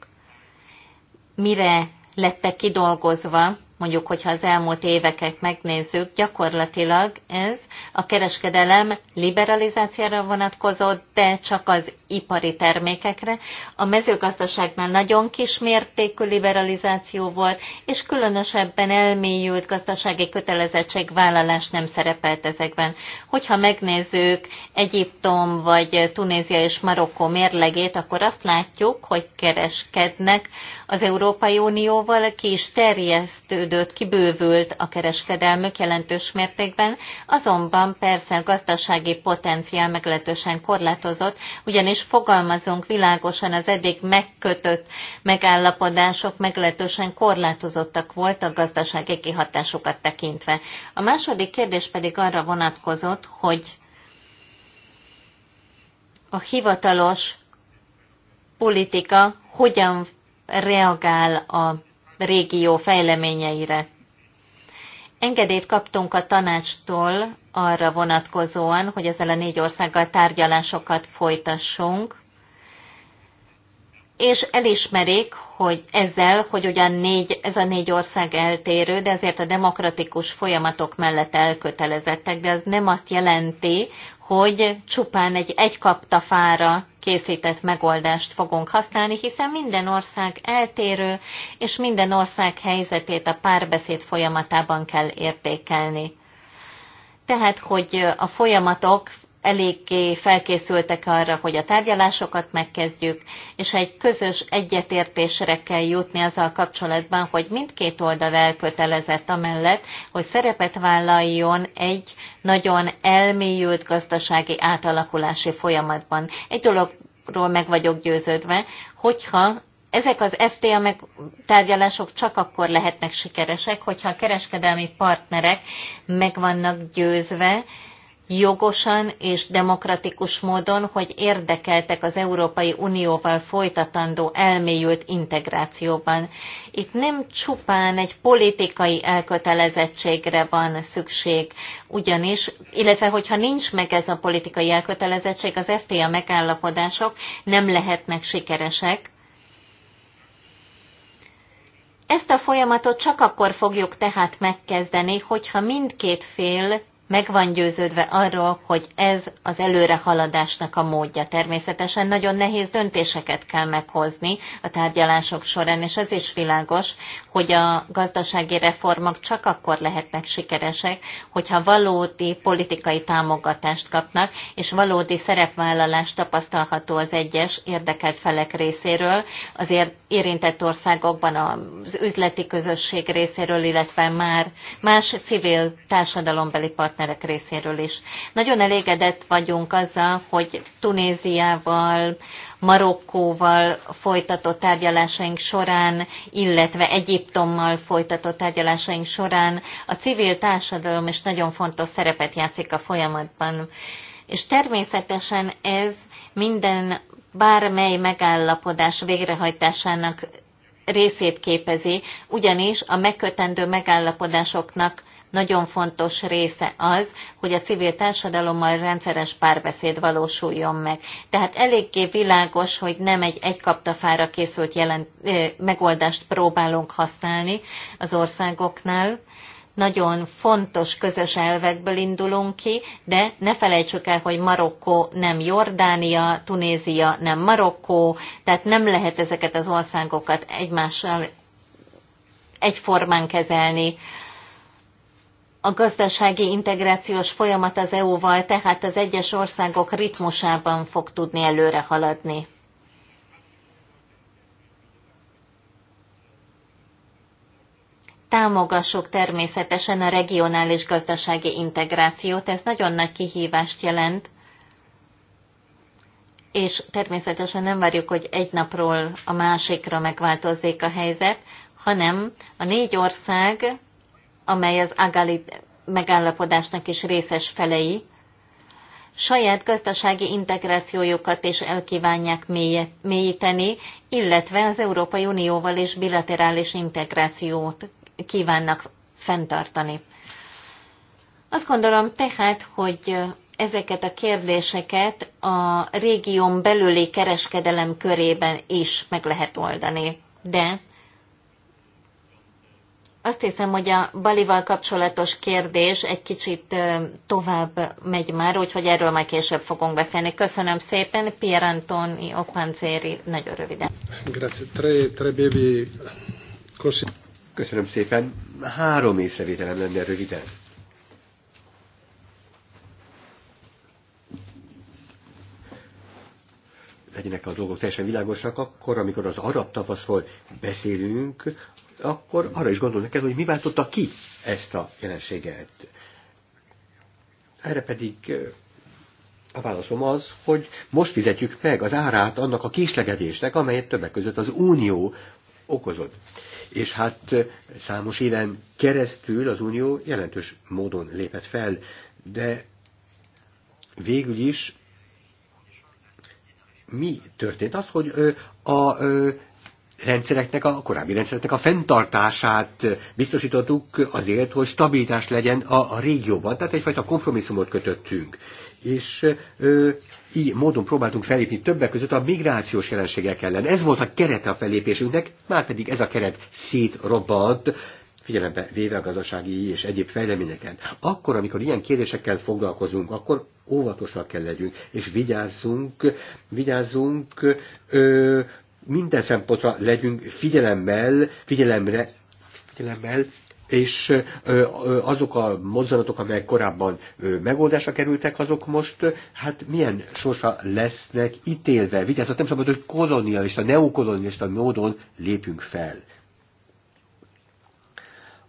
mire lettek kidolgozva, mondjuk, hogyha az elmúlt éveket megnézzük, gyakorlatilag ez a kereskedelem liberalizációra vonatkozott, de csak az ipari termékekre. A mezőgazdaságban nagyon kismértékű liberalizáció volt, és különösebben elmélyült gazdasági kötelezettségvállalás nem szerepelt ezekben. Hogyha megnézzük Egyiptom vagy Tunézia és Marokkó mérlegét, akkor azt látjuk, hogy kereskednek az Európai Unióval, ki is terjesztődött, kibővült a kereskedelmük jelentős mértékben, azonban persze a gazdasági potenciál meglehetősen korlátozott, ugyanis fogalmazunk világosan, az eddig megkötött megállapodások meglehetősen korlátozottak voltak gazdasági kihatásokat tekintve. A második kérdés pedig arra vonatkozott, hogy a hivatalos politika hogyan reagál a régió fejleményeire. Engedélyt kaptunk a tanácstól arra vonatkozóan, hogy ezzel a négy országgal tárgyalásokat folytassunk, és elismerik, hogy ezzel, hogy ugyan négy, ez a négy ország eltérő, de azért a demokratikus folyamatok mellett elkötelezettek, de az nem azt jelenti, hogy csupán egy egykapta fára készített megoldást fogunk használni, hiszen minden ország eltérő, és minden ország helyzetét a párbeszéd folyamatában kell értékelni. Tehát, hogy a folyamatok eléggé felkészültek arra, hogy a tárgyalásokat megkezdjük, és egy közös egyetértésre kell jutni azzal kapcsolatban, hogy mindkét oldal elkötelezett amellett, hogy szerepet vállaljon egy nagyon elmélyült gazdasági átalakulási folyamatban. Egy dologról meg vagyok győződve, hogyha ezek az FTA meg tárgyalások csak akkor lehetnek sikeresek, hogyha a kereskedelmi partnerek meg vannak győzve, jogosan és demokratikus módon, hogy érdekeltek az Európai Unióval folytatandó elmélyült integrációban. Itt nem csupán egy politikai elkötelezettségre van szükség, ugyanis, illetve hogyha nincs meg ez a politikai elkötelezettség, az FTA megállapodások nem lehetnek sikeresek, ezt a folyamatot csak akkor fogjuk tehát megkezdeni, hogyha mindkét fél meg van győződve arról, hogy ez az előrehaladásnak a módja. Természetesen nagyon nehéz döntéseket kell meghozni a tárgyalások során, és ez is világos, hogy a gazdasági reformok csak akkor lehetnek sikeresek, hogyha valódi politikai támogatást kapnak, és valódi szerepvállalást tapasztalható az egyes érdekelt felek részéről, az érintett országokban az üzleti közösség részéről, illetve már más civil társadalombeli partnerek partnerek részéről is. Nagyon elégedett vagyunk azzal, hogy Tunéziával, Marokkóval folytatott tárgyalásaink során, illetve Egyiptommal folytatott tárgyalásaink során a civil társadalom is nagyon fontos szerepet játszik a folyamatban. És természetesen ez minden bármely megállapodás végrehajtásának részét képezi, ugyanis a megkötendő megállapodásoknak nagyon fontos része az, hogy a civil társadalommal rendszeres párbeszéd valósuljon meg. Tehát eléggé világos, hogy nem egy egykaptafára készült jelent, megoldást próbálunk használni az országoknál, nagyon fontos közös elvekből indulunk ki, de ne felejtsük el, hogy Marokkó nem Jordánia, Tunézia nem Marokkó, tehát nem lehet ezeket az országokat egymással egyformán kezelni a gazdasági integrációs folyamat az EU-val, tehát az egyes országok ritmusában fog tudni előre haladni. Támogassuk természetesen a regionális gazdasági integrációt, ez nagyon nagy kihívást jelent, és természetesen nem várjuk, hogy egy napról a másikra megváltozzék a helyzet, hanem a négy ország amely az Agali megállapodásnak is részes felei, saját gazdasági integrációjukat is elkívánják mélyíteni, illetve az Európai Unióval és bilaterális integrációt kívánnak fenntartani. Azt gondolom tehát, hogy ezeket a kérdéseket a régión belüli kereskedelem körében is meg lehet oldani. De azt hiszem, hogy a Balival kapcsolatos kérdés egy kicsit tovább megy már, úgyhogy erről majd később fogunk beszélni. Köszönöm szépen, Pier Antoni Opanzéri, nagyon röviden. Grazie. Tre, Köszönöm szépen. Három észrevételem lenne röviden. legyenek a dolgok teljesen világosak, akkor, amikor az arab tavaszról beszélünk, akkor arra is gondolni kell, hogy mi váltotta ki ezt a jelenséget. Erre pedig a válaszom az, hogy most fizetjük meg az árát annak a késlegedésnek, amelyet többek között az Unió okozott. És hát számos éven keresztül az Unió jelentős módon lépett fel, de végül is mi történt? Az, hogy a rendszereknek, a korábbi rendszereknek a fenntartását biztosítottuk azért, hogy stabilitás legyen a, a régióban, tehát egyfajta kompromisszumot kötöttünk. És ö, így módon próbáltunk felépni többek között a migrációs jelenségek ellen. Ez volt a kerete a felépésünknek, már pedig ez a keret szétrobbant, figyelembe véve a gazdasági és egyéb fejleményeket. Akkor, amikor ilyen kérdésekkel foglalkozunk, akkor óvatosak kell legyünk, és vigyázzunk, vigyázzunk ö, minden szempontra legyünk figyelemmel, figyelemre, figyelemmel, és azok a mozzanatok, amelyek korábban megoldásra kerültek, azok most hát milyen sorsa lesznek ítélve. Vigyázzat, nem szabad, hogy kolonialista, neokolonialista módon lépünk fel.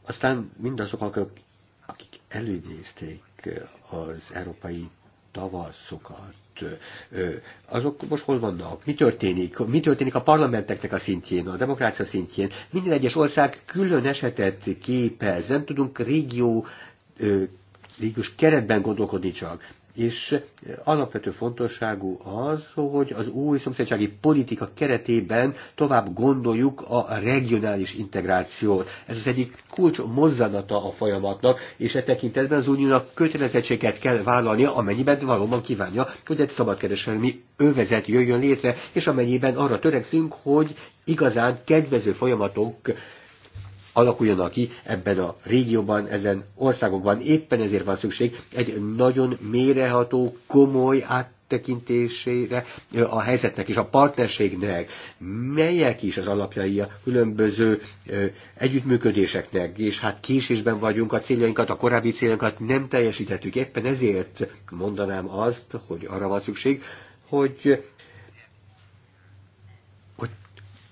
Aztán mindazok, akik előidézték az európai tavaszokat, azok most hol vannak? Mi történik? Mi történik a parlamenteknek a szintjén, a demokrácia szintjén? Minden egyes ország külön esetet képez, nem tudunk régió régiós keretben gondolkodni csak és alapvető fontosságú az, hogy az új szomszédsági politika keretében tovább gondoljuk a regionális integrációt. Ez az egyik kulcs mozzanata a folyamatnak, és e tekintetben az uniónak kötelezettséget kell vállalnia, amennyiben valóban kívánja, hogy egy szabadkereselmi övezet jöjjön létre, és amennyiben arra törekszünk, hogy igazán kedvező folyamatok alakuljanak ki ebben a régióban, ezen országokban. Éppen ezért van szükség egy nagyon méreható, komoly át tekintésére a helyzetnek és a partnerségnek, melyek is az alapjai a különböző együttműködéseknek, és hát késésben vagyunk a céljainkat, a korábbi céljainkat nem teljesítettük. Éppen ezért mondanám azt, hogy arra van szükség, hogy, hogy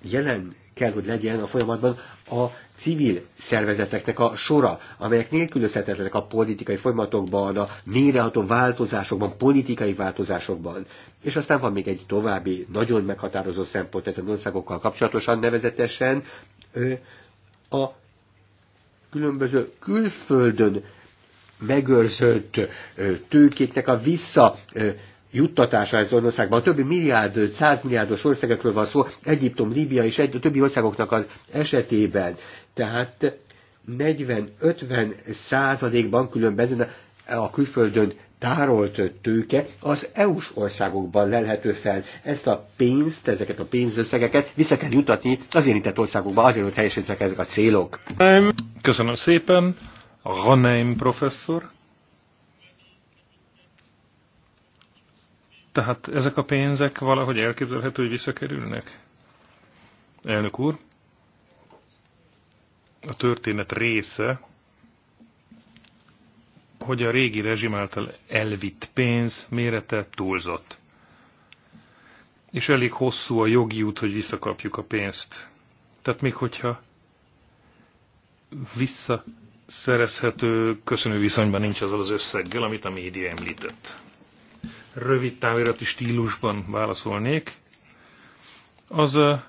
jelen kell, hogy legyen a folyamatban a civil szervezeteknek a sora, amelyek nélkülözhetetlenek a politikai folyamatokban, a méreható változásokban, politikai változásokban. És aztán van még egy további nagyon meghatározó szempont ezen országokkal kapcsolatosan, nevezetesen a különböző külföldön megőrzött tőkéknek a vissza juttatása ez az országban. többi milliárd, százmilliárdos országokról van szó, Egyiptom, Líbia és egy, többi országoknak az esetében. Tehát 40-50 százalékban különben a külföldön tárolt tőke az EU-s országokban lelhető fel. Ezt a pénzt, ezeket a pénzösszegeket vissza kell jutatni az érintett országokba, azért, hogy teljesítsenek ezek a célok. Köszönöm szépen, Raneim professzor. Tehát ezek a pénzek valahogy elképzelhető, hogy visszakerülnek? Elnök úr, a történet része, hogy a régi rezsim által elvitt pénz mérete túlzott. És elég hosszú a jogi út, hogy visszakapjuk a pénzt. Tehát még hogyha visszaszerezhető, köszönő viszonyban nincs azzal az összeggel, amit a média említett rövid távirati stílusban válaszolnék. Az eh,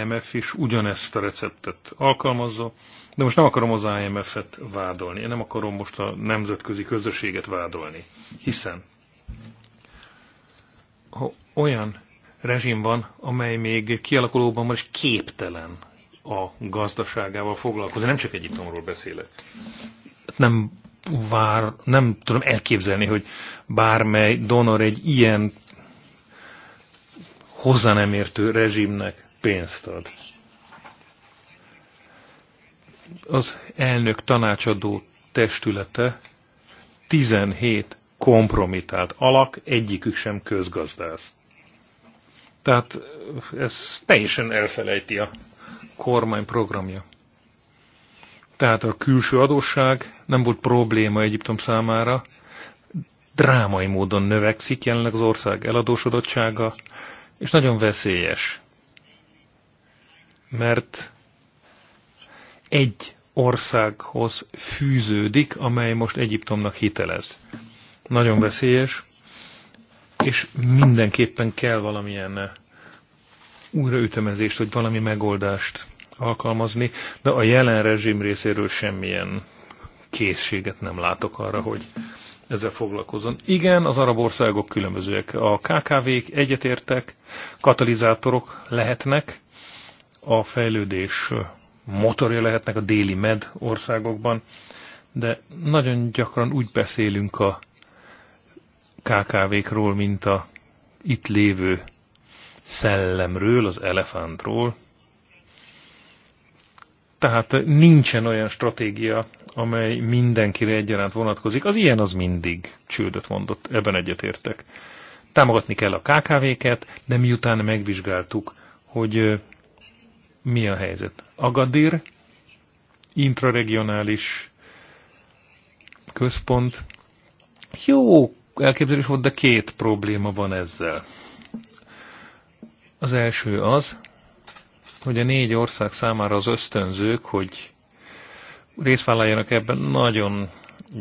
IMF is ugyanezt a receptet alkalmazza, de most nem akarom az IMF-et vádolni, én nem akarom most a nemzetközi közösséget vádolni, hiszen ha olyan rezsim van, amely még kialakulóban van, és képtelen a gazdaságával foglalkozni, nem csak Egyiptomról beszélek. Nem vár, nem tudom elképzelni, hogy bármely donor egy ilyen hozzá nem értő rezsimnek pénzt ad. Az elnök tanácsadó testülete 17 kompromitált alak, egyikük sem közgazdász. Tehát ez teljesen elfelejti a kormány programja. Tehát a külső adósság nem volt probléma Egyiptom számára, drámai módon növekszik jelenleg az ország eladósodottsága, és nagyon veszélyes. Mert egy országhoz fűződik, amely most Egyiptomnak hitelez. Nagyon veszélyes, és mindenképpen kell valamilyen újraütemezést, vagy valami megoldást alkalmazni, de a jelen rezsim részéről semmilyen készséget nem látok arra, hogy ezzel foglalkozom. Igen, az arab országok különbözőek. A KKV-k egyetértek, katalizátorok lehetnek, a fejlődés motorja lehetnek a déli med országokban, de nagyon gyakran úgy beszélünk a KKV-król, mint a itt lévő szellemről, az elefántról, tehát nincsen olyan stratégia, amely mindenkire egyaránt vonatkozik. Az ilyen az mindig csődöt mondott, ebben egyetértek. Támogatni kell a KKV-ket, de miután megvizsgáltuk, hogy mi a helyzet. Agadir, intraregionális központ. Jó elképzelés volt, de két probléma van ezzel. Az első az, hogy a négy ország számára az ösztönzők, hogy részt vállaljanak ebben, nagyon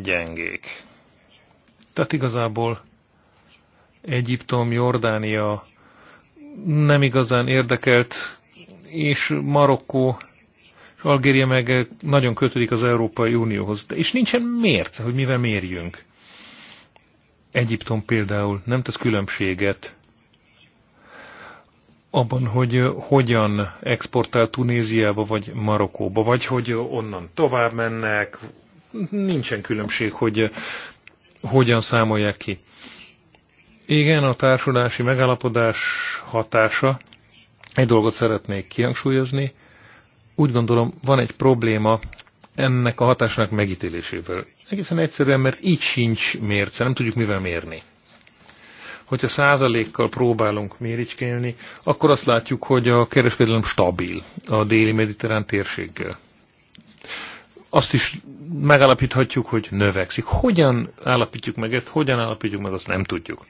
gyengék. Tehát igazából Egyiptom, Jordánia nem igazán érdekelt, és Marokkó és Algéria meg nagyon kötődik az Európai Unióhoz. De És nincsen mérce, hogy mivel mérjünk. Egyiptom például nem tesz különbséget abban, hogy hogyan exportál Tunéziába, vagy Marokkóba, vagy hogy onnan tovább mennek, nincsen különbség, hogy hogyan számolják ki. Igen, a társulási megállapodás hatása, egy dolgot szeretnék kihangsúlyozni, úgy gondolom van egy probléma ennek a hatásnak megítélésével. Egészen egyszerűen, mert így sincs mérce, nem tudjuk mivel mérni. Hogyha százalékkal próbálunk méricskélni, akkor azt látjuk, hogy a kereskedelem stabil a déli mediterrán térséggel. Azt is megállapíthatjuk, hogy növekszik. Hogyan állapítjuk meg ezt, hogyan állapítjuk meg, azt nem tudjuk.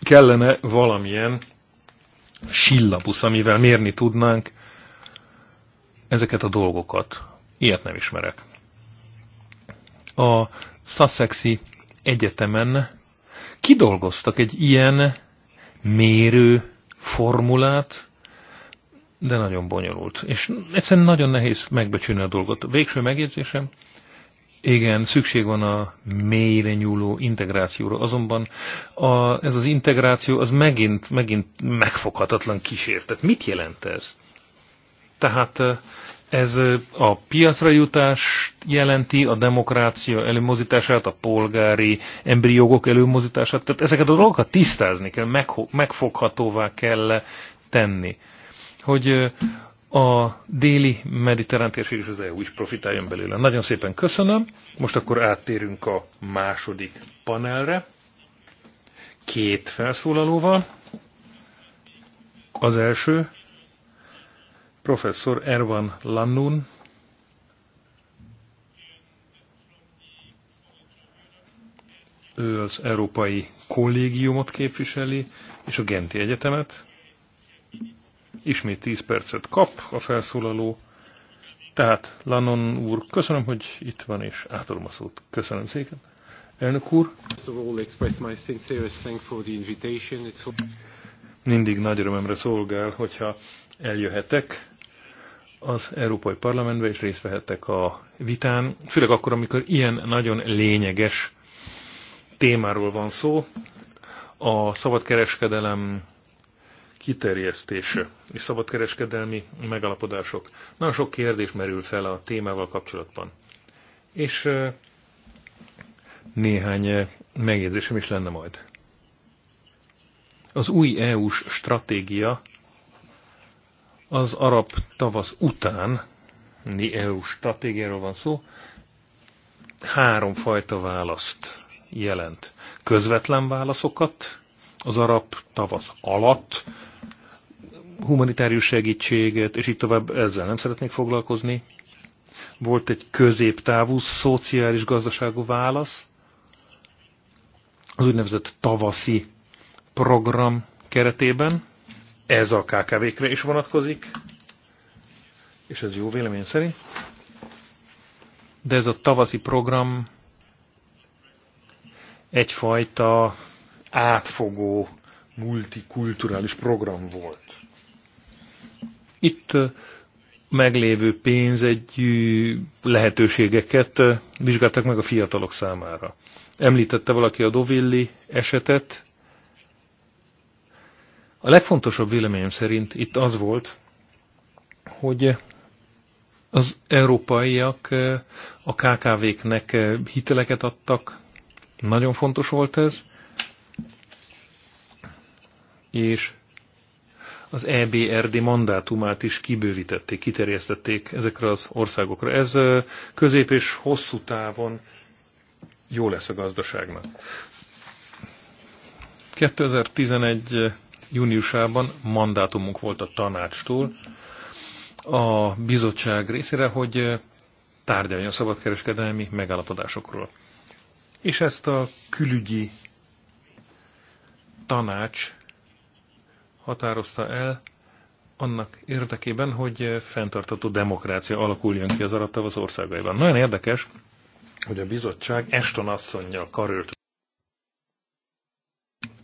Kellene valamilyen sillabusz, amivel mérni tudnánk ezeket a dolgokat. Ilyet nem ismerek. A Sussexi Egyetemen kidolgoztak egy ilyen mérő formulát, de nagyon bonyolult. És egyszerűen nagyon nehéz megbecsülni a dolgot. Végső megjegyzésem, igen, szükség van a mélyre nyúló integrációra, azonban a, ez az integráció az megint, megint megfoghatatlan kísértet. Mit jelent ez? Tehát ez a piacra jutást jelenti, a demokrácia előmozítását, a polgári emberi jogok előmozítását, tehát ezeket a dolgokat tisztázni kell, megfoghatóvá kell tenni, hogy a déli mediterrán térség és az EU is profitáljon belőle. Nagyon szépen köszönöm. Most akkor áttérünk a második panelre. Két felszólalóval. Az első professzor Ervan Lannun, ő az Európai Kollégiumot képviseli, és a Genti Egyetemet. Ismét 10 percet kap a felszólaló. Tehát Lannon úr, köszönöm, hogy itt van, és átadom a szót. Köszönöm szépen. Elnök úr. Mindig nagy örömemre szolgál, hogyha eljöhetek az Európai Parlamentbe, és részt vehettek a vitán, főleg akkor, amikor ilyen nagyon lényeges témáról van szó, a szabadkereskedelem kiterjesztése és szabadkereskedelmi megalapodások. Nagyon sok kérdés merül fel a témával kapcsolatban. És néhány megjegyzésem is lenne majd. Az új EU-s stratégia az arab tavasz után, EU stratégiáról van szó, három fajta választ jelent. Közvetlen válaszokat az arab tavasz alatt, humanitárius segítséget, és így tovább ezzel nem szeretnék foglalkozni. Volt egy középtávú szociális gazdaságú válasz, az úgynevezett tavaszi program keretében, ez a KKV-kre is vonatkozik, és ez jó vélemény szerint. De ez a tavaszi program egyfajta átfogó multikulturális program volt. Itt uh, meglévő pénz egy lehetőségeket uh, vizsgáltak meg a fiatalok számára. Említette valaki a Dovilli esetet, a legfontosabb véleményem szerint itt az volt, hogy az európaiak eh, a KKV-knek eh, hiteleket adtak, nagyon fontos volt ez, és az EBRD mandátumát is kibővítették, kiterjesztették ezekre az országokra. Ez eh, közép és hosszú távon jó lesz a gazdaságnak. 2011 júniusában mandátumunk volt a tanácstól a bizottság részére, hogy tárgyaljon a szabadkereskedelmi megállapodásokról. És ezt a külügyi tanács határozta el annak érdekében, hogy fenntartató demokrácia alakuljon ki az alatt az országaiban. Nagyon érdekes, hogy a bizottság Eston asszonynal karölt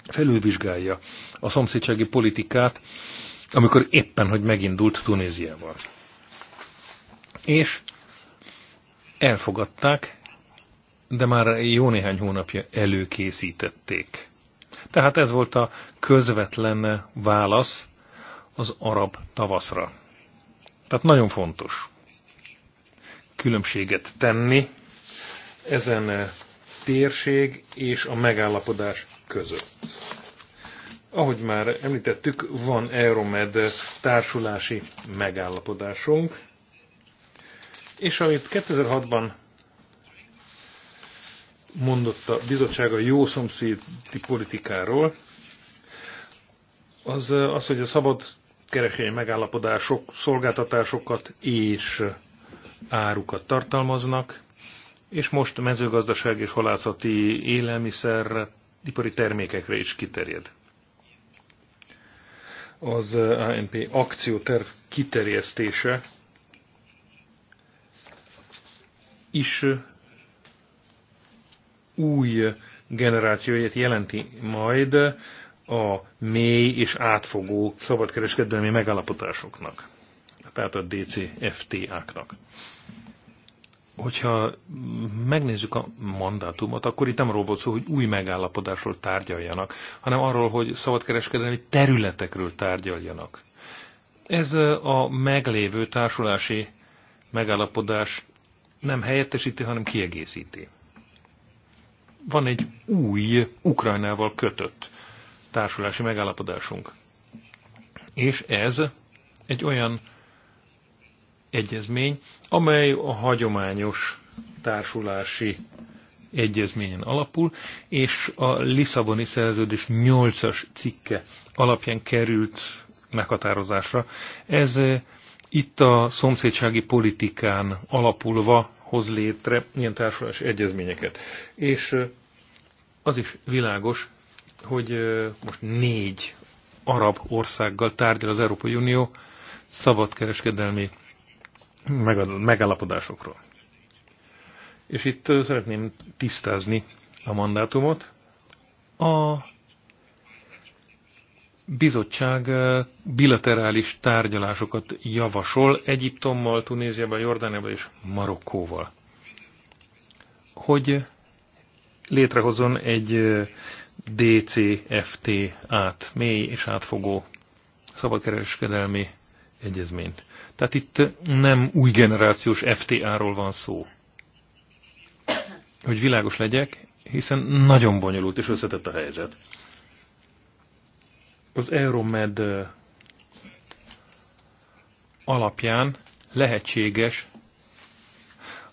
felülvizsgálja a szomszédsági politikát, amikor éppen, hogy megindult Tunéziával. És elfogadták, de már jó néhány hónapja előkészítették. Tehát ez volt a közvetlen válasz az arab tavaszra. Tehát nagyon fontos különbséget tenni ezen térség és a megállapodás között. Ahogy már említettük, van Euromed társulási megállapodásunk, és amit 2006-ban mondott a bizottság a jó szomszédi politikáról, az, az hogy a szabad kereskedelmi megállapodások szolgáltatásokat és árukat tartalmaznak, és most mezőgazdaság és halászati élelmiszer ipari termékekre is kiterjed. Az eh, ANP akcióterv kiterjesztése is eh, új generációját jelenti majd a mély és átfogó szabadkereskedelmi megállapotásoknak, tehát a DCFTA-knak hogyha megnézzük a mandátumot, akkor itt nem arról volt szó, hogy új megállapodásról tárgyaljanak, hanem arról, hogy szabadkereskedelmi területekről tárgyaljanak. Ez a meglévő társulási megállapodás nem helyettesíti, hanem kiegészíti. Van egy új Ukrajnával kötött társulási megállapodásunk. És ez egy olyan egyezmény, amely a hagyományos társulási egyezményen alapul, és a Lisszaboni szerződés 8-as cikke alapján került meghatározásra. Ez eh, itt a szomszédsági politikán alapulva hoz létre ilyen társulás egyezményeket. És eh, az is világos, hogy eh, most négy arab országgal tárgyal az Európai Unió szabadkereskedelmi megállapodásokról. És itt szeretném tisztázni a mandátumot. A bizottság bilaterális tárgyalásokat javasol Egyiptommal, Tunéziával, Jordániával és Marokkóval. Hogy létrehozzon egy DCFT-át, mély és átfogó szabadkereskedelmi egyezményt. Tehát itt nem új generációs FTA-ról van szó. Hogy világos legyek, hiszen nagyon bonyolult és összetett a helyzet. Az Euromed alapján lehetséges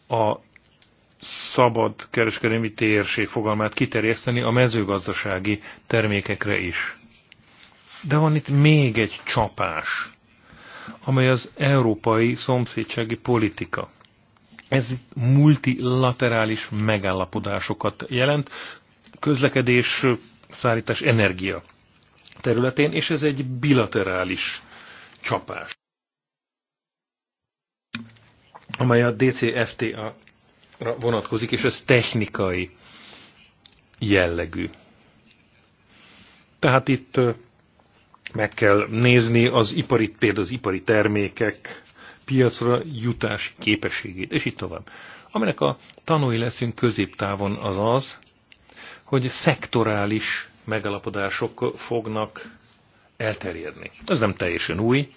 a szabad kereskedelmi térség fogalmát kiterjeszteni a mezőgazdasági termékekre is. De van itt még egy csapás amely az európai szomszédsági politika. Ez multilaterális megállapodásokat jelent, közlekedés, szállítás, energia területén, és ez egy bilaterális csapás, amely a DCFTA-ra vonatkozik, és ez technikai jellegű. Tehát itt meg kell nézni az ipari, például az ipari termékek piacra jutás képességét, és így tovább. Aminek a tanúi leszünk középtávon az az, hogy szektorális megalapodások fognak elterjedni. Ez nem teljesen új,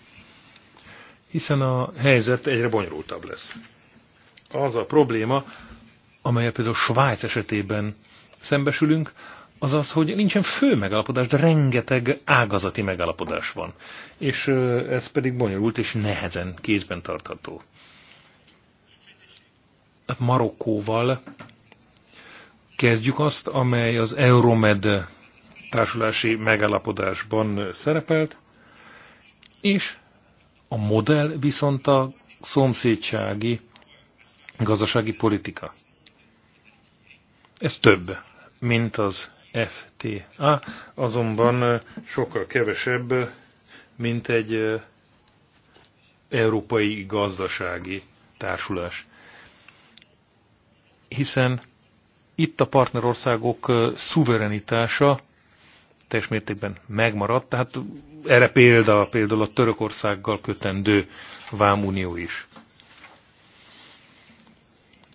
hiszen a helyzet egyre bonyolultabb lesz. Az a probléma, amelyet például Svájc esetében szembesülünk, az az, hogy nincsen fő megalapodás, de rengeteg ágazati megalapodás van. És ez pedig bonyolult és nehezen kézben tartható. Hát Marokkóval kezdjük azt, amely az Euromed társulási megalapodásban szerepelt, és a modell viszont a szomszédsági gazdasági politika. Ez több, mint az FTA azonban sokkal kevesebb, mint egy európai gazdasági társulás. Hiszen itt a partnerországok szuverenitása teljes mértékben megmaradt, tehát erre példa például a Törökországgal kötendő vámunió is.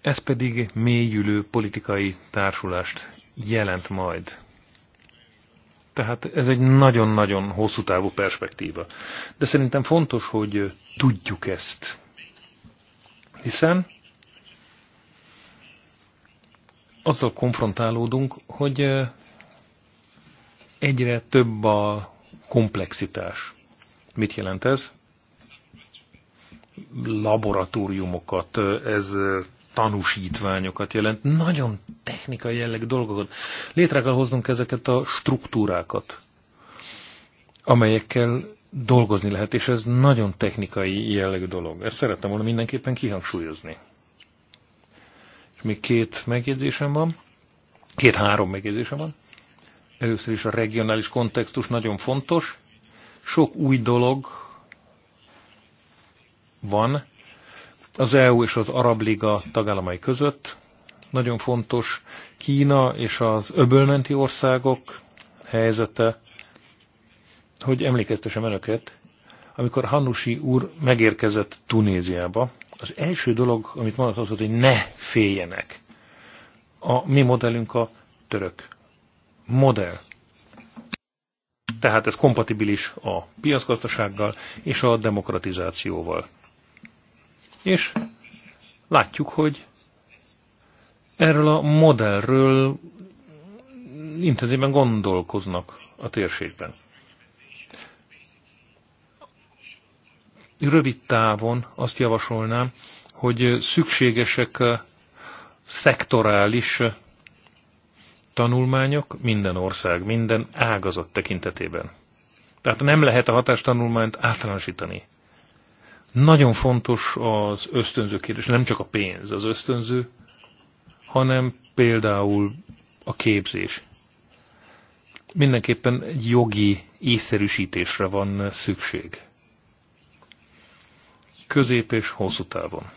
Ez pedig mélyülő politikai társulást jelent majd. Tehát ez egy nagyon-nagyon hosszú távú perspektíva. De szerintem fontos, hogy tudjuk ezt. Hiszen azzal konfrontálódunk, hogy egyre több a komplexitás. Mit jelent ez? Laboratóriumokat, ez tanúsítványokat jelent, nagyon technikai jellegű dolgokat. Létre kell hoznunk ezeket a struktúrákat, amelyekkel dolgozni lehet, és ez nagyon technikai jellegű dolog. Ezt szerettem volna mindenképpen kihangsúlyozni. És még két megjegyzésem van, két-három megjegyzésem van. Először is a regionális kontextus nagyon fontos. Sok új dolog van, az EU és az Arab Liga tagállamai között. Nagyon fontos Kína és az öbölmenti országok helyzete, hogy emlékeztesem önöket, amikor Hanusi úr megérkezett Tunéziába, az első dolog, amit mondott, az volt, hogy ne féljenek. A mi modellünk a török modell. Tehát ez kompatibilis a piacgazdasággal és a demokratizációval. És látjuk, hogy erről a modellről intenzíven gondolkoznak a térségben. Rövid távon azt javasolnám, hogy szükségesek szektorális tanulmányok minden ország, minden ágazat tekintetében. Tehát nem lehet a hatástanulmányt általánosítani. Nagyon fontos az ösztönző kérdés, nem csak a pénz az ösztönző, hanem például a képzés. Mindenképpen egy jogi észszerűsítésre van szükség. Közép és hosszú távon.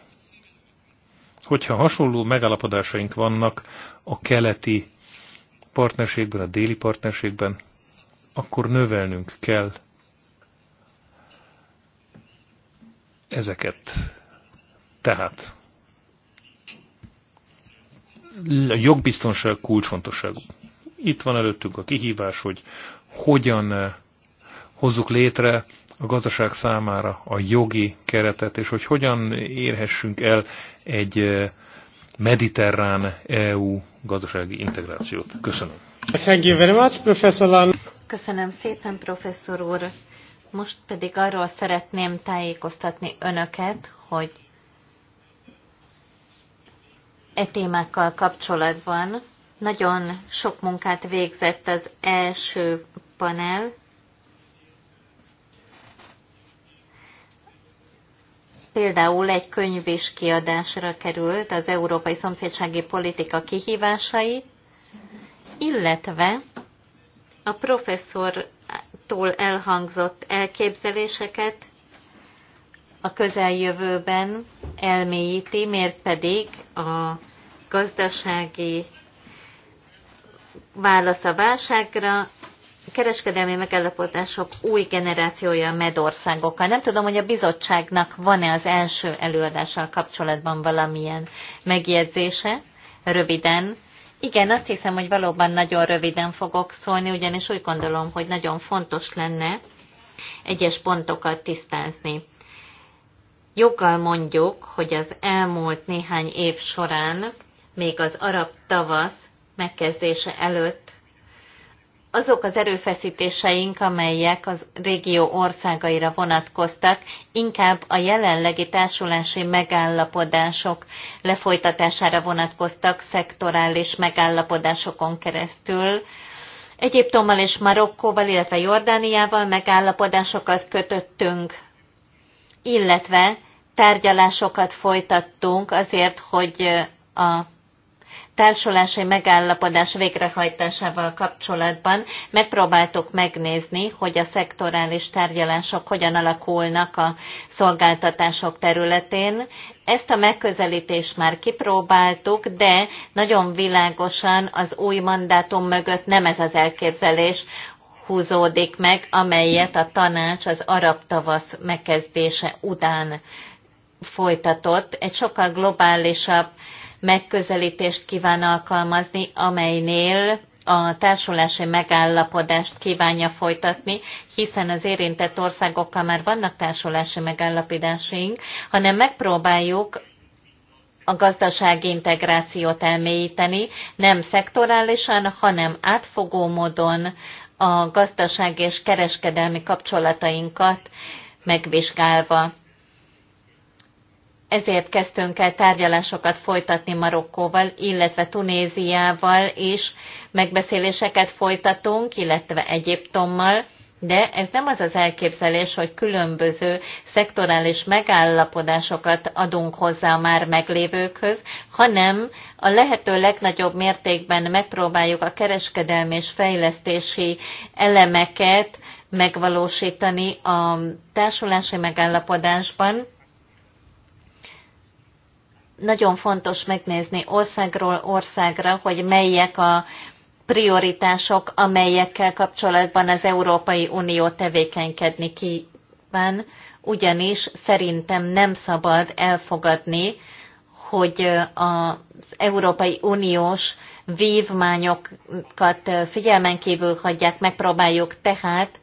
Hogyha hasonló megállapodásaink vannak a keleti partnerségben, a déli partnerségben, akkor növelnünk kell ezeket. Tehát a jogbiztonság kulcsfontosságú. Itt van előttünk a kihívás, hogy hogyan eh, hozzuk létre a gazdaság számára a jogi keretet, és hogy hogyan érhessünk el egy eh, mediterrán EU gazdasági integrációt. Köszönöm. Thank you very much, Professor Lan. Köszönöm szépen, professzor úr. Most pedig arról szeretném tájékoztatni önöket, hogy e témákkal kapcsolatban nagyon sok munkát végzett az első panel, például egy könyv is kiadásra került, az Európai Szomszédsági Politika kihívásai, illetve a professzor tól elhangzott elképzeléseket a közeljövőben elmélyíti, miért pedig a gazdasági válasz a válságra, kereskedelmi megállapodások új generációja a medországokkal. Nem tudom, hogy a bizottságnak van-e az első előadással kapcsolatban valamilyen megjegyzése. Röviden, igen, azt hiszem, hogy valóban nagyon röviden fogok szólni, ugyanis úgy gondolom, hogy nagyon fontos lenne egyes pontokat tisztázni. Joggal mondjuk, hogy az elmúlt néhány év során, még az arab tavasz megkezdése előtt azok az erőfeszítéseink, amelyek az régió országaira vonatkoztak, inkább a jelenlegi társulási megállapodások lefolytatására vonatkoztak szektorális megállapodásokon keresztül. Egyiptommal és Marokkóval, illetve Jordániával megállapodásokat kötöttünk, illetve tárgyalásokat folytattunk azért, hogy a társulási megállapodás végrehajtásával kapcsolatban megpróbáltuk megnézni, hogy a szektorális tárgyalások hogyan alakulnak a szolgáltatások területén. Ezt a megközelítést már kipróbáltuk, de nagyon világosan az új mandátum mögött nem ez az elképzelés, húzódik meg, amelyet a tanács az arab tavasz megkezdése után folytatott. Egy sokkal globálisabb megközelítést kíván alkalmazni, amelynél a társulási megállapodást kívánja folytatni, hiszen az érintett országokkal már vannak társulási megállapodásaink, hanem megpróbáljuk a gazdasági integrációt elmélyíteni, nem szektorálisan, hanem átfogó módon a gazdaság és kereskedelmi kapcsolatainkat megvizsgálva ezért kezdtünk el tárgyalásokat folytatni Marokkóval, illetve Tunéziával is megbeszéléseket folytatunk, illetve Egyiptommal, de ez nem az az elképzelés, hogy különböző szektorális megállapodásokat adunk hozzá a már meglévőkhöz, hanem a lehető legnagyobb mértékben megpróbáljuk a kereskedelmi és fejlesztési elemeket megvalósítani a társulási megállapodásban, nagyon fontos megnézni országról országra, hogy melyek a prioritások, amelyekkel kapcsolatban az Európai Unió tevékenykedni kíván, ugyanis szerintem nem szabad elfogadni, hogy az Európai Uniós vívmányokat figyelmen kívül hagyják, megpróbáljuk tehát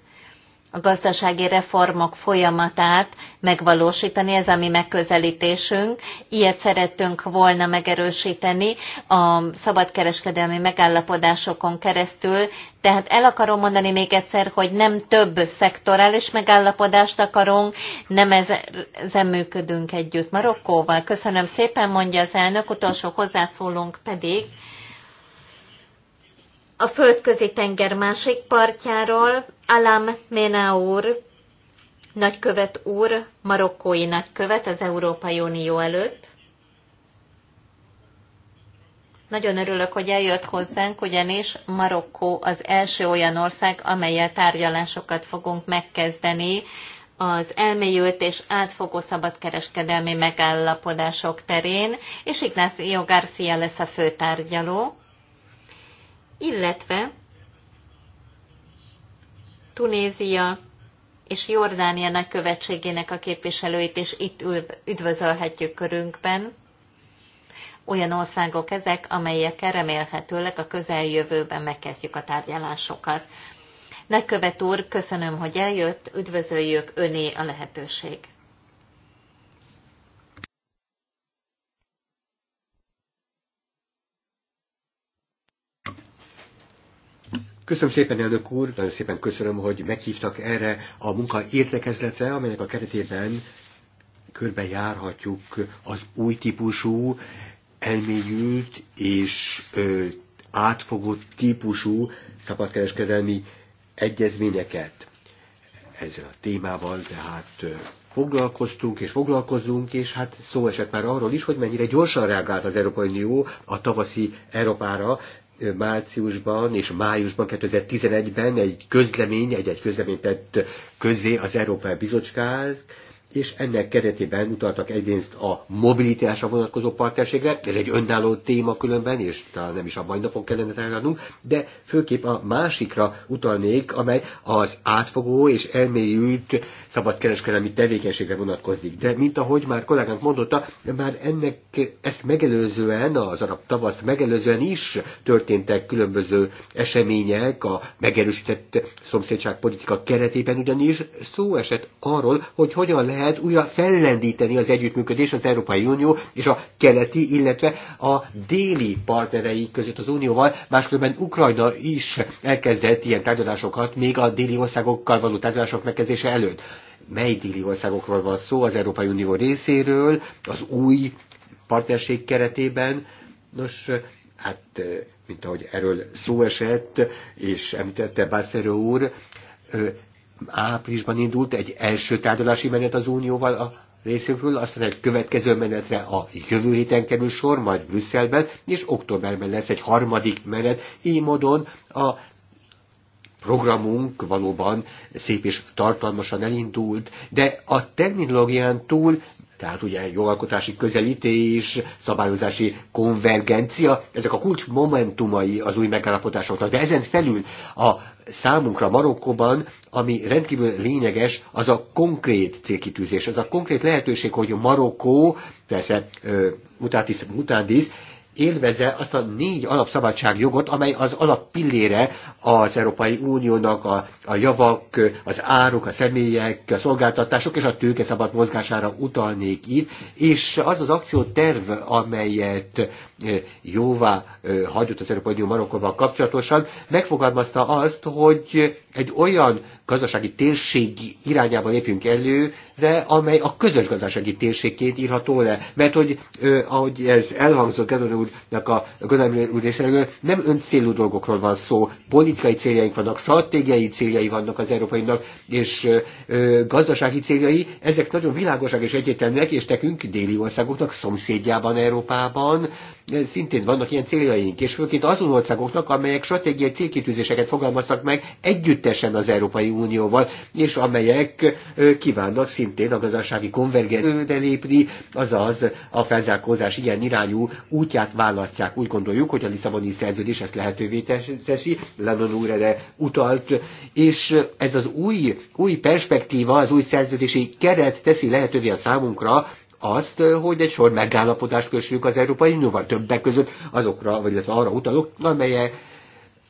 a gazdasági reformok folyamatát megvalósítani, ez a mi megközelítésünk. Ilyet szerettünk volna megerősíteni a szabadkereskedelmi megállapodásokon keresztül, tehát el akarom mondani még egyszer, hogy nem több szektorális megállapodást akarunk, nem ezen működünk együtt Marokkóval. Köszönöm szépen, mondja az elnök, utolsó hozzászólunk pedig a földközi tenger másik partjáról Alam Menaur, nagykövet úr, marokkói nagykövet az Európai Unió előtt. Nagyon örülök, hogy eljött hozzánk, ugyanis Marokkó az első olyan ország, amelyel tárgyalásokat fogunk megkezdeni az elmélyült és átfogó szabadkereskedelmi megállapodások terén, és Ignacio Garcia lesz a főtárgyaló illetve Tunézia és Jordánia nagykövetségének a képviselőit is itt üdvözölhetjük körünkben. Olyan országok ezek, amelyekkel remélhetőleg a közeljövőben megkezdjük a tárgyalásokat. Nagykövet úr, köszönöm, hogy eljött, üdvözöljük, öné a lehetőség. Köszönöm szépen, elnök úr, nagyon szépen köszönöm, hogy meghívtak erre a munka értekezletre, amelynek a keretében körbejárhatjuk az új típusú, elmélyült és ö, átfogott típusú szabadkereskedelmi egyezményeket. Ezzel a témával tehát ö, foglalkoztunk és foglalkozunk, és hát szó esett már arról is, hogy mennyire gyorsan reagált az Európai Unió a tavaszi Európára, márciusban és májusban 2011-ben egy közlemény, egy-egy közlemény tett közé az Európai Bizottság, és ennek keretében utaltak egyrészt a mobilitásra vonatkozó partnerségre, ez egy önálló téma különben, és talán nem is a mai napon kellene tárgyalnunk, de főképp a másikra utalnék, amely az átfogó és elmélyült szabadkereskedelmi tevékenységre vonatkozik. De mint ahogy már kollégánk mondotta, már ennek ezt megelőzően, az arab tavaszt megelőzően is történtek különböző események a megerősített szomszédságpolitika keretében, ugyanis szó esett arról, hogy hogyan lehet lehet újra fellendíteni az együttműködés az Európai Unió és a keleti, illetve a déli partnerei között az Unióval, máskülönben Ukrajna is elkezdett ilyen tárgyalásokat, még a déli országokkal való tárgyalások megkezdése előtt. Mely déli országokról van szó az Európai Unió részéről, az új partnerség keretében? Nos, hát, mint ahogy erről szó esett, és említette Bárszerő úr, áprilisban indult egy első tárgyalási menet az Unióval a részünkről, aztán egy következő menetre a jövő héten kerül sor, majd Brüsszelben, és októberben lesz egy harmadik menet. Így módon a programunk valóban szép és tartalmasan elindult, de a terminológián túl tehát ugye jogalkotási közelítés, szabályozási konvergencia, ezek a kulcs momentumai az új megállapodásoknak. De ezen felül a számunkra Marokkóban, ami rendkívül lényeges, az a konkrét célkitűzés, az a konkrét lehetőség, hogy Marokkó, persze mutandis, mutandis élvezze azt a négy alapszabadságjogot, amely az alappillére az Európai Uniónak a, a javak, az áruk, a személyek, a szolgáltatások és a tőke szabad mozgására utalnék itt, és az az akcióterv, amelyet e, jóvá e, hagyott az Európai Unió Marokkóval kapcsolatosan, megfogalmazta azt, hogy egy olyan gazdasági térség irányába lépjünk előre, amely a közös gazdasági térségként írható le. Mert hogy, ö, ahogy ez elhangzott Gedon úrnak a Gadon úr részéről, nem öncélú dolgokról van szó, politikai céljaink vannak, stratégiai céljai vannak az európainak, és ö, gazdasági céljai, ezek nagyon világosak és egyértelműek, és nekünk déli országoknak, szomszédjában Európában, szintén vannak ilyen céljaink, és főként azon országoknak, amelyek stratégiai célkitűzéseket fogalmaztak meg együttesen az Európai Unióval, és amelyek kívánnak szintén a gazdasági konvergenciára lépni, azaz a felzárkózás ilyen irányú útját választják. Úgy gondoljuk, hogy a Lisszaboni szerződés ezt lehetővé teszi, Lennon úr erre utalt, és ez az új, új perspektíva, az új szerződési keret teszi lehetővé a számunkra, azt, hogy egy sor megállapodást kössünk az Európai Unióval többek között azokra, vagy illetve arra utalok, amelye,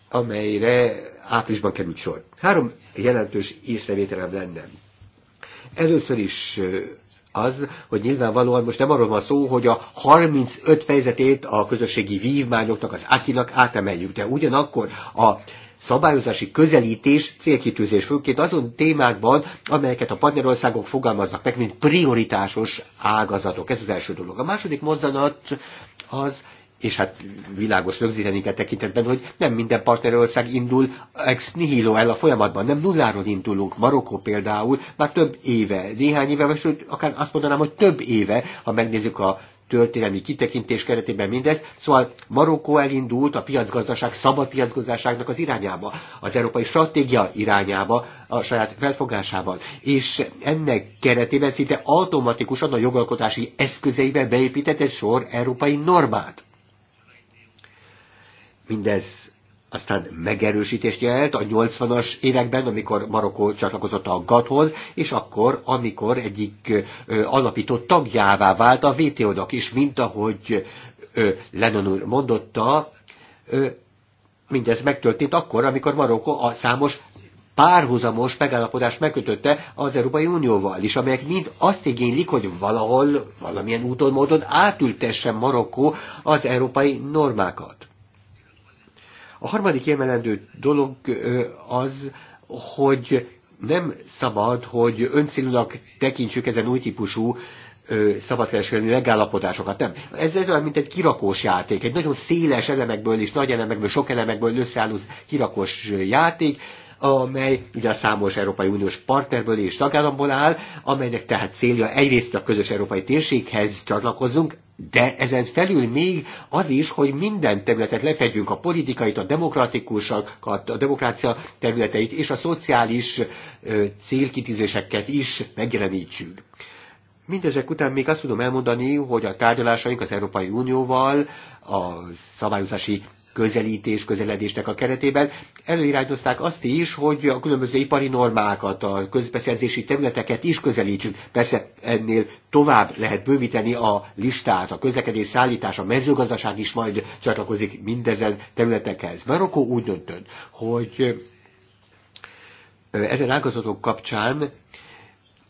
amelyre áprilisban került sor. Három jelentős észrevételem lenne. Először is az, hogy nyilvánvalóan most nem arról van szó, hogy a 35 fejezetét a közösségi vívmányoknak, az átinak átemeljük, de ugyanakkor a szabályozási közelítés, célkitűzés főként azon témákban, amelyeket a partnerországok fogalmaznak meg, mint prioritásos ágazatok. Ez az első dolog. A második mozzanat az és hát világos rögzíteni kell tekintetben, hogy nem minden partnerország indul ex nihilo el a folyamatban, nem nulláról indulunk. Marokkó például már több éve, néhány éve, vagy akár azt mondanám, hogy több éve, ha megnézzük a történelmi kitekintés keretében mindez. Szóval Marokkó elindult a piacgazdaság, szabad piacgazdaságnak az irányába, az európai stratégia irányába, a saját felfogásában. És ennek keretében szinte automatikusan a jogalkotási eszközeibe beépített egy sor európai normát. Mindez aztán megerősítést jelent a 80-as években, amikor Marokkó csatlakozott a GATT-hoz, és akkor, amikor egyik alapító tagjává vált a WTO-nak is, mint ahogy Lennon úr mondotta, mindez megtörtént akkor, amikor Marokkó a számos párhuzamos megállapodást megkötötte az Európai Unióval is, amelyek mind azt igénylik, hogy valahol, valamilyen úton, módon átültesse Marokkó az európai normákat. A harmadik emelendő dolog az, hogy nem szabad, hogy öncélúnak tekintsük ezen új típusú szabadkereskedelmi megállapodásokat. Nem. Ez, ez olyan, mint egy kirakós játék. Egy nagyon széles elemekből és nagy elemekből, sok elemekből összeálló kirakós játék, amely ugye a számos Európai Uniós partnerből és tagállamból áll, amelynek tehát célja egyrészt a közös európai térséghez csatlakozzunk, de ezen felül még az is, hogy minden területet lefedjünk, a politikait, a demokratikusakat, a demokrácia területeit és a szociális célkitűzéseket is megjelenítsük. Mindezek után még azt tudom elmondani, hogy a tárgyalásaink az Európai Unióval a szabályozási közelítés, közeledésnek a keretében előirányozták azt is, hogy a különböző ipari normákat, a közbeszerzési területeket is közelítsük. Persze ennél tovább lehet bővíteni a listát, a közlekedés szállítás, a mezőgazdaság is majd csatlakozik mindezen területekhez. Marokkó úgy döntött, hogy ezen ágazatok kapcsán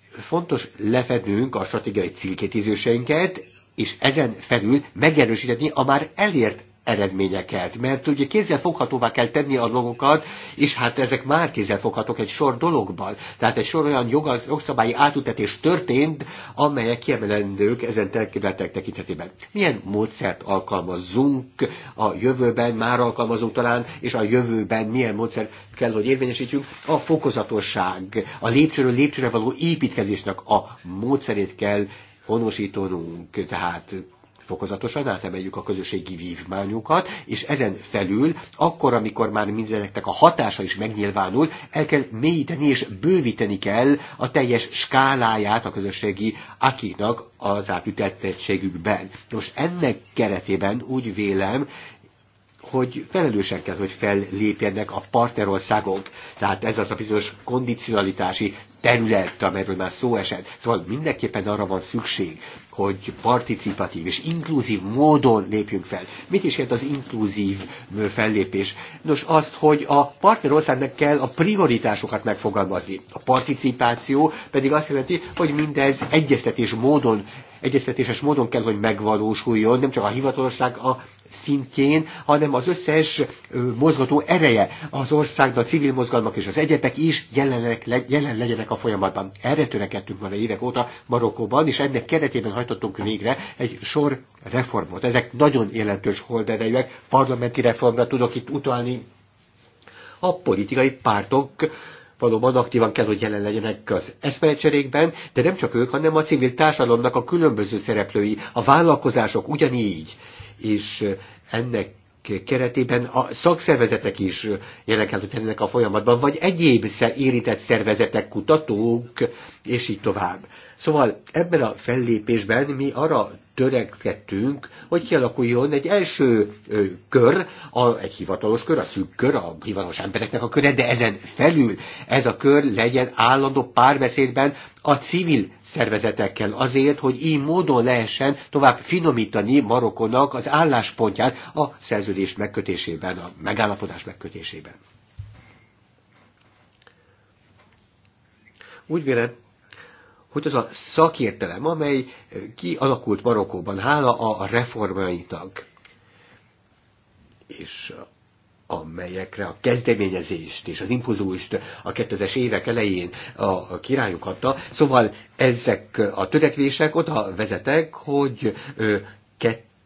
fontos lefednünk a stratégiai célkétizőseinket, és ezen felül megerősíteni a már elért eredményeket, mert ugye kézzelfoghatóvá kell tenni a dolgokat, és hát ezek már kézzelfoghatók egy sor dologban. Tehát egy sor olyan jogaz, jogszabályi átutatás történt, amelyek kiemelendők ezen területek tekintetében. Milyen módszert alkalmazunk a jövőben, már alkalmazunk talán, és a jövőben milyen módszert kell, hogy érvényesítsünk? A fokozatosság, a lépcsőről lépcsőre való építkezésnek a módszerét kell honosítanunk, tehát fokozatosan átemeljük a közösségi vívmányokat, és ezen felül, akkor, amikor már mindeneknek a hatása is megnyilvánul, el kell mélyíteni és bővíteni kell a teljes skáláját a közösségi akiknak az átütettettségükben. Most ennek keretében úgy vélem, hogy felelősen kell, hogy fellépjenek a partnerországok. Tehát ez az a bizonyos kondicionalitási terület, amelyről már szó esett. Szóval mindenképpen arra van szükség, hogy participatív és inkluzív módon lépjünk fel. Mit is jelent az inkluzív fellépés? Nos, azt, hogy a partnerországnak kell a prioritásokat megfogalmazni. A participáció pedig azt jelenti, hogy mindez egyeztetés módon egyeztetéses módon kell, hogy megvalósuljon, nem csak a hivatalosság a szintjén, hanem az összes mozgató ereje az országnak, civil mozgalmak és az egyetek is jelenek, jelen legyenek a folyamatban. Erre törekedtünk már évek óta Marokkóban, és ennek keretében hajtottunk végre egy sor reformot. Ezek nagyon jelentős holderejűek, parlamenti reformra tudok itt utalni, a politikai pártok valóban aktívan kell, hogy jelen legyenek az eszmecserékben, de nem csak ők, hanem a civil társadalomnak a különböző szereplői, a vállalkozások ugyanígy. És eh, ennek keretében a szakszervezetek is jelen kell, hogy ennek a folyamatban, vagy egyéb érintett szervezetek, kutatók, és így tovább. Szóval ebben a fellépésben mi arra törekedtünk, hogy kialakuljon egy első ö, kör, a, egy hivatalos kör, a szűk kör, a hivatalos embereknek a köre, de ezen felül ez a kör legyen állandó párbeszédben a civil szervezetekkel azért, hogy így módon lehessen tovább finomítani Marokkonak az álláspontját a szerződés megkötésében, a megállapodás megkötésében. Úgy vélem, hogy az a szakértelem, amely eh, kialakult Marokkóban, hála a tag, és amelyekre a kezdeményezést és az impulzust a 2000-es évek elején a királyok adta. Szóval ezek a törekvések oda vezetek, hogy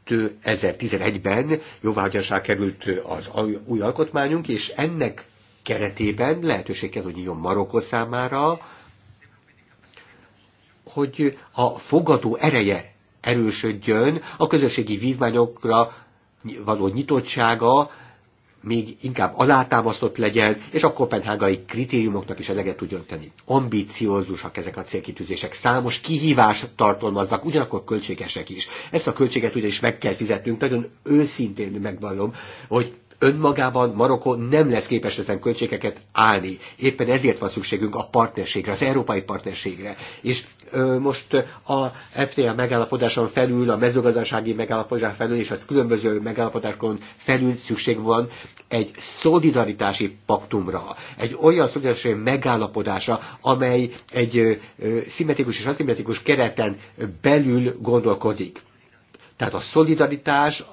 2011-ben jóváhagyásra került az új alkotmányunk, és ennek keretében lehetőség hogy nyíljon Marokkó számára, hogy a fogadó ereje erősödjön, a közösségi vívmányokra való nyitottsága még inkább alátámasztott legyen, és a kopenhágai kritériumoknak is eleget tudjon tenni. Ambiciózusak ezek a célkitűzések, számos kihívást tartalmaznak, ugyanakkor költségesek is. Ezt a költséget ugyanis meg kell fizetnünk, nagyon őszintén megvallom, hogy önmagában Marokkó nem lesz képes ezen költségeket állni. Éppen ezért van szükségünk a partnerségre, az európai partnerségre. És ö, most a FTA megállapodáson felül, a mezőgazdasági megállapodáson felül, és az különböző megállapodásokon felül szükség van egy szolidaritási paktumra, egy olyan szolidaritási megállapodása, amely egy ö, ö, szimmetrikus és aszimmetrikus kereten belül gondolkodik. Tehát a szolidaritás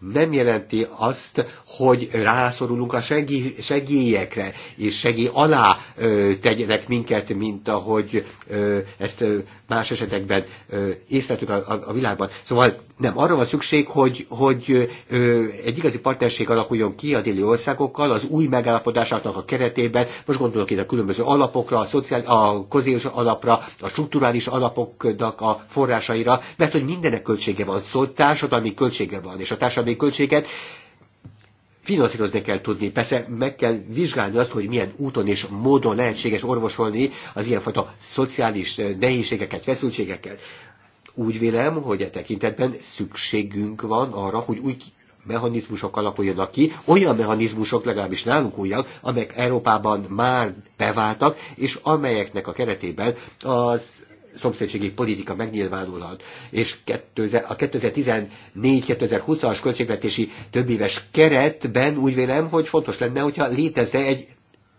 nem jelenti azt, hogy rászorulunk a segély, segélyekre, és segély alá ö, tegyenek minket, mint ahogy ö, ezt ö, más esetekben ö, észleltük a, a, a világban. Szóval nem, arra van szükség, hogy, hogy ö, egy igazi partnerség alakuljon ki a déli országokkal az új megállapodásoknak a keretében. Most gondolok itt a különböző alapokra, a, szociál, a kozélyos alapra, a strukturális alapoknak a forrásaira, mert hogy mindenek költsége van, szó, társadalmi költsége van, és a társadalmi költséget, finanszírozni kell tudni. Persze meg kell vizsgálni azt, hogy milyen úton és módon lehetséges orvosolni az ilyenfajta szociális eh, nehézségeket, feszültségeket. Úgy vélem, hogy e tekintetben szükségünk van arra, hogy úgy mechanizmusok alakuljanak ki, olyan mechanizmusok legalábbis nálunk újak, amelyek Európában már beváltak, és amelyeknek a keretében az szomszédségi politika megnyilvánulhat, és a 2014-2020-as költségvetési többéves keretben úgy vélem, hogy fontos lenne, hogyha létezne egy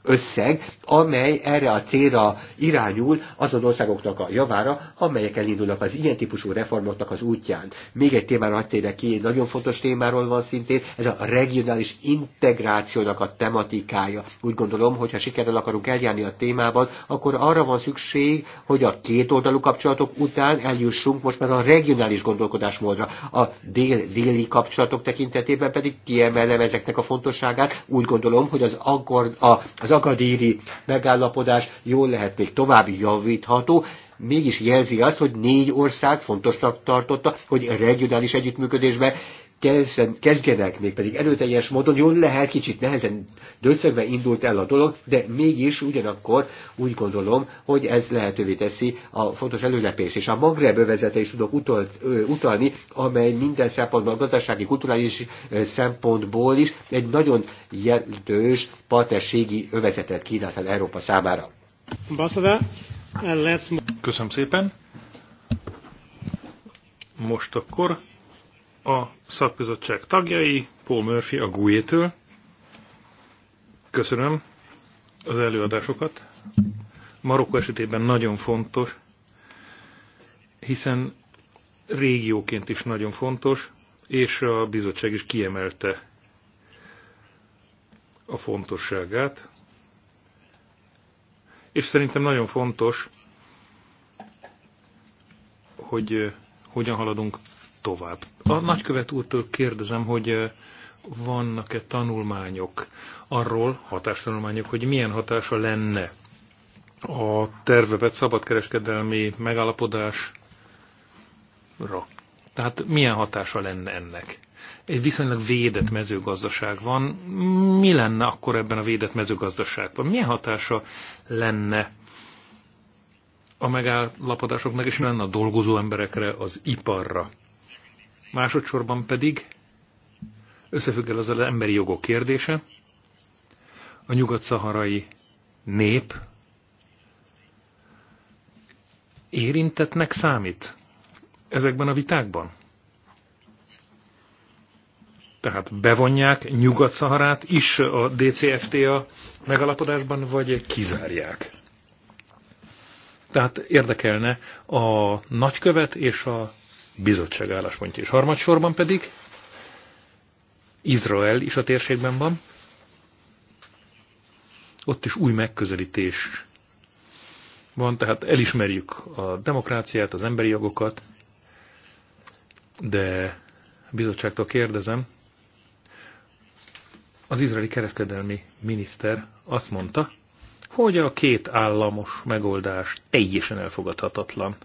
összeg, amely erre a célra irányul azon országoknak a javára, amelyek elindulnak az ilyen típusú reformoknak az útján. Még egy témára hadd térek ki, egy nagyon fontos témáról van szintén, ez a regionális integrációnak a tematikája. Úgy gondolom, hogy ha sikerrel akarunk eljárni a témában, akkor arra van szükség, hogy a két oldalú kapcsolatok után eljussunk most már a regionális gondolkodásmódra. A dél, déli kapcsolatok tekintetében pedig kiemelem ezeknek a fontosságát. Úgy gondolom, hogy az, akkor a, az az akadíri megállapodás jól lehet még tovább javítható, mégis jelzi azt, hogy négy ország fontosnak tartotta, hogy regionális együttműködésbe kezden, kezdjenek, még pedig erőteljes módon, jól lehet, kicsit nehezen döcögve indult el a dolog, de mégis ugyanakkor úgy gondolom, hogy ez lehetővé teszi a fontos előlepést. És a Magreb övezete is tudok utolt, ö, utalni, amely minden szempontból, gazdasági, kulturális szempontból is egy nagyon jelentős partnerségi övezetet kínál fel Európa számára. Köszönöm szépen. Most akkor a szakbizottság tagjai, Paul Murphy a gue -től. Köszönöm az előadásokat. Marokko esetében nagyon fontos, hiszen régióként is nagyon fontos, és a bizottság is kiemelte a fontosságát. És szerintem nagyon fontos, hogy eh, hogyan haladunk tovább. A nagykövet úrtól kérdezem, hogy vannak-e tanulmányok arról, hatástanulmányok, hogy milyen hatása lenne a tervevet szabadkereskedelmi megállapodásra. Tehát milyen hatása lenne ennek? Egy viszonylag védett mezőgazdaság van. Mi lenne akkor ebben a védett mezőgazdaságban? Milyen hatása lenne a megállapodásoknak, és lenne a dolgozó emberekre, az iparra? Másodszorban pedig összefügg el az emberi jogok kérdése. A nyugat-szaharai nép érintetnek számít ezekben a vitákban? Tehát bevonják Nyugat-Szaharát is a DCFTA megalapodásban, vagy kizárják? Tehát érdekelne a nagykövet és a bizottság álláspontja és Harmadsorban pedig Izrael is a térségben van. Ott is új megközelítés van, tehát elismerjük a demokráciát, az emberi jogokat, de a bizottságtól kérdezem, az izraeli kereskedelmi miniszter azt mondta, hogy a két államos megoldás teljesen elfogadhatatlan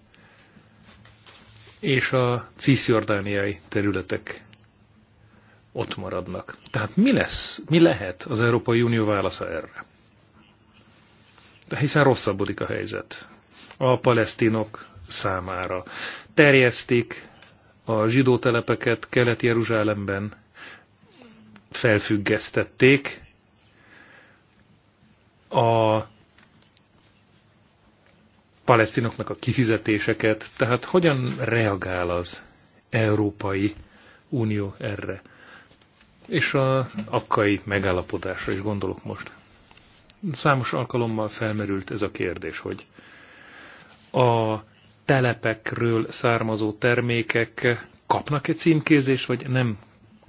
és a cisziordániai területek ott maradnak. Tehát mi lesz, mi lehet az Európai Unió válasza erre? De hiszen rosszabbodik a helyzet a palesztinok számára. Terjesztik a zsidó telepeket Kelet-Jeruzsálemben, felfüggesztették a palesztinoknak a kifizetéseket. Tehát hogyan reagál az Európai Unió erre? És a akkai megállapodásra is gondolok most. Számos alkalommal felmerült ez a kérdés, hogy a telepekről származó termékek kapnak-e címkézést, vagy nem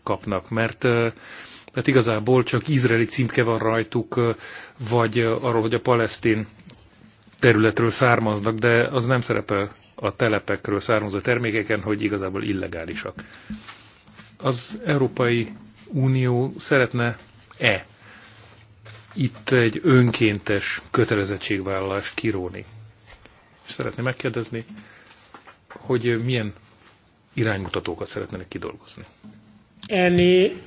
kapnak, mert mert hát igazából csak izraeli címke van rajtuk, vagy arról, hogy a palesztin területről származnak, de az nem szerepel a telepekről származó termékeken, hogy igazából illegálisak. Az Európai Unió szeretne-e itt egy önkéntes kötelezettségvállalást kiróni? És szeretném megkérdezni, hogy milyen iránymutatókat szeretnének kidolgozni. Ennyi.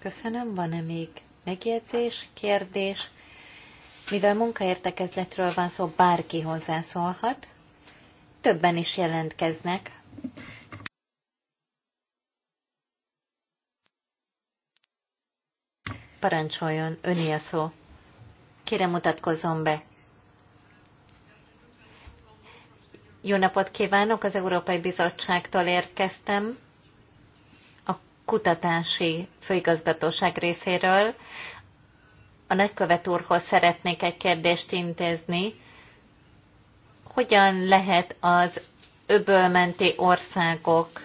Köszönöm, van-e még megjegyzés, kérdés? Mivel munkaértekezletről van szó, bárki hozzászólhat. Többen is jelentkeznek. Parancsoljon, öné a szó. Kérem, mutatkozzon be. Jó napot kívánok, az Európai Bizottságtól érkeztem, a kutatási főigazgatóság részéről. A nagykövet úrhoz szeretnék egy kérdést intézni. Hogyan lehet az öbölmenti országok,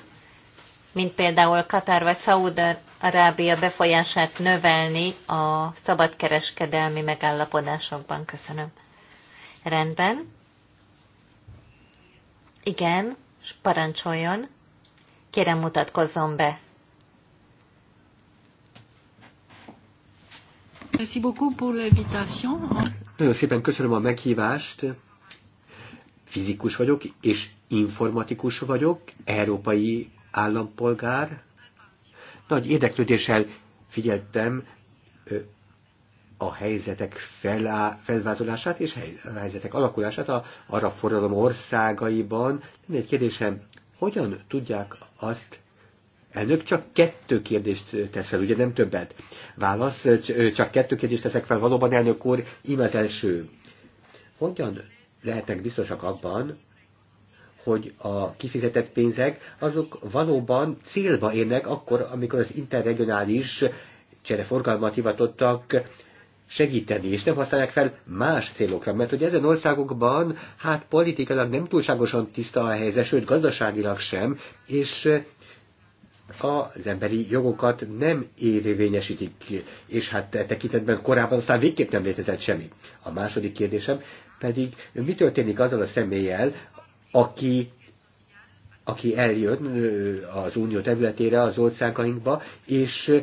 mint például Katar vagy Szaúd-Arábia befolyását növelni a szabadkereskedelmi megállapodásokban? Köszönöm. Rendben. Igen, parancsoljon. Kérem mutatkozzon be. Merci beaucoup pour l'invitation. Nagyon szépen köszönöm a meghívást. Fizikus vagyok, és informatikus vagyok, európai állampolgár. Nagy érdeklődéssel figyeltem a helyzetek felá, felvázolását és a helyzetek alakulását a, arab forradalom országaiban. Lenne egy kérdésem, hogyan tudják azt Elnök csak kettő kérdést tesz fel, ugye nem többet. Válasz, csak kettő kérdést teszek fel valóban, elnök úr, íme az első. Hogyan lehetnek biztosak abban, hogy a kifizetett pénzek azok valóban célba érnek akkor, amikor az interregionális csereforgalmat hivatottak segíteni, és nem használják fel más célokra, mert hogy ezen országokban hát politikailag nem túlságosan tiszta a helyzet, sőt gazdaságilag sem, és az emberi jogokat nem érvényesítik, és hát e tekintetben korábban aztán végképp nem létezett semmi. A második kérdésem pedig, mi történik azzal a személlyel, aki aki eljön az unió területére, az országainkba, és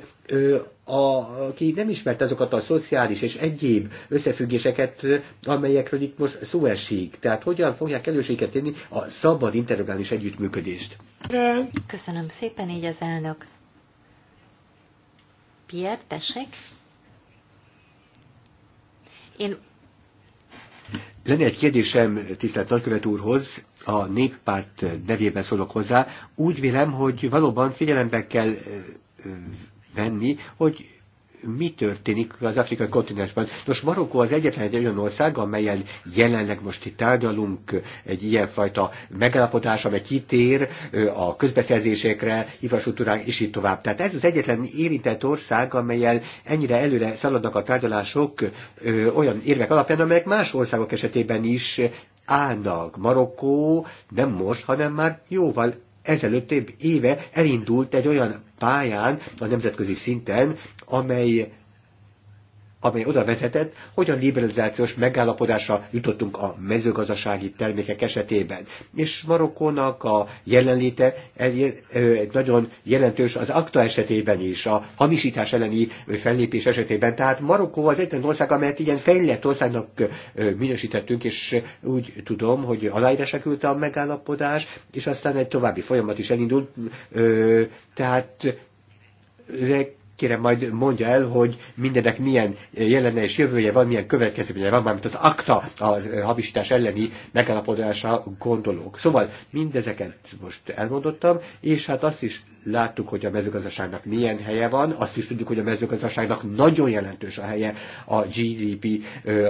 aki nem ismert azokat a szociális és egyéb összefüggéseket, amelyekről itt most szó esik. Tehát hogyan fogják előséget tenni a szabad interrogális együttműködést? Köszönöm szépen, így az elnök. Pierre, tessék. Én lenne egy kérdésem tisztelt nagykövet úrhoz, a néppárt nevében szólok hozzá. Úgy vélem, hogy valóban figyelembe kell venni, hogy mi történik az afrikai kontinensben. Nos, Marokkó az egyetlen egy olyan ország, amelyen jelenleg most itt tárgyalunk egy ilyenfajta megállapodás, amely kitér a közbeszerzésekre, infrastruktúrák és így tovább. Tehát ez az egyetlen érintett ország, amelyen ennyire előre szaladnak a tárgyalások olyan érvek alapján, amelyek más országok esetében is állnak. Marokkó nem most, hanem már jóval ezelőtt éve elindult egy olyan pályán, a nemzetközi szinten, amely amely oda vezetett, hogy a liberalizációs megállapodásra jutottunk a mezőgazdasági termékek esetében. És Marokkónak a jelenléte egy nagyon jelentős az akta esetében is, a hamisítás elleni fellépés esetében. Tehát Marokkó az egyetlen ország, amelyet ilyen fejlett országnak minősítettünk, és úgy tudom, hogy aláírásra küldte a megállapodás, és aztán egy további folyamat is elindult. Tehát ezek kérem majd mondja el, hogy mindenek milyen jelene és jövője van, milyen következménye van, mármint az akta a habisítás elleni megállapodásra gondolók. Szóval mindezeket most elmondottam, és hát azt is láttuk, hogy a mezőgazdaságnak milyen helye van, azt is tudjuk, hogy a mezőgazdaságnak nagyon jelentős a helye a GDP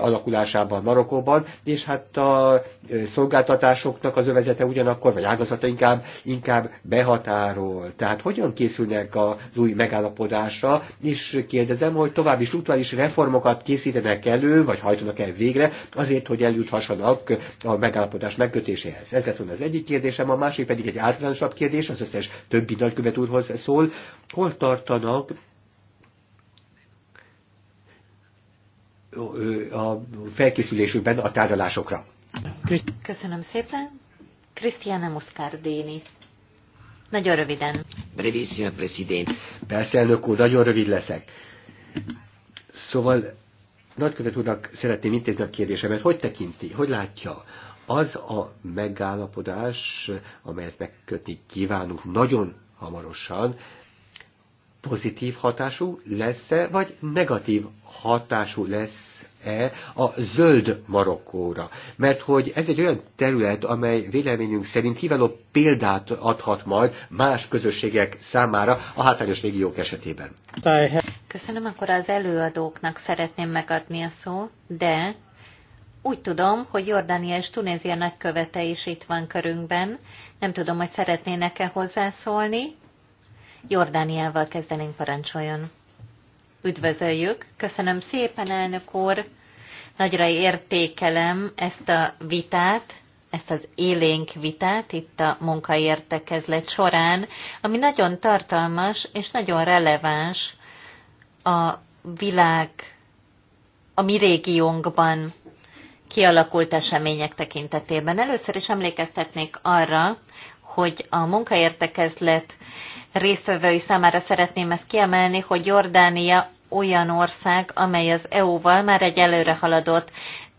alakulásában Marokkóban, és hát a szolgáltatásoknak az övezete ugyanakkor, vagy ágazata inkább, inkább behatárol. Tehát hogyan készülnek az új megállapodás megoldásra, és kérdezem, hogy további struktúrális reformokat készítenek elő, vagy hajtanak el végre, azért, hogy eljuthassanak a megállapodás megkötéséhez. Ez lett volna az egyik kérdésem, a másik pedig egy általánosabb kérdés, az összes többi nagykövet úrhoz szól. Hol tartanak a felkészülésükben a tárgyalásokra. Köszönöm szépen. Krisztiana Muscardini. Nagyon röviden. Brevissima, president. Persze, elnök úr, nagyon rövid leszek. Szóval nagykövet úrnak szeretném intézni a kérdésemet, hogy tekinti, hogy látja az a megállapodás, amelyet megkötni kívánunk nagyon hamarosan, pozitív hatású lesz-e, vagy negatív hatású lesz e a zöld Marokkóra. Mert hogy ez egy olyan terület, amely véleményünk szerint kiváló példát adhat majd más közösségek számára a hátrányos régiók esetében. Köszönöm, akkor az előadóknak szeretném megadni a szót, de úgy tudom, hogy Jordánia és Tunézia nagykövete is itt van körünkben. Nem tudom, hogy szeretnének-e hozzászólni. Jordániával kezdenénk parancsoljon. Üdvözöljük! Köszönöm szépen, elnök úr! Nagyra értékelem ezt a vitát, ezt az élénk vitát itt a munkaértekezlet során, ami nagyon tartalmas és nagyon releváns a világ, a mi régiónkban kialakult események tekintetében. Először is emlékeztetnék arra, hogy a munkaértekezlet résztvevői számára szeretném ezt kiemelni, hogy Jordánia olyan ország, amely az EU-val már egy előrehaladott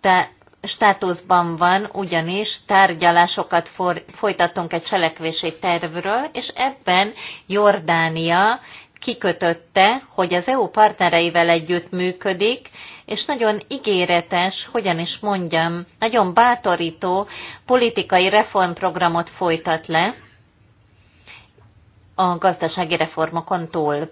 te státuszban van, ugyanis tárgyalásokat for, folytatunk egy cselekvési tervről, és ebben Jordánia kikötötte, hogy az EU partnereivel együtt működik, és nagyon ígéretes, hogyan is mondjam, nagyon bátorító politikai reformprogramot folytat le a gazdasági reformokon túl.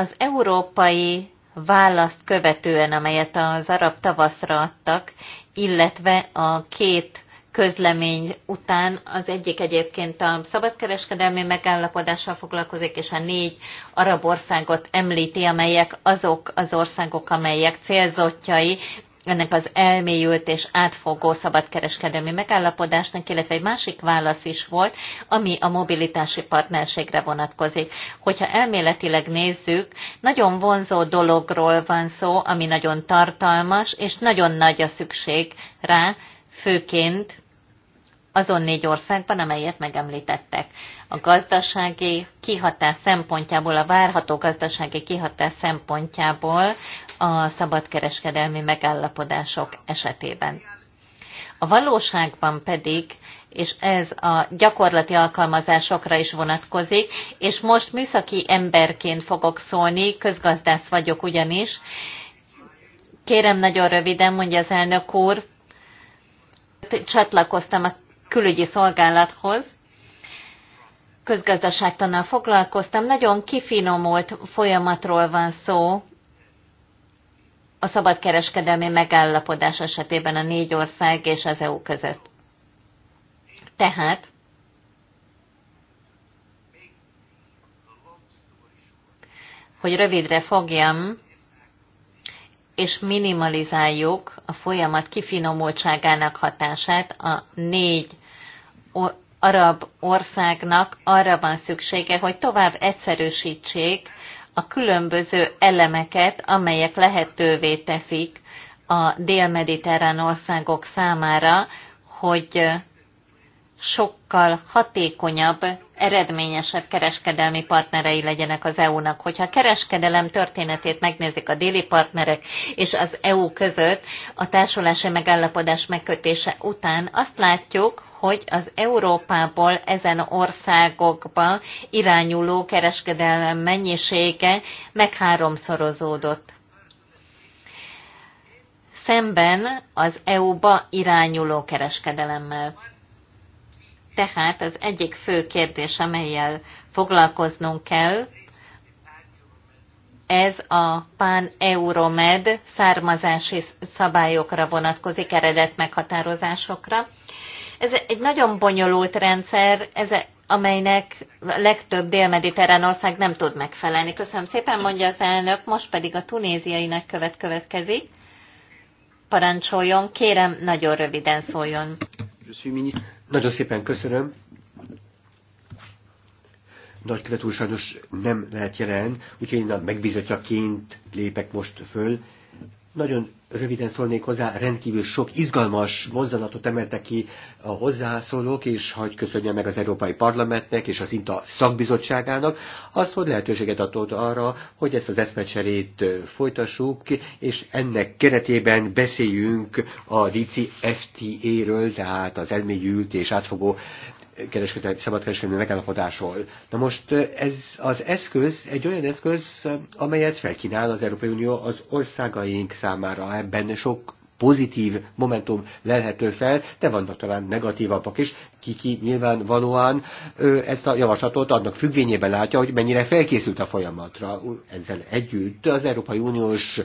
Az európai választ követően, amelyet az arab tavaszra adtak, illetve a két közlemény után az egyik egyébként a szabadkereskedelmi megállapodással foglalkozik, és a négy arab országot említi, amelyek azok az országok, amelyek célzottjai ennek az elmélyült és átfogó szabadkereskedelmi megállapodásnak, illetve egy másik válasz is volt, ami a mobilitási partnerségre vonatkozik. Hogyha elméletileg nézzük, nagyon vonzó dologról van szó, ami nagyon tartalmas, és nagyon nagy a szükség rá, főként azon négy országban, amelyet megemlítettek. A gazdasági kihatás szempontjából, a várható gazdasági kihatás szempontjából a szabadkereskedelmi megállapodások esetében. A valóságban pedig és ez a gyakorlati alkalmazásokra is vonatkozik, és most műszaki emberként fogok szólni, közgazdász vagyok ugyanis. Kérem nagyon röviden, mondja az elnök úr, csatlakoztam a külügyi szolgálathoz, közgazdaságtannal foglalkoztam, nagyon kifinomult folyamatról van szó a szabadkereskedelmi megállapodás esetében a négy ország és az EU között. Tehát hogy rövidre fogjam, és minimalizáljuk a folyamat kifinomultságának hatását a négy arab országnak arra van szüksége, hogy tovább egyszerűsítsék a különböző elemeket, amelyek lehetővé teszik a dél-mediterrán országok számára, hogy sokkal hatékonyabb, eredményesebb kereskedelmi partnerei legyenek az EU-nak. Hogyha a kereskedelem történetét megnézik a déli partnerek és az EU között a társulási megállapodás megkötése után, azt látjuk, hogy az Európából ezen országokba irányuló kereskedelem mennyisége megháromszorozódott. Szemben az EU-ba irányuló kereskedelemmel. Tehát az egyik fő kérdés, amelyel foglalkoznunk kell, ez a pán-euromed származási szabályokra vonatkozik, eredet meghatározásokra. Ez egy nagyon bonyolult rendszer, ez amelynek legtöbb dél-mediterrán ország nem tud megfelelni. Köszönöm szépen, mondja az elnök, most pedig a tunéziai nagykövet következik. Parancsoljon, kérem, nagyon röviden szóljon. Nagyon szépen köszönöm. Nagykövet úr sajnos nem lehet jelen, úgyhogy én a megbízatjaként lépek most föl, nagyon röviden szólnék hozzá, rendkívül sok izgalmas mozzanatot emeltek ki a hozzászólók, és hagy köszönjem meg az Európai Parlamentnek és az INTA szakbizottságának az hogy lehetőséget adott arra, hogy ezt az eszmecserét folytassuk, és ennek keretében beszéljünk a DCFTA-ről, tehát az elmélyült és átfogó kereskedelmi, szabadkereskedelmi megállapodásról. Na most eh, ez az eszköz egy olyan eszköz, eh, amelyet felkínál az Európai Unió az országaink számára. Ebben sok pozitív momentum lelhető fel, de vannak talán negatívabbak is, kiki nyilvánvalóan eh, ezt a javaslatot annak függvényében látja, hogy mennyire felkészült a folyamatra. Ezzel együtt az Európai Uniós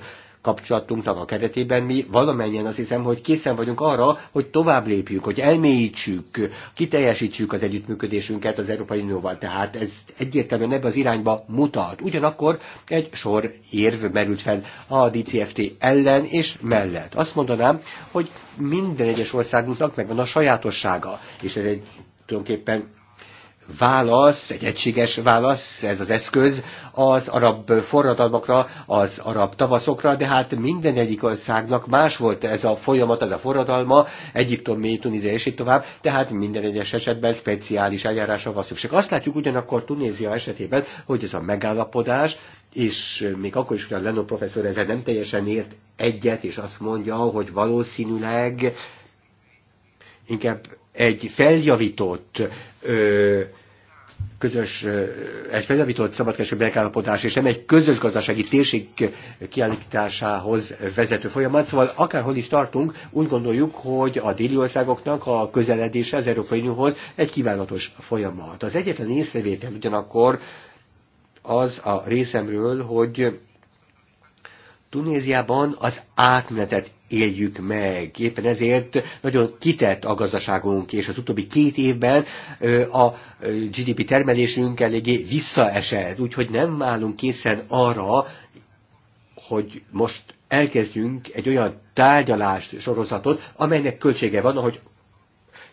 kapcsolatunknak a keretében mi valamennyien azt hiszem, hogy készen vagyunk arra, hogy tovább lépjünk, hogy elmélyítsük, kiteljesítsük az együttműködésünket az Európai Unióval. Tehát ez egyértelműen ebbe az irányba mutat. Ugyanakkor egy sor érv merült fel a DCFT ellen és mellett. Azt mondanám, hogy minden egyes országunknak megvan a sajátossága, és ez egy tulajdonképpen válasz, egy egységes válasz, ez az eszköz az arab forradalmakra, az arab tavaszokra, de hát minden egyik országnak más volt ez a folyamat, ez a forradalma, Egyiptom, mély, Tunézia és így tovább, tehát minden egyes esetben speciális eljárásra van szükség. Azt látjuk ugyanakkor Tunézia esetében, hogy ez a megállapodás, és még akkor is, hogy a Leno professzor ezzel nem teljesen ért egyet, és azt mondja, hogy valószínűleg inkább egy feljavított közös, egy feljavított szabadkereskedelmi megállapodás, és nem egy közös gazdasági térség kiállításához vezető folyamat. Szóval akárhol is tartunk, úgy gondoljuk, hogy a déli országoknak a közeledése az Európai Unióhoz egy kívánatos folyamat. Az egyetlen észrevétel ugyanakkor az a részemről, hogy Tunéziában az átmenetet éljük meg. Éppen ezért nagyon kitett a gazdaságunk, és az utóbbi két évben a GDP termelésünk eléggé visszaesett, úgyhogy nem állunk készen arra, hogy most elkezdjünk egy olyan tárgyalás sorozatot, amelynek költsége van, ahogy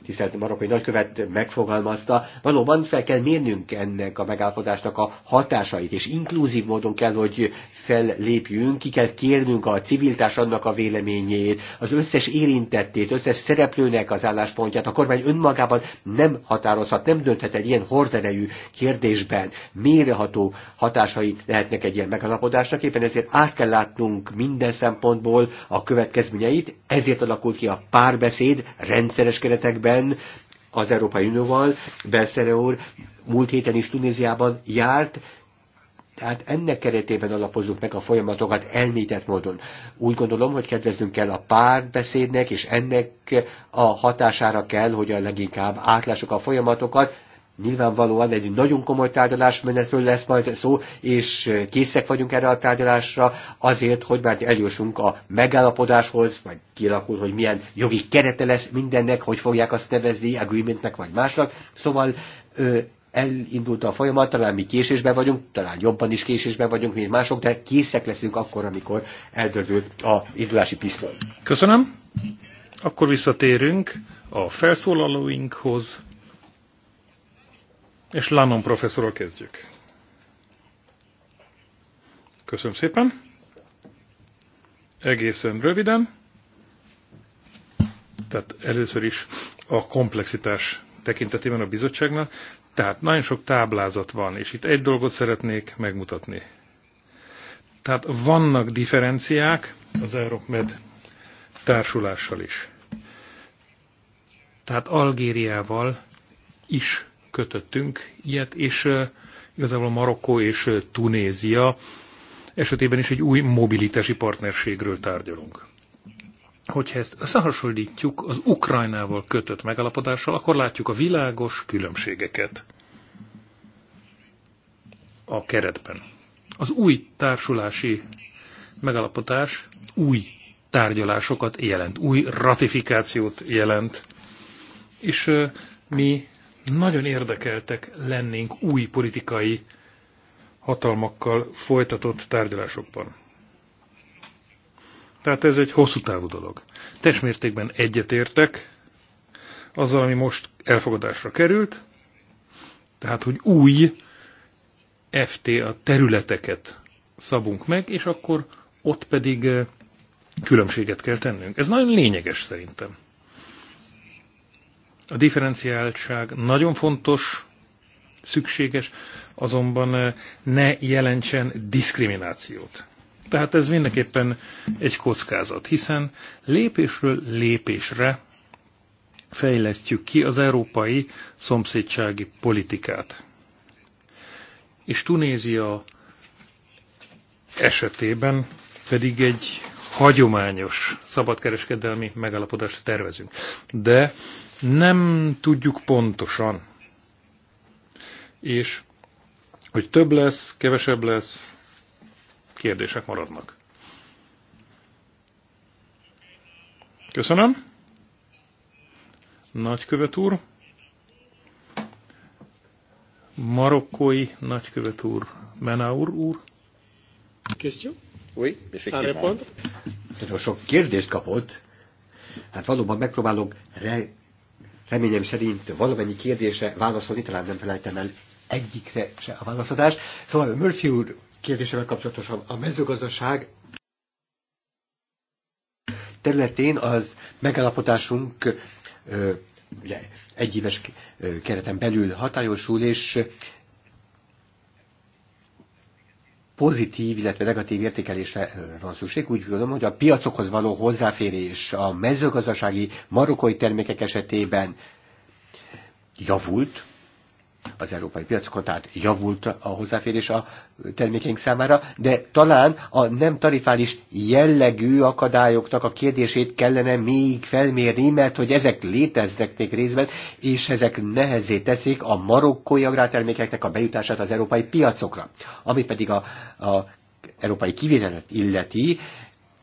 tisztelt marokkai nagykövet megfogalmazta, valóban fel kell mérnünk ennek a megállapodásnak a hatásait, és inkluzív módon kell, hogy fellépjünk, ki kell kérnünk a civil társadalomnak a véleményét, az összes érintettét, összes szereplőnek az álláspontját. A kormány önmagában nem határozhat, nem dönthet egy ilyen horderejű kérdésben. Mérható hatásai lehetnek egy ilyen megállapodásnak, éppen ezért át kell látnunk minden szempontból a következményeit, ezért alakult ki a párbeszéd rendszeres keretekben, ben az Európai Unióval, Belszere úr múlt héten is Tunéziában járt, tehát ennek keretében alapozzuk meg a folyamatokat elmített módon. Úgy gondolom, hogy kedveznünk kell a párbeszédnek, és ennek a hatására kell, hogy a leginkább átlássuk a folyamatokat, Nyilvánvalóan egy nagyon komoly tárgyalásmenetről lesz majd szó, és készek vagyunk erre a tárgyalásra azért, hogy már eljussunk a megállapodáshoz, vagy kialakul, hogy milyen jogi kerete lesz mindennek, hogy fogják azt nevezni agreementnek vagy másnak. Szóval elindult a folyamat, talán mi késésben vagyunk, talán jobban is késésben vagyunk, mint mások, de készek leszünk akkor, amikor eldördül a indulási pisztoly. Köszönöm. Akkor visszatérünk a felszólalóinkhoz. És Lannon professzorral kezdjük. Köszönöm szépen. Egészen röviden. Tehát először is a komplexitás tekintetében a bizottságnál. Tehát nagyon sok táblázat van, és itt egy dolgot szeretnék megmutatni. Tehát vannak differenciák az Euromed társulással is. Tehát Algériával is kötöttünk ilyet, és igazából Marokkó és Tunézia esetében is egy új mobilitási partnerségről tárgyalunk. Hogyha ezt összehasonlítjuk az Ukrajnával kötött megalapodással, akkor látjuk a világos különbségeket a keretben. Az új társulási megalapodás új tárgyalásokat jelent, új ratifikációt jelent, és mi nagyon érdekeltek lennénk új politikai hatalmakkal folytatott tárgyalásokban. Tehát ez egy hosszú távú dolog. Testmértékben egyetértek azzal, ami most elfogadásra került, tehát, hogy új FT a területeket szabunk meg, és akkor ott pedig eh, különbséget kell tennünk. Ez nagyon lényeges szerintem. A differenciáltság nagyon fontos, szükséges, azonban eh, ne jelentsen diszkriminációt. Tehát ez mindenképpen egy kockázat, hiszen lépésről lépésre fejlesztjük ki az európai szomszédsági politikát. És Tunézia esetében pedig egy hagyományos szabadkereskedelmi megalapodást tervezünk. De nem tudjuk pontosan. És hogy több lesz, kevesebb lesz, kérdések maradnak. Köszönöm. Nagykövet úr. Marokkói nagykövet úr, Menaur úr. Köszönöm. Oui, Nagyon sok kérdést kapott. Hát valóban megpróbálok re- Reményem szerint valamennyi kérdésre válaszolni, talán nem felejtem el egyikre se a válaszadást. Szóval a Murphy úr kérdésével kapcsolatosan a mezőgazdaság területén az megállapodásunk ugye, egyéves kereten belül hatályosul, és pozitív, illetve negatív értékelésre van szükség. Úgy gondolom, hogy a piacokhoz való hozzáférés a mezőgazdasági marokkói termékek esetében javult, az európai piacokon, tehát javult a hozzáférés a termékeink számára, de talán a nem tarifális jellegű akadályoknak a kérdését kellene még felmérni, mert hogy ezek léteznek még részben, és ezek nehezé teszik a marokkói agrártermékeknek a bejutását az európai piacokra. Ami pedig a, a európai kivételet illeti,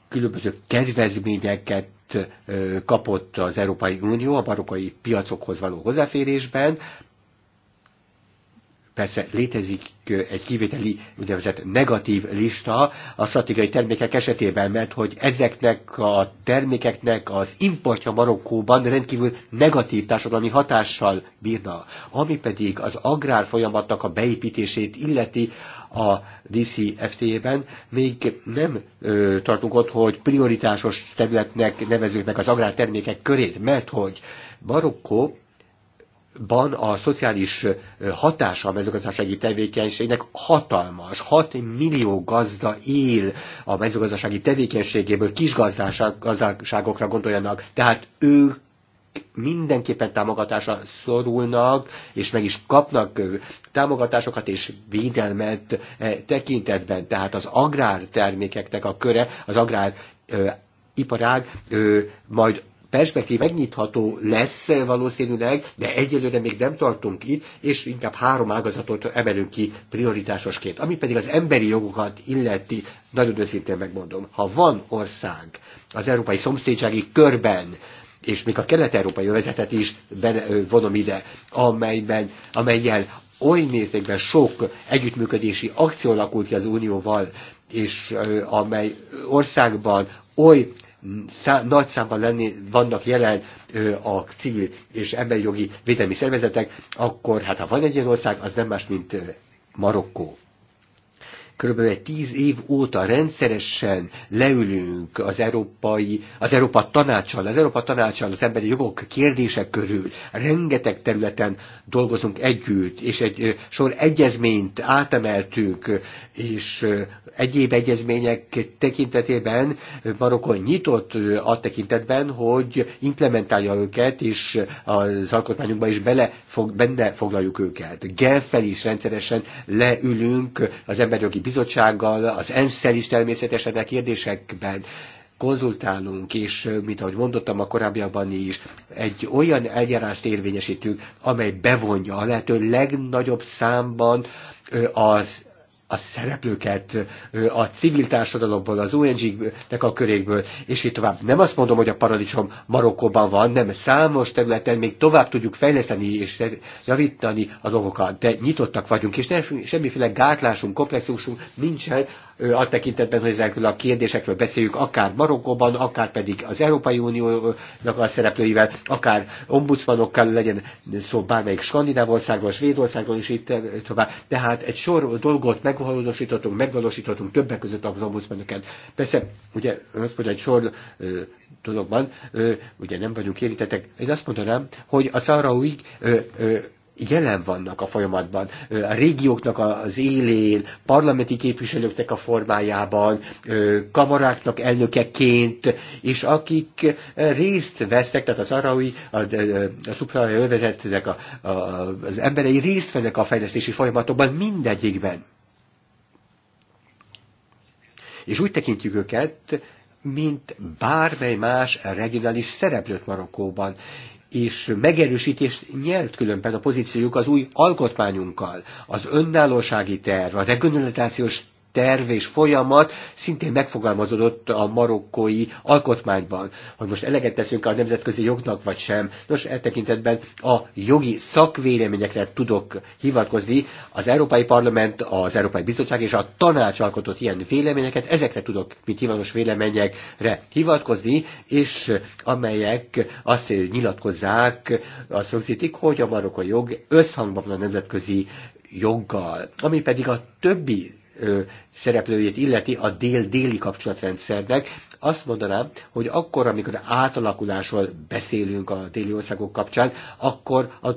különböző kedvezményeket kapott az Európai Unió a barokkai piacokhoz való hozzáférésben, Persze létezik egy kivételi úgynevezett negatív lista a stratégiai termékek esetében, mert hogy ezeknek a termékeknek az importja Marokkóban rendkívül negatív társadalmi hatással bírna. Ami pedig az agrár folyamatnak a beépítését illeti a DCFT-ben, még nem ö, tartunk ott, hogy prioritásos területnek nevezzük meg az agrártermékek körét, mert hogy Marokkó ban a szociális hatása a mezőgazdasági tevékenységnek hatalmas. 6 millió gazda él a mezőgazdasági tevékenységéből, kis gazdaságokra gondoljanak, tehát ők mindenképpen támogatásra szorulnak, és meg is kapnak támogatásokat és védelmet tekintetben. Tehát az agrártermékeknek a köre, az agrár iparág majd perspektív megnyitható lesz valószínűleg, de egyelőre még nem tartunk itt, és inkább három ágazatot emelünk ki prioritásosként. Ami pedig az emberi jogokat illeti, nagyon őszintén megmondom, ha van ország az európai szomszédsági körben, és még a kelet-európai övezetet is vonom ide, amelyben, amelyel oly mértékben sok együttműködési akció alakult ki az Unióval, és amely országban oly nagy számban lenni, vannak jelen a civil és emberi jogi védelmi szervezetek, akkor hát ha van egy ilyen ország, az nem más, mint Marokkó körülbelül tíz év óta rendszeresen leülünk az európai, az Európa tanácsal, az Európa tanácsal az emberi jogok kérdések körül, rengeteg területen dolgozunk együtt, és egy sor egyezményt átemeltünk, és egyéb egyezmények tekintetében Marokkó nyitott a tekintetben, hogy implementálja őket, és az alkotmányunkba is bele fog, benne foglaljuk őket. Genfel is rendszeresen leülünk az emberi jogi bizottsággal, az ENSZ-szel is természetesen a e kérdésekben konzultálunk, és mint ahogy mondottam a korábbiakban is, egy olyan eljárást érvényesítünk, amely bevonja a lehető legnagyobb számban az a szereplőket a civil társadalomból, az ONG-nek a körékből, és így tovább. Nem azt mondom, hogy a paradicsom Marokkóban van, nem számos területen még tovább tudjuk fejleszteni és javítani a dolgokat, de nyitottak vagyunk, és nem, semmiféle gátlásunk, komplexusunk nincsen a tekintetben, hogy ezekről a kérdésekről beszéljük, akár Marokkóban, akár pedig az Európai Uniónak a szereplőivel, akár ombudsmanokkal legyen szó bármelyik Skandináv országról, Svédországról, és itt tovább. Tehát egy sor dolgot meg megvalósíthatunk, megvalósíthatunk többek között az ombudsmaneket. Persze, ugye azt mondja, egy sor ö, dologban, ö, ugye nem vagyunk érintettek. Én azt mondanám, hogy a szarauig jelen vannak a folyamatban, a régióknak az élén, parlamenti képviselőknek a formájában, kamaráknak elnökeként, és akik részt vesznek, tehát az arraúi, a, a, a szubszaharai övezetnek a, a, az emberei részt vennek a fejlesztési folyamatokban mindegyikben és úgy tekintjük őket, mint bármely más regionális szereplőt Marokkóban, és megerősítést nyert különben a pozíciójuk az új alkotmányunkkal. Az önállósági terv, a regionalizációs terv és folyamat szintén megfogalmazódott a marokkói alkotmányban, hogy most eleget teszünk a nemzetközi jognak vagy sem. Nos, e tekintetben a jogi szakvéleményekre tudok hivatkozni. Az Európai Parlament, az Európai Bizottság és a tanács alkotott ilyen véleményeket, ezekre tudok, mint hivatalos véleményekre hivatkozni, és amelyek azt nyilatkozzák, azt rögzítik, hogy a marokkói jog összhangban van a nemzetközi joggal, ami pedig a többi szereplőjét illeti a dél-déli kapcsolatrendszernek, azt mondanám, hogy akkor, amikor átalakulásról beszélünk a déli országok kapcsán, akkor a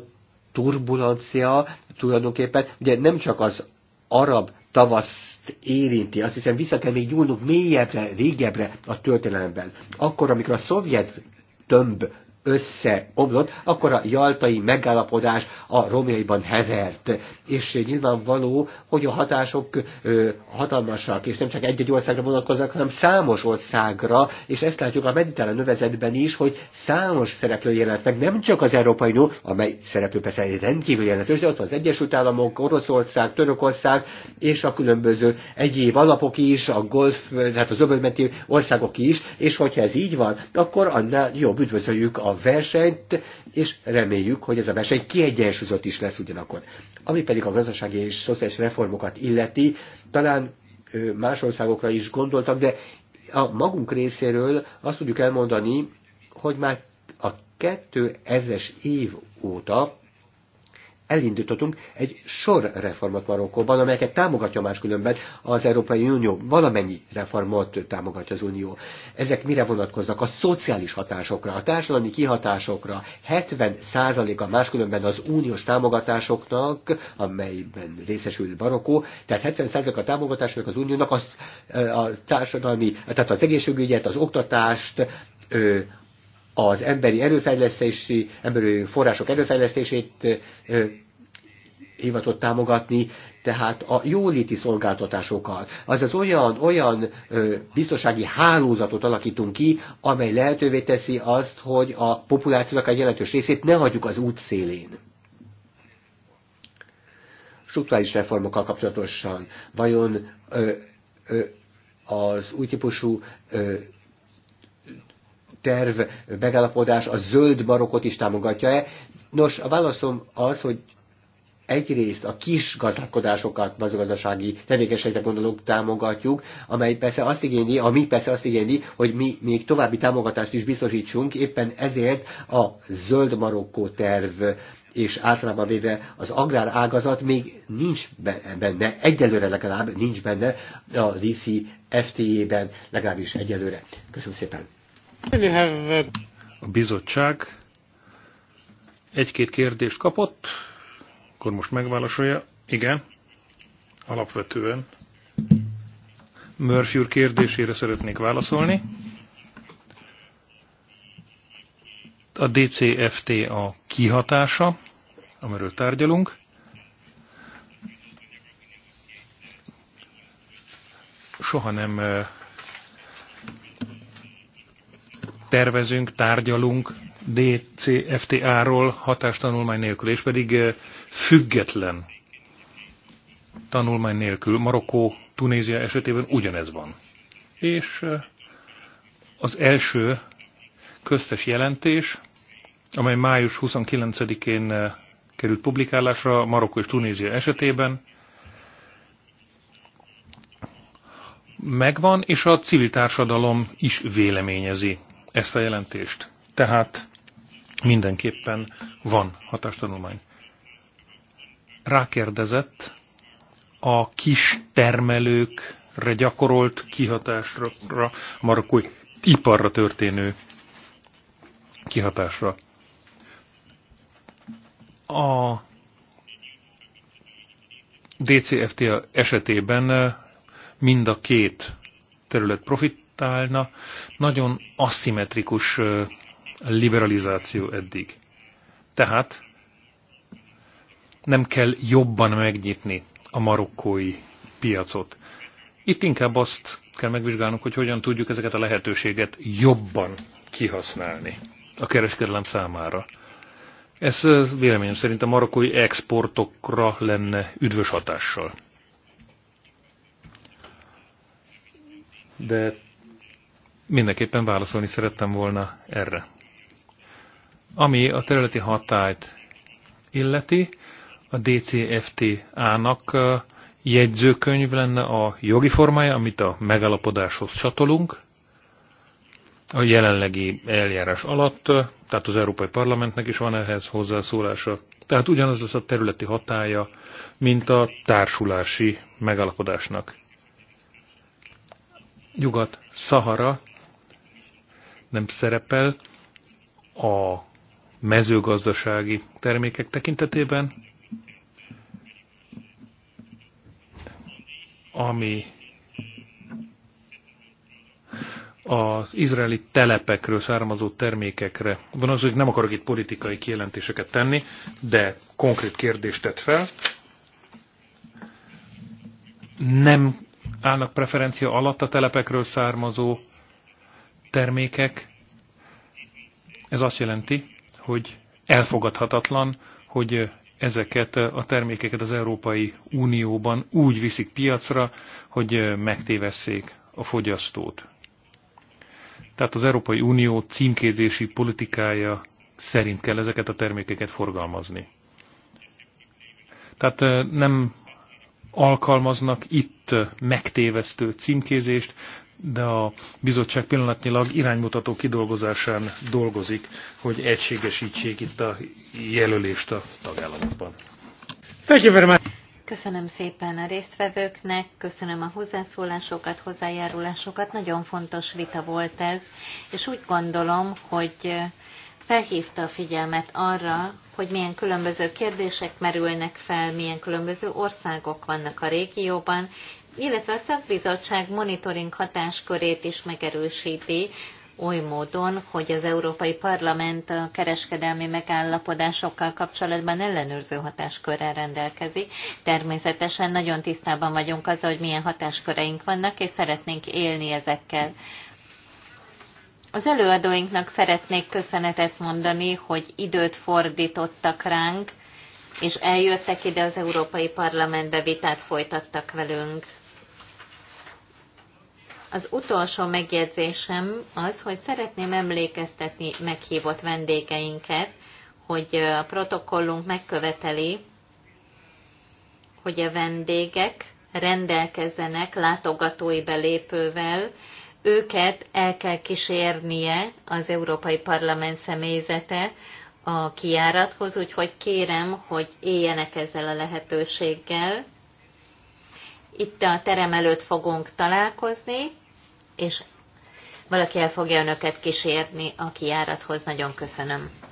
turbulencia tulajdonképpen ugye nem csak az arab tavaszt érinti. Azt hiszem vissza kell még nyúlnunk mélyebbre, régebbre a történelemben. Akkor, amikor a szovjet tömb összeomlott, akkor a jaltai megállapodás a romjaiban hevert. És nyilvánvaló, hogy a hatások ö, hatalmasak, és nem csak egy-egy országra vonatkoznak, hanem számos országra, és ezt látjuk a mediterrán növezetben is, hogy számos szereplő jelent meg, nem csak az Európai Unió, amely szereplő persze rendkívül jelentős, de ott van az Egyesült Államok, Oroszország, Törökország, és a különböző egyéb alapok is, a golf, tehát az öbölmenti országok is, és hogyha ez így van, akkor annál jobb üdvözöljük a a versenyt, és reméljük, hogy ez a verseny kiegyensúlyozott is lesz ugyanakkor. Ami pedig a gazdasági és szociális reformokat illeti, talán más országokra is gondoltak, de a magunk részéről azt tudjuk elmondani, hogy már a 2000-es év óta elindítottunk egy sor reformot Marokkóban, amelyeket támogatja máskülönben az Európai Unió. Valamennyi reformot támogatja az Unió. Ezek mire vonatkoznak? A szociális hatásokra, a társadalmi kihatásokra. 70%-a máskülönben az uniós támogatásoknak, amelyben részesül Marokkó, tehát 70% a támogatásnak az uniónak az, a társadalmi, tehát az egészségügyet, az oktatást, az emberi erőfejlesztési, emberi források erőfejlesztését hivatott támogatni, tehát a jóléti szolgáltatásokat. Azaz olyan, olyan biztonsági hálózatot alakítunk ki, amely lehetővé teszi azt, hogy a populációnak egy jelentős részét ne hagyjuk az út szélén struktúrális reformokkal kapcsolatosan, vajon ö, ö, az új típusú ö, terv megállapodás a zöld barokot is támogatja-e? Nos, a válaszom az, hogy egyrészt a kis gazdálkodásokat, mazogazdasági tevékenységre gondolunk, támogatjuk, amely persze azt igényli, ami persze azt igényli, hogy mi még további támogatást is biztosítsunk, éppen ezért a zöld marokkó terv és általában véve az agrár ágazat még nincs benne, egyelőre legalább nincs benne a DC FTA-ben, legalábbis egyelőre. Köszönöm szépen! Uh, a bizottság egy-két kérdést kapott, akkor most megválaszolja. Igen, alapvetően Murphy úr kérdésére szeretnék válaszolni. A DCFT a kihatása, amiről tárgyalunk. Soha nem uh, tervezünk, tárgyalunk DCFTA-ról hatástanulmány nélkül, és pedig eh, független tanulmány nélkül. Marokkó, Tunézia esetében ugyanez van. És eh, az első köztes jelentés, amely május 29-én eh, került publikálásra Marokkó és Tunézia esetében, megvan, és a civil társadalom is véleményezi ezt a jelentést. Tehát mindenképpen van hatástanulmány. Rákérdezett a kis termelőkre gyakorolt kihatásra, a iparra történő kihatásra. A DCFT esetében mind a két terület profit állna, Nagyon aszimmetrikus liberalizáció eddig. Tehát nem kell jobban megnyitni a marokkói piacot. Itt inkább azt kell megvizsgálnunk, hogy hogyan tudjuk ezeket a lehetőséget jobban kihasználni a kereskedelem számára. Ez, ez véleményem szerint a marokkói exportokra lenne üdvös hatással. De mindenképpen válaszolni szerettem volna erre. Ami a területi hatályt illeti, a DCFTA-nak jegyzőkönyv lenne a jogi formája, amit a megalapodáshoz csatolunk, a jelenlegi eljárás alatt, tehát az Európai Parlamentnek is van ehhez hozzászólása. Tehát ugyanaz lesz a területi hatája, mint a társulási megalapodásnak. Nyugat-Szahara nem szerepel a mezőgazdasági termékek tekintetében, ami az izraeli telepekről származó termékekre van az, hogy nem akarok itt politikai kijelentéseket tenni, de konkrét kérdést tett fel. Nem állnak preferencia alatt a telepekről származó termékek. Ez azt jelenti, hogy elfogadhatatlan, hogy ezeket a termékeket az Európai Unióban úgy viszik piacra, hogy megtévesszék a fogyasztót. Tehát az Európai Unió címkézési politikája szerint kell ezeket a termékeket forgalmazni. Tehát eh, nem alkalmaznak itt megtévesztő címkézést, de a bizottság pillanatnyilag iránymutató kidolgozásán dolgozik, hogy egységesítsék itt a jelölést a tagállamokban. Köszönöm szépen a résztvevőknek, köszönöm a hozzászólásokat, hozzájárulásokat. Nagyon fontos vita volt ez, és úgy gondolom, hogy felhívta a figyelmet arra, hogy milyen különböző kérdések merülnek fel, milyen különböző országok vannak a régióban, illetve a szakbizottság monitoring hatáskörét is megerősíti, oly módon, hogy az Európai Parlament a kereskedelmi megállapodásokkal kapcsolatban ellenőrző hatáskörrel rendelkezik. Természetesen nagyon tisztában vagyunk azzal, hogy milyen hatásköreink vannak, és szeretnénk élni ezekkel. Az előadóinknak szeretnék köszönetet mondani, hogy időt fordítottak ránk, és eljöttek ide az Európai Parlamentbe, vitát folytattak velünk. Az utolsó megjegyzésem az, hogy szeretném emlékeztetni meghívott vendégeinket, hogy a protokollunk megköveteli, hogy a vendégek rendelkezzenek látogatói belépővel, őket el kell kísérnie az Európai Parlament személyzete a kiárathoz, úgyhogy kérem, hogy éljenek ezzel a lehetőséggel. Itt a terem előtt fogunk találkozni, és valaki el fogja önöket kísérni a kiárathoz. Nagyon köszönöm.